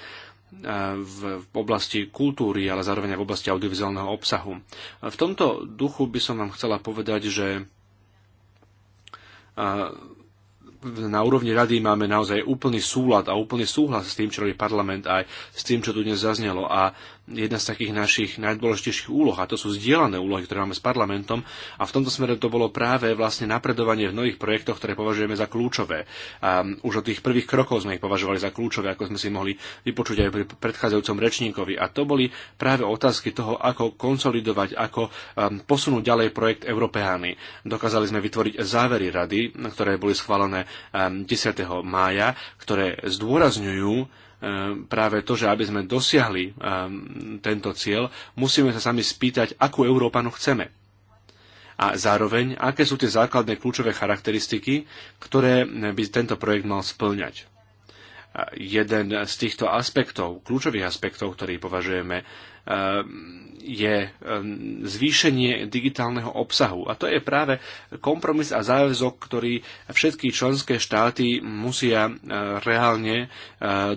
v oblasti kultúry, ale zároveň aj v oblasti audiovizuálneho obsahu. V tomto duchu by som vám chcela povedať, že na úrovni rady máme naozaj úplný súlad a úplný súhlas s tým, čo robí parlament aj s tým, čo tu dnes zaznelo. A jedna z takých našich najdôležitejších úloh, a to sú zdieľané úlohy, ktoré máme s parlamentom, a v tomto smere to bolo práve vlastne napredovanie v nových projektoch, ktoré považujeme za kľúčové. A um, už od tých prvých krokov sme ich považovali za kľúčové, ako sme si mohli vypočuť aj pri predchádzajúcom rečníkovi. A to boli práve otázky toho, ako konsolidovať, ako um, posunúť ďalej projekt Európeány. Dokázali sme vytvoriť závery rady, ktoré boli schválené 10. Um, mája, ktoré zdôrazňujú, Ehm, práve to, že aby sme dosiahli ehm, tento cieľ, musíme sa sami spýtať, akú Európanu chceme. A zároveň, aké sú tie základné kľúčové charakteristiky, ktoré by tento projekt mal splňať. Jeden z týchto aspektov, kľúčových aspektov, ktorý považujeme Ehm, je ehm, zvýšenie digitálneho obsahu. A to je práve kompromis a záväzok, ktorý všetky členské štáty musia e, reálne e,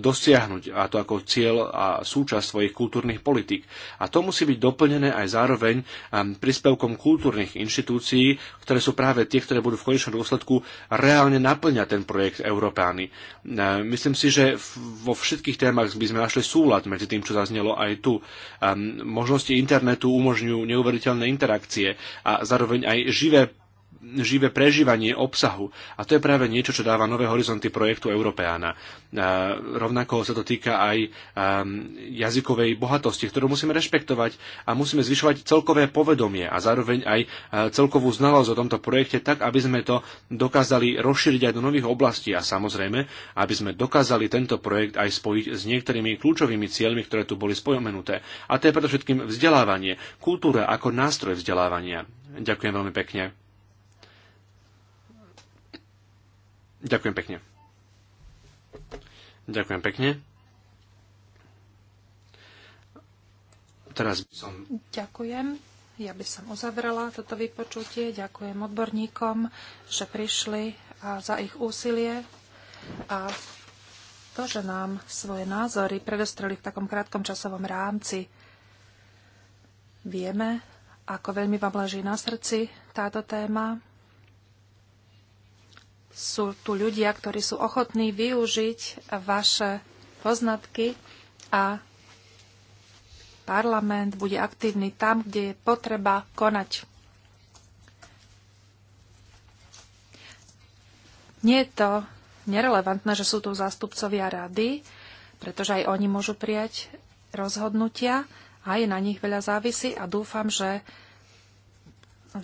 dosiahnuť, a to ako cieľ a súčasť svojich kultúrnych politik. A to musí byť doplnené aj zároveň ehm, príspevkom kultúrnych inštitúcií, ktoré sú práve tie, ktoré budú v konečnom dôsledku reálne naplňať ten projekt Európány. Myslím si, že vo všetkých témach by sme našli súlad medzi tým, čo zaznelo aj tu možnosti internetu umožňujú neuveriteľné interakcie a zároveň aj živé živé prežívanie obsahu. A to je práve niečo, čo dáva nové horizonty projektu Európeána. Rovnako sa to týka aj um, jazykovej bohatosti, ktorú musíme rešpektovať a musíme zvyšovať celkové povedomie a zároveň aj uh, celkovú znalosť o tomto projekte tak, aby sme to dokázali rozšíriť aj do nových oblastí a samozrejme, aby sme dokázali tento projekt aj spojiť s niektorými kľúčovými cieľmi, ktoré tu boli spomenuté. A to je predovšetkým vzdelávanie, kultúra ako nástroj vzdelávania. Ďakujem veľmi pekne. Ďakujem pekne. Ďakujem pekne. Teraz by som... Ďakujem. Ja by som uzavrela toto vypočutie. Ďakujem odborníkom, že prišli a za ich úsilie a to, že nám svoje názory predostreli v takom krátkom časovom rámci. Vieme, ako veľmi vám leží na srdci táto téma sú tu ľudia, ktorí sú ochotní využiť vaše poznatky a parlament bude aktívny tam, kde je potreba konať. Nie je to nerelevantné, že sú tu zástupcovia rady, pretože aj oni môžu prijať rozhodnutia a je na nich veľa závisí a dúfam, že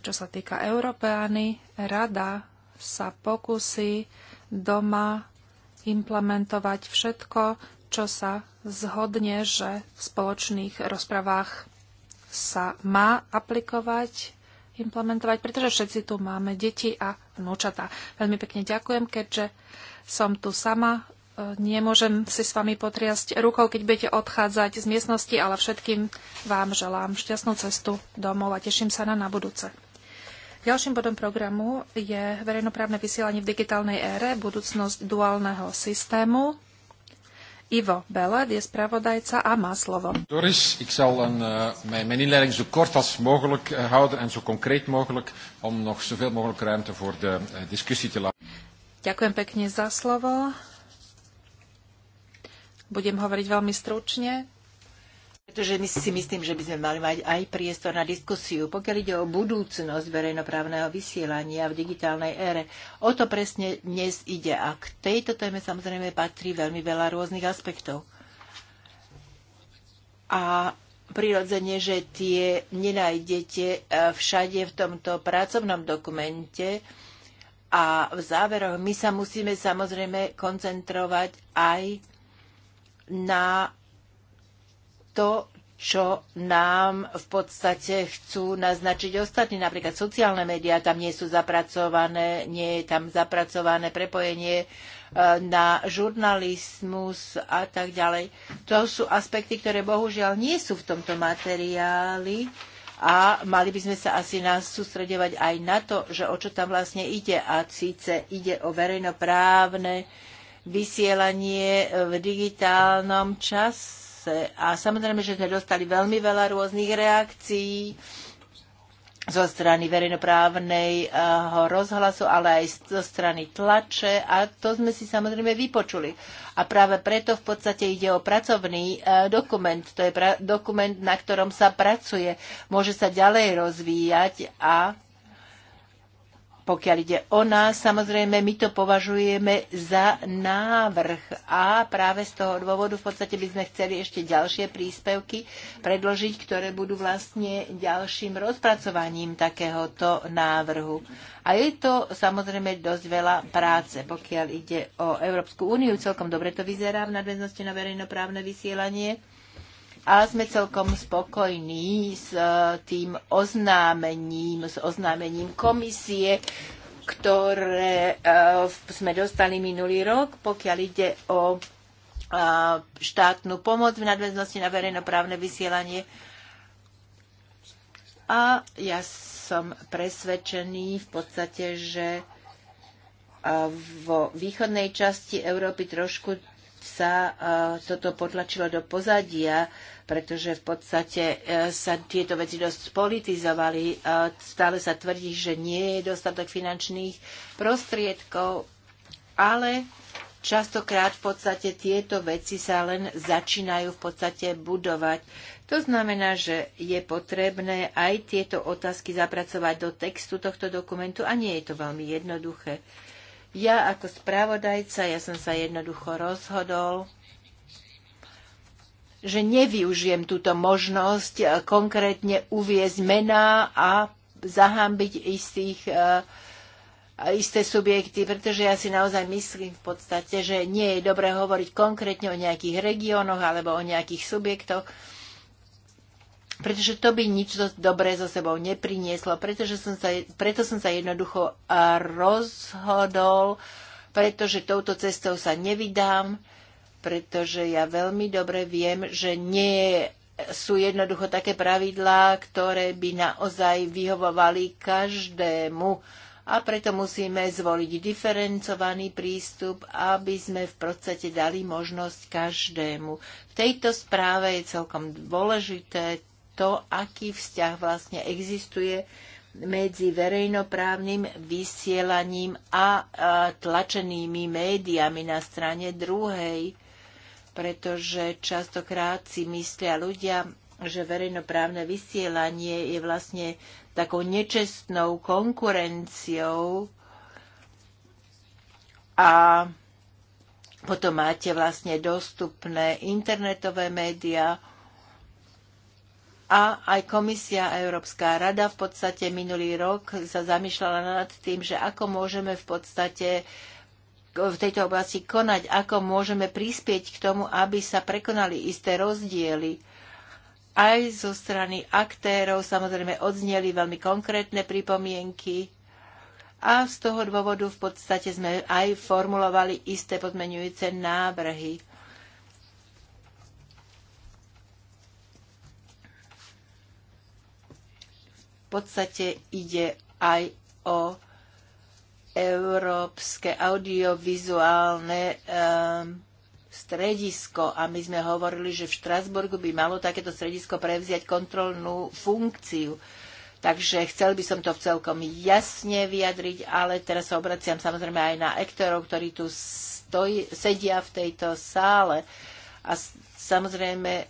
čo sa týka Európeány, rada sa pokusí doma implementovať všetko, čo sa zhodne, že v spoločných rozprávach sa má aplikovať, implementovať, pretože všetci tu máme deti a vnúčata. Veľmi pekne ďakujem, keďže som tu sama. E, nemôžem si s vami potriasť rukou, keď budete odchádzať z miestnosti, ale všetkým vám želám šťastnú cestu domov a teším sa na, na budúce. Ďalším bodom programu je verejnoprávne vysielanie v digitálnej ére, budúcnosť duálneho systému. Ivo Bellet je spravodajca a má slovo. Doris, ik zal een, uh, mijn, mijn inleiding zo kort als mogelijk uh, houden en zo concreet mogelijk om nog zoveel mogelijk ruimte voor de uh, discussie te laten. Ďakujem pekne za slovo. Budem hovoriť veľmi stručne. Pretože my si myslím, že by sme mali mať aj priestor na diskusiu, pokiaľ ide o budúcnosť verejnoprávneho vysielania v digitálnej ére. O to presne dnes ide a k tejto téme samozrejme patrí veľmi veľa rôznych aspektov. A prirodzene, že tie nenájdete e, všade v tomto pracovnom dokumente, a v záveroch my sa musíme samozrejme koncentrovať aj na to, čo nám v podstate chcú naznačiť ostatní. Napríklad sociálne médiá tam nie sú zapracované, nie je tam zapracované prepojenie e, na žurnalizmus a tak ďalej. To sú aspekty, ktoré bohužiaľ nie sú v tomto materiáli a mali by sme sa asi nás sústredovať aj na to, že o čo tam vlastne ide. A síce ide o verejnoprávne vysielanie v digitálnom čase práce. A samozrejme, že sme dostali veľmi veľa rôznych reakcií zo strany verejnoprávneho rozhlasu, ale aj zo strany tlače a to sme si samozrejme vypočuli. A práve preto v podstate ide o pracovný e, dokument. To je dokument, na ktorom sa pracuje. Môže sa ďalej rozvíjať a pokiaľ ide o nás, samozrejme, my to považujeme za návrh a práve z toho dôvodu v podstate by sme chceli ešte ďalšie príspevky predložiť, ktoré budú vlastne ďalším rozpracovaním takéhoto návrhu. A je to samozrejme dosť veľa práce, pokiaľ ide o Európsku úniu. Celkom dobre to vyzerá v nadväznosti na verejnoprávne vysielanie a sme celkom spokojní s e, tým oznámením, s oznámením komisie, ktoré e, sme dostali minulý rok, pokiaľ ide o e, štátnu pomoc v nadväznosti na verejnoprávne vysielanie. A ja som presvedčený v podstate, že vo východnej časti Európy trošku sa eh, toto potlačilo do pozadia, pretože v podstate eh, sa tieto veci dosť politizovali. Eh, stále sa tvrdí, že nie je dostatok finančných prostriedkov, ale častokrát v podstate tieto veci sa len začínajú v podstate budovať. To znamená, že je potrebné aj tieto otázky zapracovať do textu tohto dokumentu a nie je to veľmi jednoduché. Ja ako spravodajca, ja som sa jednoducho rozhodol, že nevyužijem túto možnosť e, konkrétne uviezť mená a zahambiť istých, e, isté subjekty, pretože ja si naozaj myslím v podstate, že nie je dobré hovoriť konkrétne o nejakých regiónoch alebo o nejakých subjektoch, pretože to by nič dobré so sebou neprinieslo, pretože som sa, preto som sa jednoducho rozhodol, pretože touto cestou sa nevydám, pretože ja veľmi dobre viem, že nie sú jednoducho také pravidlá, ktoré by naozaj vyhovovali každému a preto musíme zvoliť diferencovaný prístup, aby sme v podstate dali možnosť každému. V tejto správe je celkom dôležité to, aký vzťah vlastne existuje medzi verejnoprávnym vysielaním a, tlačenými médiami na strane druhej, pretože častokrát si myslia ľudia, že verejnoprávne vysielanie je vlastne takou nečestnou konkurenciou a potom máte vlastne dostupné internetové médiá, a aj komisia a Európska rada v podstate minulý rok sa zamýšľala nad tým, že ako môžeme v podstate v tejto oblasti konať, ako môžeme prispieť k tomu, aby sa prekonali isté rozdiely. Aj zo strany aktérov samozrejme odznieli veľmi konkrétne pripomienky a z toho dôvodu v podstate sme aj formulovali isté podmenujúce návrhy. podstate ide aj o európske audiovizuálne um, stredisko a my sme hovorili, že v Štrasburgu by malo takéto stredisko prevziať kontrolnú funkciu. Takže chcel by som to celkom jasne vyjadriť, ale teraz sa obraciam samozrejme aj na ektorov, ktorí tu stoj, sedia v tejto sále. A samozrejme,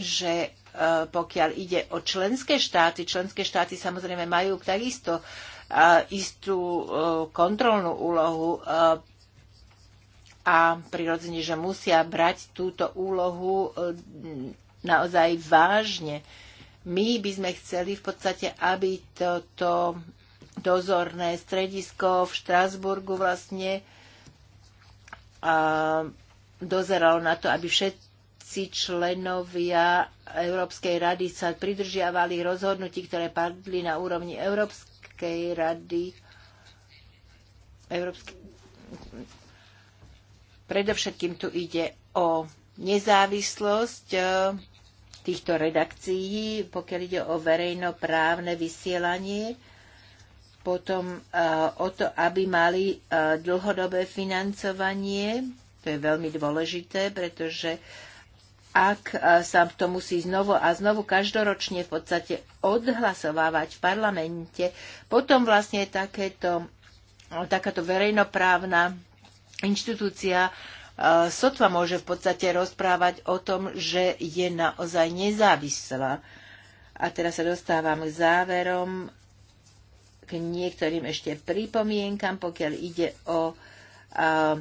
že Eh, pokiaľ ide o členské štáty, členské štáty samozrejme majú takisto eh, istú eh, kontrolnú úlohu a prirodzene, že musia brať túto úlohu naozaj vážne. My by sme chceli v podstate, aby toto dozorné stredisko v Štrásburgu vlastne dozeralo na to, aby všet, všetci členovia Európskej rady sa pridržiavali rozhodnutí, ktoré padli na úrovni Európskej rady. Európskej... Predovšetkým tu ide o nezávislosť e, týchto redakcií, pokiaľ ide o verejnoprávne vysielanie, potom e, o to, aby mali e, dlhodobé financovanie, to je veľmi dôležité, pretože ak e, sa to musí znovu a znovu každoročne v podstate odhlasovávať v parlamente, potom vlastne takéto, takáto verejnoprávna inštitúcia e, sotva môže v podstate rozprávať o tom, že je naozaj nezávislá. A teraz sa dostávam k záverom, k niektorým ešte pripomienkam, pokiaľ ide o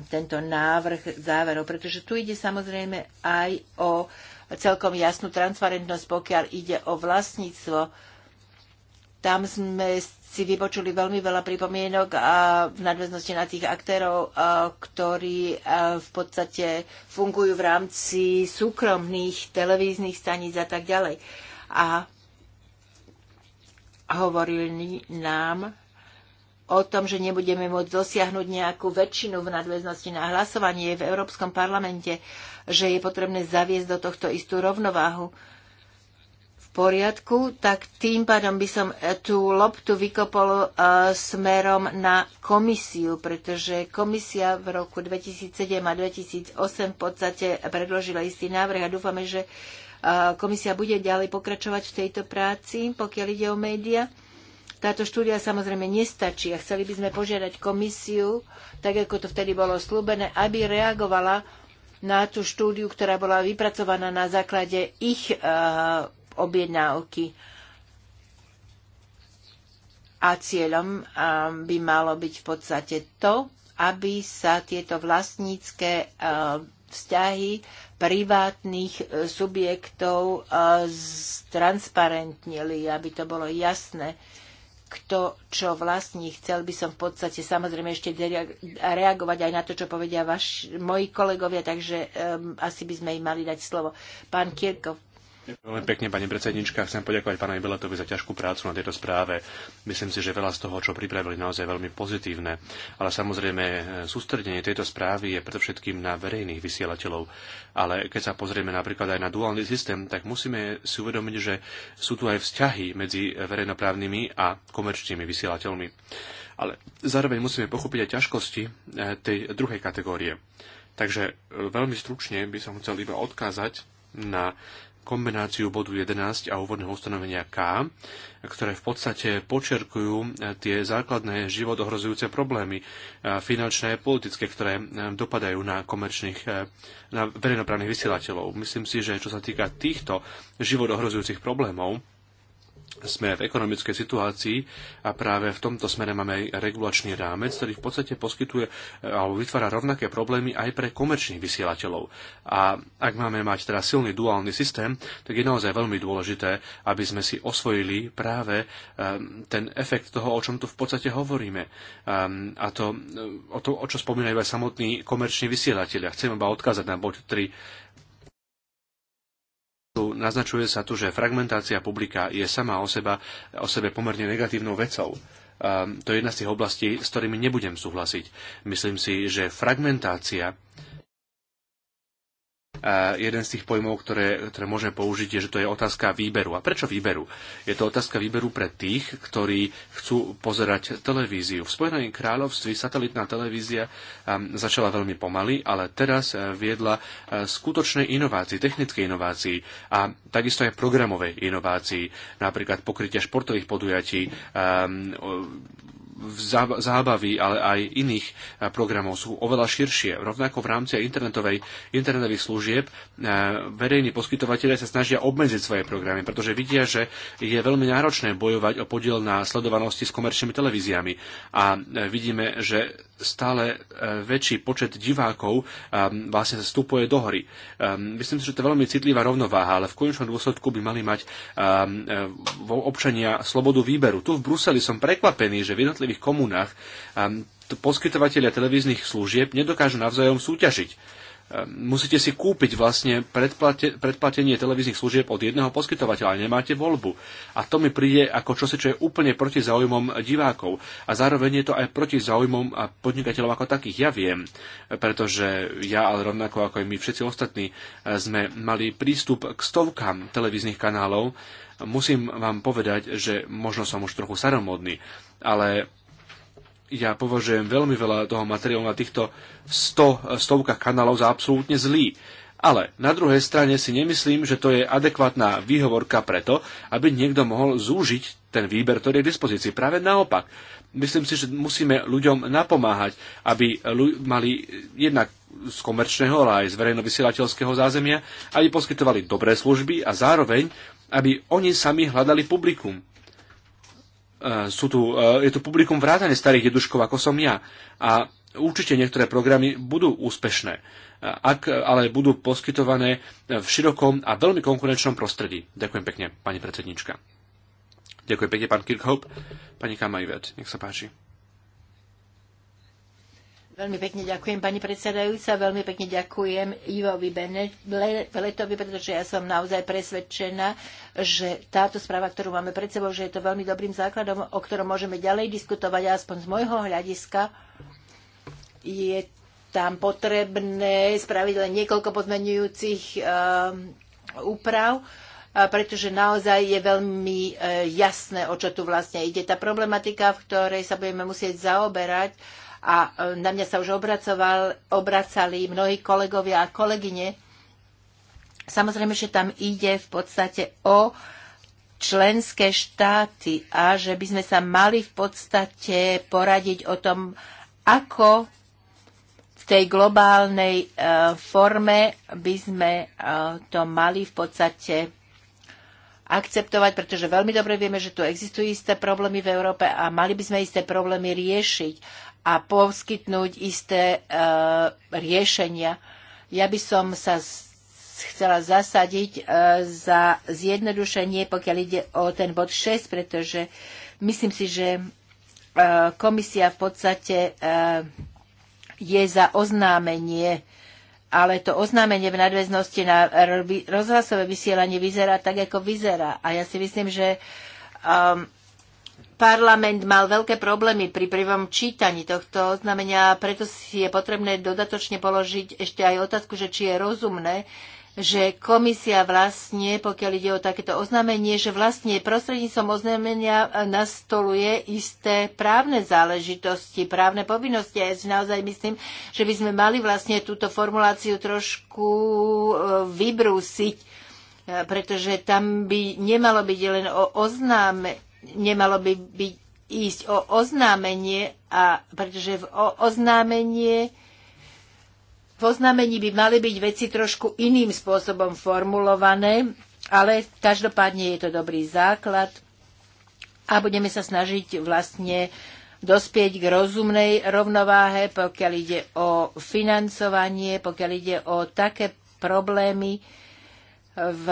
tento návrh záverov, pretože tu ide samozrejme aj o celkom jasnú transparentnosť, pokiaľ ide o vlastníctvo. Tam sme si vypočuli veľmi veľa pripomienok a v nadväznosti na tých aktérov, ktorí v podstate fungujú v rámci súkromných televíznych staníc a tak ďalej. A hovorili nám, o tom, že nebudeme môcť dosiahnuť nejakú väčšinu v nadväznosti na hlasovanie v Európskom parlamente, že je potrebné zaviesť do tohto istú rovnováhu v poriadku, tak tým pádom by som tú loptu vykopol e, smerom na komisiu, pretože komisia v roku 2007 a 2008 v podstate predložila istý návrh a dúfame, že e, komisia bude ďalej pokračovať v tejto práci, pokiaľ ide o médiá. Táto štúdia samozrejme nestačí a chceli by sme požiadať komisiu, tak ako to vtedy bolo slúbené, aby reagovala na tú štúdiu, ktorá bola vypracovaná na základe ich uh, objednávky. A cieľom by malo byť v podstate to, aby sa tieto vlastnícke e, vzťahy privátnych e, subjektov stransparentnili, aby to bolo jasné kto čo vlastní. Chcel by som v podstate samozrejme ešte reagovať aj na to, čo povedia vaši, moji kolegovia, takže um, asi by sme im mali dať slovo. Pán Kirkov. Veľmi pekne, pani predsednička. Chcem poďakovať pánovi Beletovi za ťažkú prácu na tejto správe. Myslím si, že veľa z toho, čo pripravili, naozaj veľmi pozitívne. Ale samozrejme, e, sústredenie tejto správy je predovšetkým na verejných vysielateľov. Ale keď sa pozrieme napríklad aj na duálny systém, tak musíme si uvedomiť, že sú tu aj vzťahy medzi verejnoprávnymi a komerčnými vysielateľmi. Ale zároveň musíme pochopiť aj ťažkosti e, tej druhej kategórie. Takže e, veľmi stručne by som chcel iba odkázať na kombináciu bodu 11 a úvodného ustanovenia K, ktoré v podstate počerkujú e, tie základné život ohrozujúce problémy e, finančné a politické, ktoré e, dopadajú na komerčných, na verejnoprávnych vysielateľov. Myslím si, že čo sa týka týchto život ohrozujúcich problémov, sme v ekonomickej situácii a práve v tomto smere máme aj regulačný rámec, ktorý v podstate poskytuje e, alebo vytvára rovnaké problémy aj pre komerčných vysielateľov. A ak máme mať teda silný duálny systém, tak je naozaj veľmi dôležité, aby sme si osvojili práve e, ten efekt toho, o čom tu v podstate hovoríme. E, a to, o, to, o čo spomínajú aj samotní komerční vysielateľia. Chcem iba odkázať na bod 3 tu naznačuje sa tu, že fragmentácia publika je sama o, seba, o sebe pomerne negatívnou vecou. Um, to je jedna z tých oblastí, s ktorými nebudem súhlasiť. Myslím si, že fragmentácia jeden z tých pojmov, ktoré, ktoré môžeme použiť, je, že to je otázka výberu. A prečo výberu? Je to otázka výberu pre tých, ktorí chcú pozerať televíziu. V Spojenom kráľovství satelitná televízia um, začala veľmi pomaly, ale teraz uh, viedla uh, skutočnej inovácii, technickej inovácii a takisto aj programovej inovácii, napríklad pokrytie športových podujatí, um, zábavy, ale aj iných eh, programov sú oveľa širšie. Rovnako v rámci internetovej, internetových služieb eh, verejní poskytovateľe sa snažia obmedziť svoje programy, pretože vidia, že je veľmi náročné bojovať o podiel na sledovanosti s komerčnými televíziami. A eh, vidíme, že stále e, väčší počet divákov e, vlastne vstupuje do hory. E, myslím si, že to je veľmi citlivá rovnováha, ale v konečnom dôsledku by mali mať občania slobodu výberu. Tu v Bruseli som prekvapený, že v jednotlivých komunách poskytovateľia televíznych služieb nedokážu navzájom súťažiť Ehm, musíte si kúpiť vlastne predplate, predplatenie televíznych služieb od jedného poskytovateľa, nemáte voľbu. A to mi príde ako čosi, čo je úplne proti záujmom divákov. A zároveň je to aj proti záujmom a podnikateľov ako takých. Ja viem, pretože ja, ale rovnako ako aj my všetci ostatní, e, sme mali prístup k stovkám televíznych kanálov. Musím vám povedať, že možno som už trochu saromodný, ale ja považujem veľmi veľa toho materiálu na týchto 100, stovkách kanálov za absolútne zlý. Ale na druhej strane si nemyslím, že to je adekvátna výhovorka preto, aby niekto mohol zúžiť ten výber, ktorý je k dispozícii. Práve naopak. Myslím si, že musíme ľuďom napomáhať, aby mali jednak z komerčného, ale aj z verejnovysielateľského zázemia, aby poskytovali dobré služby a zároveň, aby oni sami hľadali publikum, E, sú tu, e, je tu publikum vrátane starých jeduškov, ako som ja. A určite niektoré programy budú úspešné, e, ak ale budú poskytované v širokom a veľmi konkurenčnom prostredí. Ďakujem pekne, pani predsednička. Ďakujem pekne, pán Kirkhope. Pani Kamajvet, nech sa páči. Veľmi pekne ďakujem, pani predsedajúca. Veľmi pekne ďakujem Ivovi Beletovi, pretože ja som naozaj presvedčená, že táto správa, ktorú máme pred sebou, že je to veľmi dobrým základom, o ktorom môžeme ďalej diskutovať. aspoň z môjho hľadiska je tam potrebné spraviť len niekoľko pozmenujúcich ehm, úprav pretože naozaj je veľmi e, jasné, o čo tu vlastne ide. Tá problematika, v ktorej sa budeme musieť zaoberať, a e, na mňa sa už obracali mnohí kolegovia a kolegyne. Samozrejme, že tam ide v podstate o členské štáty a že by sme sa mali v podstate poradiť o tom, ako v tej globálnej uh, forme by sme uh, to mali v podstate akceptovať, pretože veľmi dobre vieme, že tu existujú isté problémy v Európe a mali by sme isté problémy riešiť a poskytnúť isté e, riešenia. Ja by som sa chcela zasadiť e, za zjednodušenie, pokiaľ ide o ten bod 6, pretože myslím si, že e, komisia v podstate je za oznámenie, ale to oznámenie v nadväznosti na rozhlasové vysielanie vyzerá tak, ako vyzerá. A ja si myslím, že um, parlament mal veľké problémy pri prvom čítaní tohto oznámenia, preto si je potrebné dodatočne položiť ešte aj otázku, že či je rozumné, že komisia vlastne, pokiaľ ide o takéto oznámenie, že vlastne prostredníctvom oznámenia nastoluje isté právne záležitosti, právne povinnosti. A ja si naozaj myslím, že by sme mali vlastne túto formuláciu trošku e, vybrúsiť, e, pretože tam by nemalo byť len o oznáme, nemalo by byť ísť o oznámenie, a, pretože v o oznámenie v oznámení by mali byť veci trošku iným spôsobom formulované, ale každopádne je to dobrý základ a budeme sa snažiť vlastne dospieť k rozumnej rovnováhe, pokiaľ ide o financovanie, pokiaľ ide o také problémy v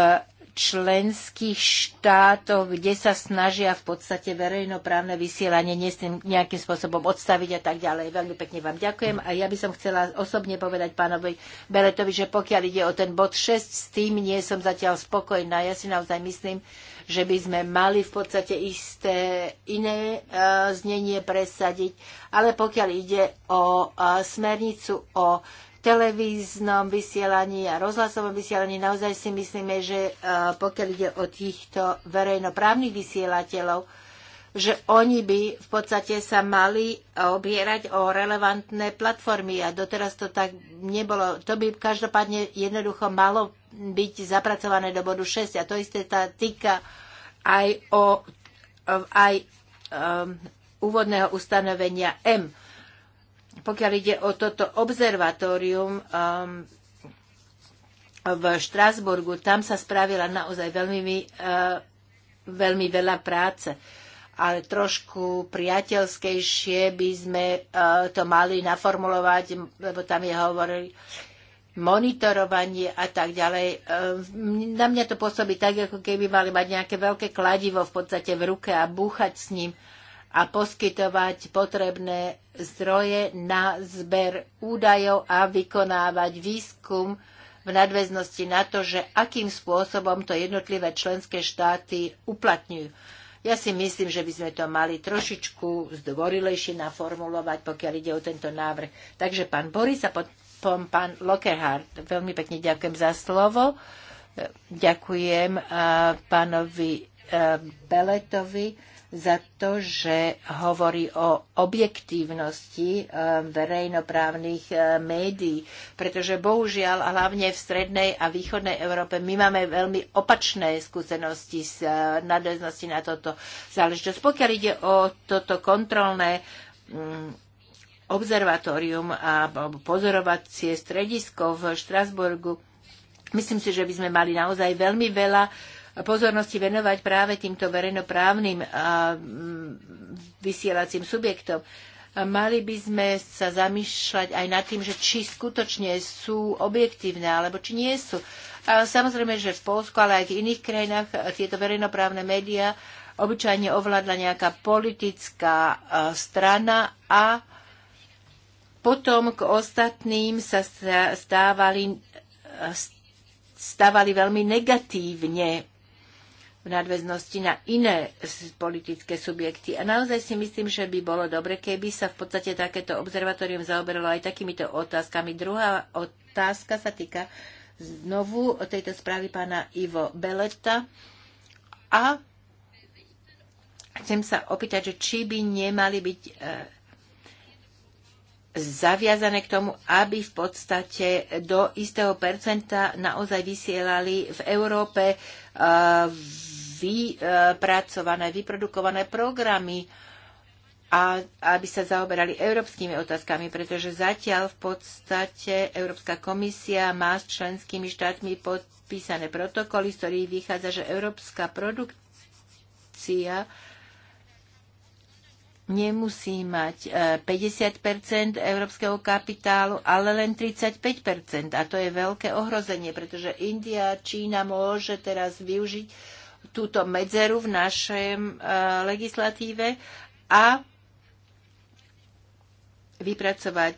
členských štátoch, kde sa snažia v podstate verejnoprávne vysielanie nejakým spôsobom odstaviť a tak ďalej. Veľmi pekne vám ďakujem a ja by som chcela osobne povedať pánovi Beletovi, že pokiaľ ide o ten bod 6, s tým nie som zatiaľ spokojná. Ja si naozaj myslím, že by sme mali v podstate isté iné e, znenie presadiť, ale pokiaľ ide o e, smernicu o televíznom vysielaní a rozhlasovom vysielaní. Naozaj si myslíme, že e, pokiaľ ide o týchto verejnoprávnych vysielateľov, že oni by v podstate sa mali obierať o relevantné platformy a doteraz to tak nebolo. To by každopádne jednoducho malo byť zapracované do bodu 6 a to isté tá týka aj o e, aj um, úvodného ustanovenia M pokiaľ ide o toto observatórium um, v Štrásburgu, tam sa spravila naozaj veľmi, uh, veľmi veľa práce. Ale trošku priateľskejšie by sme uh, to mali naformulovať, lebo tam je hovorili monitorovanie a tak ďalej. Uh, na mňa to pôsobí tak, ako keby mali mať nejaké veľké kladivo v podstate v ruke a búchať s ním. Uh, a poskytovať potrebné zdroje na zber údajov a vykonávať výskum v nadväznosti na to, že akým spôsobom to jednotlivé členské štáty uplatňujú. Ja si myslím, že by sme to mali trošičku zdvorilejšie naformulovať, pokiaľ ide o tento návrh. Takže pán Boris a potom pán Lockerhart. Veľmi pekne ďakujem za slovo. Ďakujem eh, pánovi eh, Beletovi za to, že hovorí o objektívnosti eh, verejnoprávnych eh, médií, pretože bohužiaľ, hlavne v strednej a východnej Európe, my máme veľmi opačné skúsenosti s eh, nadväznosti na toto záležitosť. Pokiaľ ide o toto kontrolné mm, observatórium a pozorovacie stredisko v Štrasburgu, Myslím si, že by sme mali naozaj veľmi veľa pozornosti venovať práve týmto verejnoprávnym a mm, vysielacím subjektom. Mali by sme sa zamýšľať aj nad tým, že či skutočne sú objektívne, alebo či nie sú. A samozrejme, že v Polsku, ale aj v iných krajinách tieto verejnoprávne médiá obyčajne ovládla nejaká politická strana a potom k ostatným sa stávali, stávali veľmi negatívne v nadväznosti na iné politické subjekty. A naozaj si myslím, že by bolo dobre, keby sa v podstate takéto observatórium zaoberalo aj takýmito otázkami. Druhá otázka sa týka znovu o tejto správy pána Ivo Beleta. A chcem sa opýtať, že či by nemali byť e, zaviazané k tomu, aby v podstate do istého percenta naozaj vysielali v Európe e, vypracované, vyprodukované programy, a aby sa zaoberali európskymi otázkami, pretože zatiaľ v podstate Európska komisia má s členskými štátmi podpísané protokoly, z ktorých vychádza, že európska produkcia nemusí mať 50 e, európskeho kapitálu, ale len 35 A to je veľké ohrozenie, pretože India, Čína môže teraz využiť túto medzeru v našej e, legislatíve a vypracovať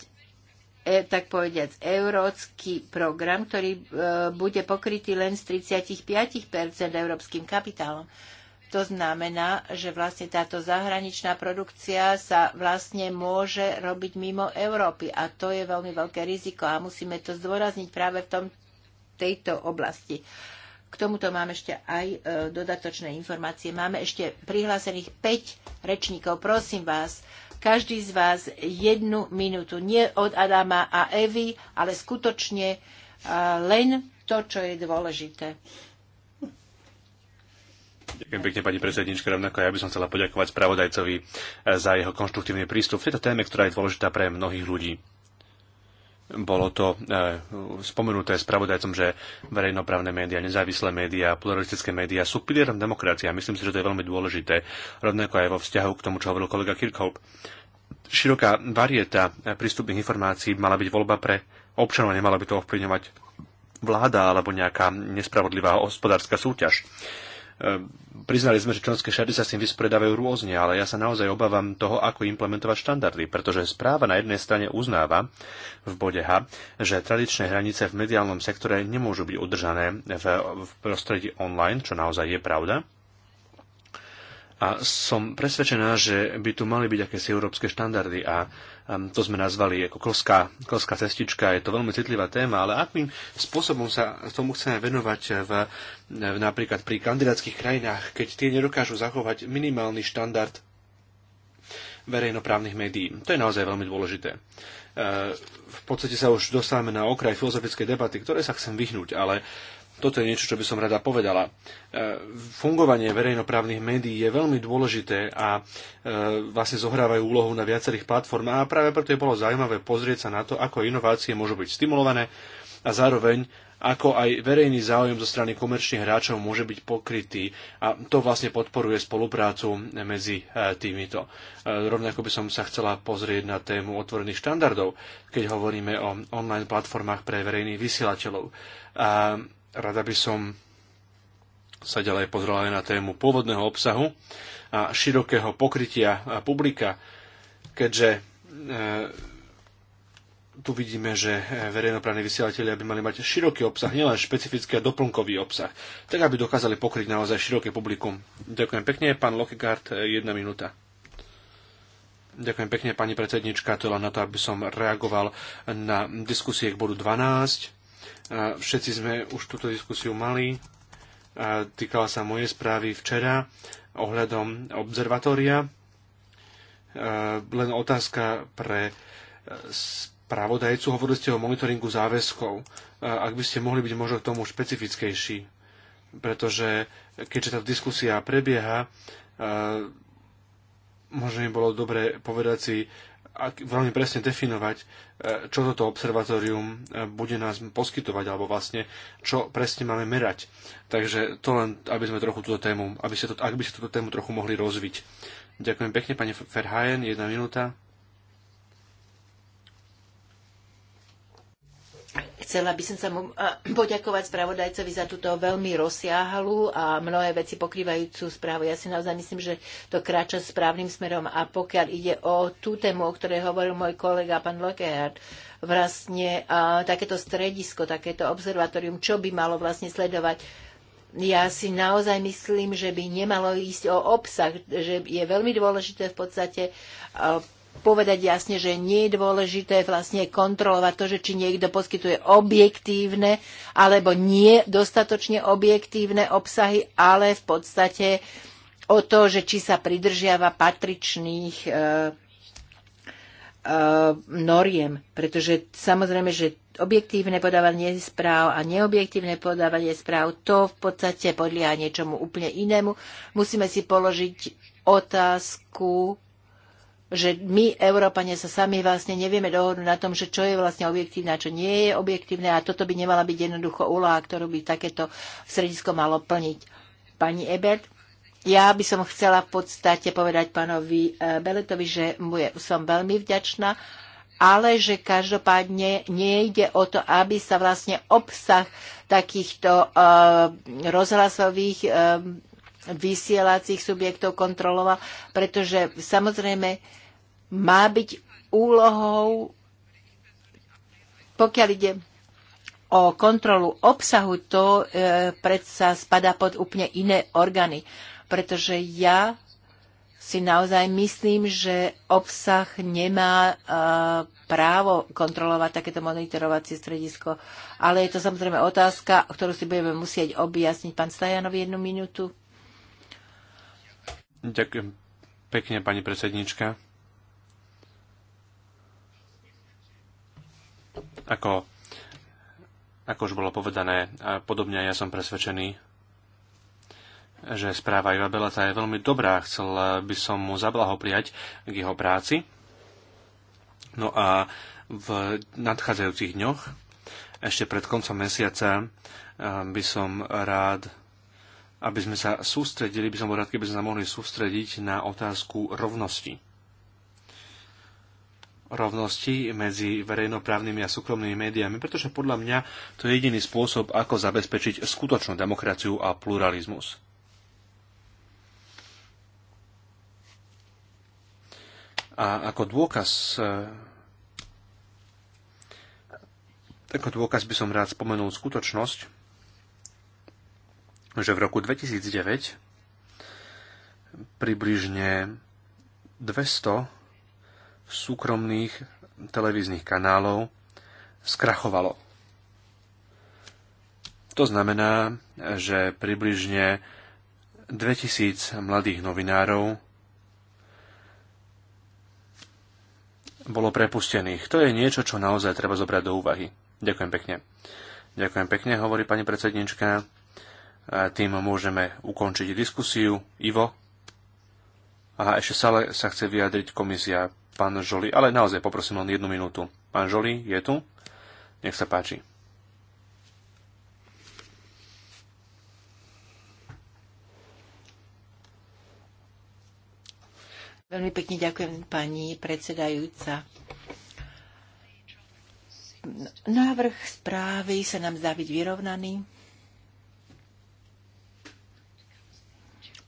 e, tak povediať, európsky program, ktorý e, bude pokrytý len z 35 európskym kapitálom. To znamená, že vlastne táto zahraničná produkcia sa vlastne môže robiť mimo Európy a to je veľmi veľké riziko a musíme to zdôrazniť práve v tom, tejto oblasti. Uh, k tomuto máme ešte aj e, dodatočné informácie. Máme ešte prihlásených 5 rečníkov. Prosím vás, každý z vás jednu minútu. Nie od Adama a Evy, ale skutočne e, len to, čo je dôležité. Ďakujem pekne, pani predsednička. Rovnako ja by som chcela poďakovať spravodajcovi e, za jeho konštruktívny prístup v tejto téme, ktorá je dôležitá pre mnohých ľudí. Bolo to eh, spomenuté spravodajcom, že verejnoprávne médiá, nezávislé médiá, pluralistické médiá sú pilierom demokracie a myslím si, že to je veľmi dôležité, rovnako aj vo vzťahu k tomu, čo hovoril kolega Kirchhoff. Široká varieta eh, prístupných informácií mala byť voľba pre občanov, nemala by to ovplyvňovať vláda alebo nejaká nespravodlivá hospodárska súťaž. Ehm, priznali sme, že členské štáty sa s tým vyspredávajú rôzne, ale ja sa naozaj obávam toho, ako implementovať štandardy, pretože správa na jednej strane uznáva v bode H, že tradičné hranice v mediálnom sektore nemôžu byť udržané v, v prostredí online, čo naozaj je pravda. A som presvedčená, že by tu mali byť akési európske štandardy a Ehm, to sme nazvali ako klská, klská cestička. Je to veľmi citlivá téma, ale akým spôsobom sa tomu chceme venovať v, napríklad pri kandidátskych krajinách, keď tie nedokážu zachovať minimálny štandard verejnoprávnych médií. To je naozaj veľmi dôležité. Ehm, v podstate sa už dostávame na okraj filozofickej debaty, ktoré sa chcem vyhnúť, ale toto je niečo, čo by som rada povedala. E, fungovanie verejnoprávnych médií je veľmi dôležité a e, vlastne zohrávajú úlohu na viacerých platformách a práve preto je bolo zaujímavé pozrieť sa na to, ako inovácie môžu byť stimulované a zároveň ako aj verejný záujem zo strany komerčných hráčov môže byť pokrytý a to vlastne podporuje spoluprácu medzi e, týmito. Rovnako by som sa chcela pozrieť na tému otvorených štandardov, keď hovoríme o online platformách pre verejných vysielateľov. A Rada by som sa ďalej pozrela aj na tému pôvodného obsahu a širokého pokrytia publika, keďže e, tu vidíme, že verejnoprávni vysielatelia by mali mať široký obsah, nielen špecifický a doplnkový obsah, tak aby dokázali pokryť naozaj široké publikum. Ďakujem pekne, pán Lokegard, jedna minúta. Ďakujem pekne, pani predsednička, to je len na to, aby som reagoval na diskusie k bodu 12 Všetci sme už túto diskusiu mali. Týkala sa mojej správy včera ohľadom observatória. Len otázka pre e, spravodajcu. Hovorili ste o monitoringu záväzkov. Ak by ste mohli byť možno k tomu špecifickejší, pretože keďže tá diskusia prebieha, e, možno by bolo dobre povedať si, ak, veľmi presne definovať, e, čo toto observatórium e, bude nás poskytovať, alebo vlastne čo presne máme merať. Takže to len, aby sme trochu túto tému, aby ste to, ak by ste túto tému trochu mohli rozviť. Ďakujem pekne, pani Ferhajen, jedna minúta. Chcela by som sa mu poďakovať spravodajcovi za túto veľmi rozsiahalú a mnohé veci pokrývajúcu správu. Ja si naozaj myslím, že to kráča správnym smerom a pokiaľ ide o tú tému, o ktorej hovoril môj kolega pán Lokehard, vlastne a, takéto stredisko, takéto observatórium, čo by malo vlastne sledovať. Ja si naozaj myslím, že by nemalo ísť o obsah, že je veľmi dôležité v podstate a, povedať jasne, že nie je dôležité vlastne kontrolovať to, že či niekto poskytuje objektívne alebo nie dostatočne objektívne obsahy, ale v podstate o to, že či sa pridržiava patričných e, e, noriem. Pretože samozrejme, že objektívne podávanie správ a neobjektívne podávanie správ, to v podstate podlieha niečomu úplne inému. Musíme si položiť otázku, že my, Európane, sa sami vlastne nevieme dohodnúť na tom, že čo je vlastne objektívne a čo nie je objektívne a toto by nemala byť jednoducho úloha, ktorú by takéto stredisko malo plniť. Pani Ebert, ja by som chcela v podstate povedať pánovi e, Beletovi, že mu je, som veľmi vďačná, ale že každopádne nejde o to, aby sa vlastne obsah takýchto uh, rozhlasových uh, vysielacích subjektov kontroloval, pretože samozrejme má byť úlohou, pokiaľ ide o kontrolu obsahu, to e, predsa spadá pod úplne iné orgány. Pretože ja si naozaj myslím, že obsah nemá e, právo kontrolovať takéto monitorovacie stredisko. Ale je to samozrejme otázka, ktorú si budeme musieť objasniť. Pán Stajanov, jednu minútu. Ďakujem pekne, pani predsednička. Ako, ako už bolo povedané, a podobne ja som presvedčený, že správa Iva Belata je veľmi dobrá. Chcel by som mu zablahopriať k jeho práci. No a v nadchádzajúcich dňoch, ešte pred koncom mesiaca, by som rád aby sme sa sústredili, by som bol rád, keby sme sa mohli sústrediť na otázku rovnosti rovnosti medzi verejnoprávnymi a súkromnými médiami, pretože podľa mňa to je jediný spôsob, ako zabezpečiť skutočnú demokraciu a pluralizmus. A ako dôkaz eh, ako dôkaz by som rád spomenul skutočnosť, že v roku 2009 približne 200 súkromných televíznych kanálov skrachovalo. To znamená, že približne 2000 mladých novinárov bolo prepustených. To je niečo, čo naozaj treba zobrať do úvahy. Ďakujem pekne. Ďakujem pekne, hovorí pani predsednička. A tým môžeme ukončiť diskusiu. Ivo, a ešte stále sa chce vyjadriť komisia. Pán Žoli, ale naozaj poprosím len jednu minútu. Pán Žoli, je tu? Nech sa páči. Veľmi pekne ďakujem, pani predsedajúca. Návrh správy sa nám zdá byť vyrovnaný.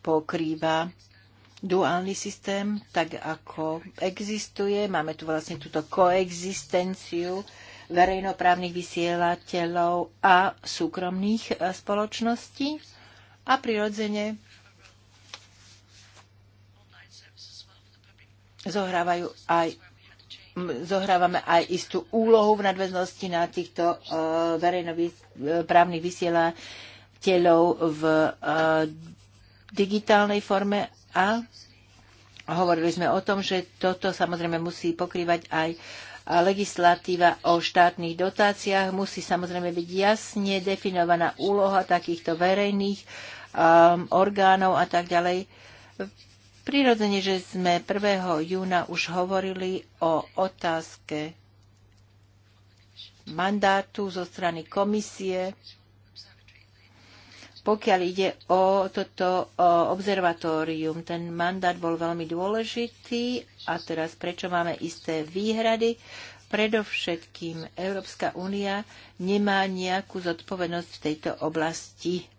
Pokrýva duálny systém, tak ako existuje. Máme tu vlastne túto koexistenciu verejnoprávnych vysielateľov a súkromných e, spoločností. A prirodzene zohrávajú aj zohrávame aj istú úlohu v nadväznosti na týchto uh, verejnoprávnych vysielateľov v uh, digitálnej forme a hovorili sme o tom, že toto samozrejme musí pokrývať aj a legislatíva o štátnych dotáciách musí samozrejme byť jasne definovaná úloha takýchto verejných um, orgánov a tak ďalej. Prirodzene, že sme 1. júna už hovorili o otázke mandátu zo strany komisie pokiaľ ide o toto observatórium, ten mandát bol veľmi dôležitý a teraz prečo máme isté výhrady? Predovšetkým Európska únia nemá nejakú zodpovednosť v tejto oblasti.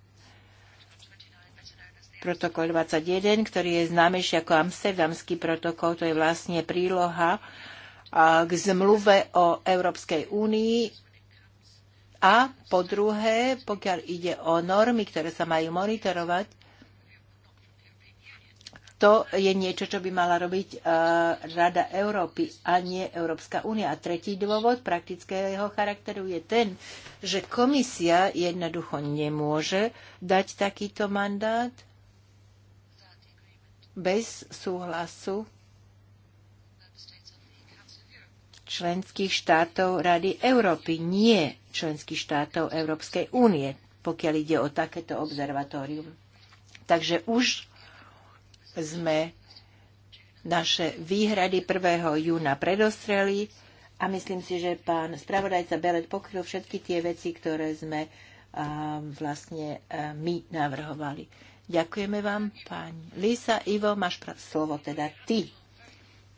Protokol 21, ktorý je známejší ako Amsterdamský protokol, to je vlastne príloha k zmluve o Európskej únii a po druhé, pokiaľ ide o normy, ktoré sa majú monitorovať, to je niečo, čo by mala robiť e, Rada Európy a nie Európska únia. A tretí dôvod praktického charakteru je ten, že komisia jednoducho nemôže dať takýto mandát bez súhlasu členských štátov Rady Európy. Nie členských štátov Európskej únie, pokiaľ ide o takéto observatórium. Takže už sme naše výhrady 1. júna predostreli a myslím si, že pán spravodajca Belet pokryl všetky tie veci, ktoré sme vlastne my navrhovali. Ďakujeme vám, pani Lisa. Ivo, máš slovo teda ty.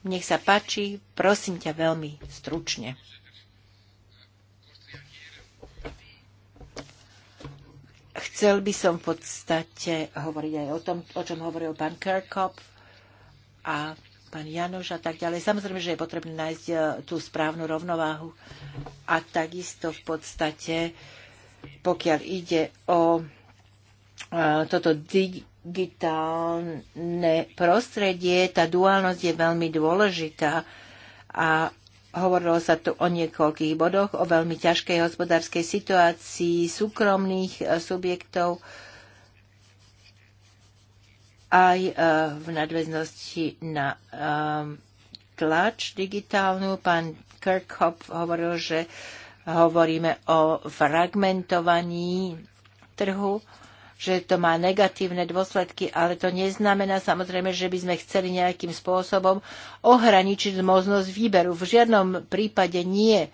Nech sa páči, prosím ťa veľmi stručne. Chcel by som v podstate hovoriť aj o tom, o čom hovoril pán Kerkop, a pán Janoš a tak ďalej. Samozrejme, že je potrebné nájsť e, tú správnu rovnováhu a takisto v podstate, pokiaľ ide o e, toto digitálne prostredie, tá duálnosť je veľmi dôležitá a Hovorilo sa tu o niekoľkých bodoch, o veľmi ťažkej hospodárskej situácii súkromných e, subjektov, aj e, v nadväznosti na e, tlač digitálnu. Pán Kirkhoff hovoril, že hovoríme o fragmentovaní trhu že to má negatívne dôsledky, ale to neznamená samozrejme, že by sme chceli nejakým spôsobom ohraničiť možnosť výberu. V žiadnom prípade nie.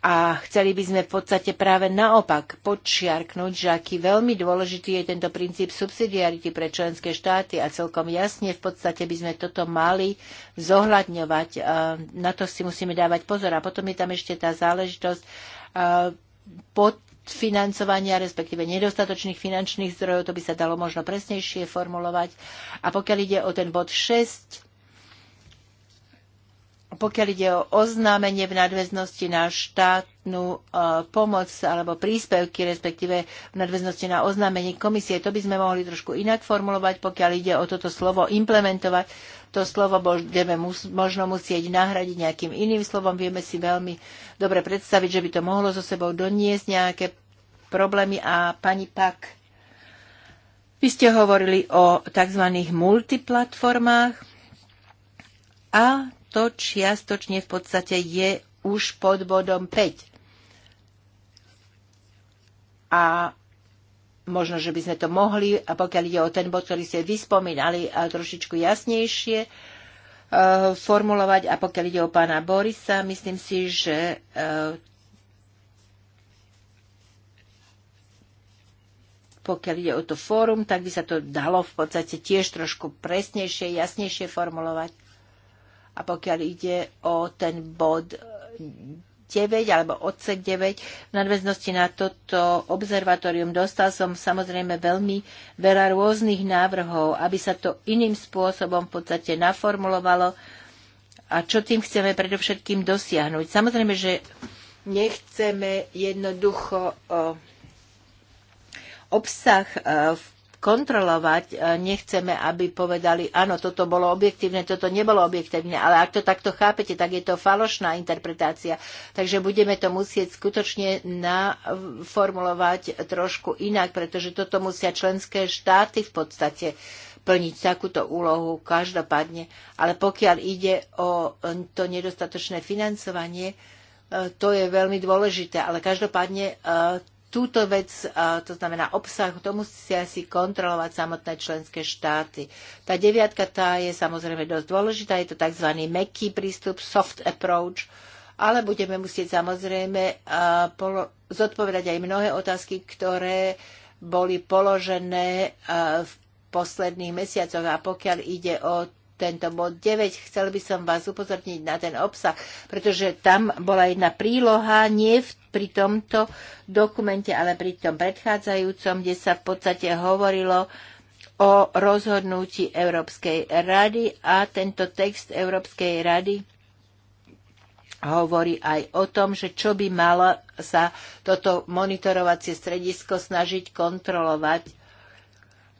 A chceli by sme v podstate práve naopak podčiarknúť, že aký veľmi dôležitý je tento princíp subsidiarity pre členské štáty a celkom jasne v podstate by sme toto mali zohľadňovať. Na to si musíme dávať pozor. A potom je tam ešte tá záležitosť pod financovania, respektíve nedostatočných finančných zdrojov, to by sa dalo možno presnejšie formulovať. A pokiaľ ide o ten bod 6, pokiaľ ide o oznámenie v nadväznosti na štátnu e, pomoc alebo príspevky, respektíve v nadväznosti na oznámenie komisie, to by sme mohli trošku inak formulovať, pokiaľ ide o toto slovo implementovať. To slovo budeme možno musieť nahradiť nejakým iným slovom. Vieme si veľmi dobre predstaviť, že by to mohlo so sebou doniesť nejaké problémy. A pani Pak, vy ste hovorili o tzv. multiplatformách. A to čiastočne v podstate je už pod bodom 5. A možno, že by sme to mohli, a pokiaľ ide o ten bod, ktorý ste vyspomínali, a trošičku jasnejšie e, formulovať. A pokiaľ ide o pána Borisa, myslím si, že e, pokiaľ ide o to fórum, tak by sa to dalo v podstate tiež trošku presnejšie, jasnejšie formulovať. A pokiaľ ide o ten bod 9 alebo odsek 9. V nadväznosti na toto observatórium dostal som samozrejme veľmi veľa rôznych návrhov, aby sa to iným spôsobom v podstate naformulovalo a čo tým chceme predovšetkým dosiahnuť. Samozrejme, že nechceme jednoducho eh, obsah eh, v kontrolovať. E, nechceme, aby povedali, áno, toto bolo objektívne, toto nebolo objektívne, ale ak to takto chápete, tak je to falošná interpretácia. Takže budeme to musieť skutočne naformulovať trošku inak, pretože toto musia členské štáty v podstate plniť takúto úlohu každopádne. Ale pokiaľ ide o to nedostatočné financovanie, e, to je veľmi dôležité. Ale každopádne e, túto vec, e, to znamená obsah, to musia si kontrolovať samotné členské štáty. Tá deviatka tá je samozrejme dosť dôležitá, je to tzv. meký prístup, soft approach, ale budeme musieť samozrejme e, zodpovedať aj mnohé otázky, ktoré boli položené e, v posledných mesiacoch. A pokiaľ ide o tento bod 9. Chcel by som vás upozorniť na ten obsah, pretože tam bola jedna príloha, nie v, pri tomto dokumente, ale pri tom predchádzajúcom, kde sa v podstate hovorilo o rozhodnutí Európskej rady a tento text Európskej rady hovorí aj o tom, že čo by malo sa toto monitorovacie stredisko snažiť kontrolovať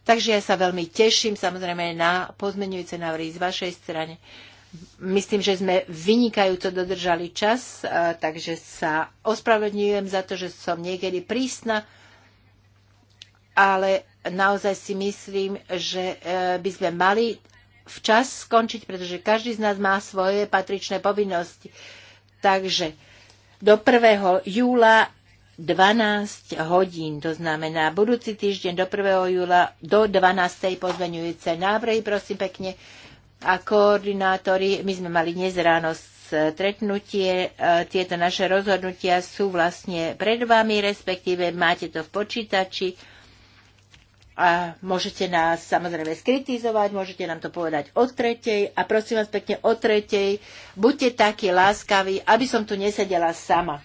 Takže ja sa veľmi teším samozrejme na pozmenujúce návrhy z vašej strany. Myslím, že sme vynikajúco dodržali čas, e, takže sa ospravedlňujem za to, že som niekedy prísna, ale naozaj si myslím, že e, by sme mali včas skončiť, pretože každý z nás má svoje patričné povinnosti. Takže do 1. júla 12 hodín, to znamená budúci týždeň do 1. júla do 12. pozveňujúce návrhy, prosím pekne. A koordinátori, my sme mali dnes ráno stretnutie, e, tieto naše rozhodnutia sú vlastne pred vami, respektíve máte to v počítači a môžete nás samozrejme skritizovať, môžete nám to povedať o tretej a prosím vás pekne o tretej, buďte takí láskaví, aby som tu nesedela sama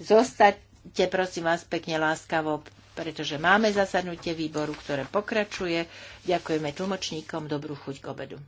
zostať Te prosím vás pekne láskavo, pretože máme zasadnutie výboru, ktoré pokračuje. Ďakujeme tlmočníkom, dobrú chuť k obedu.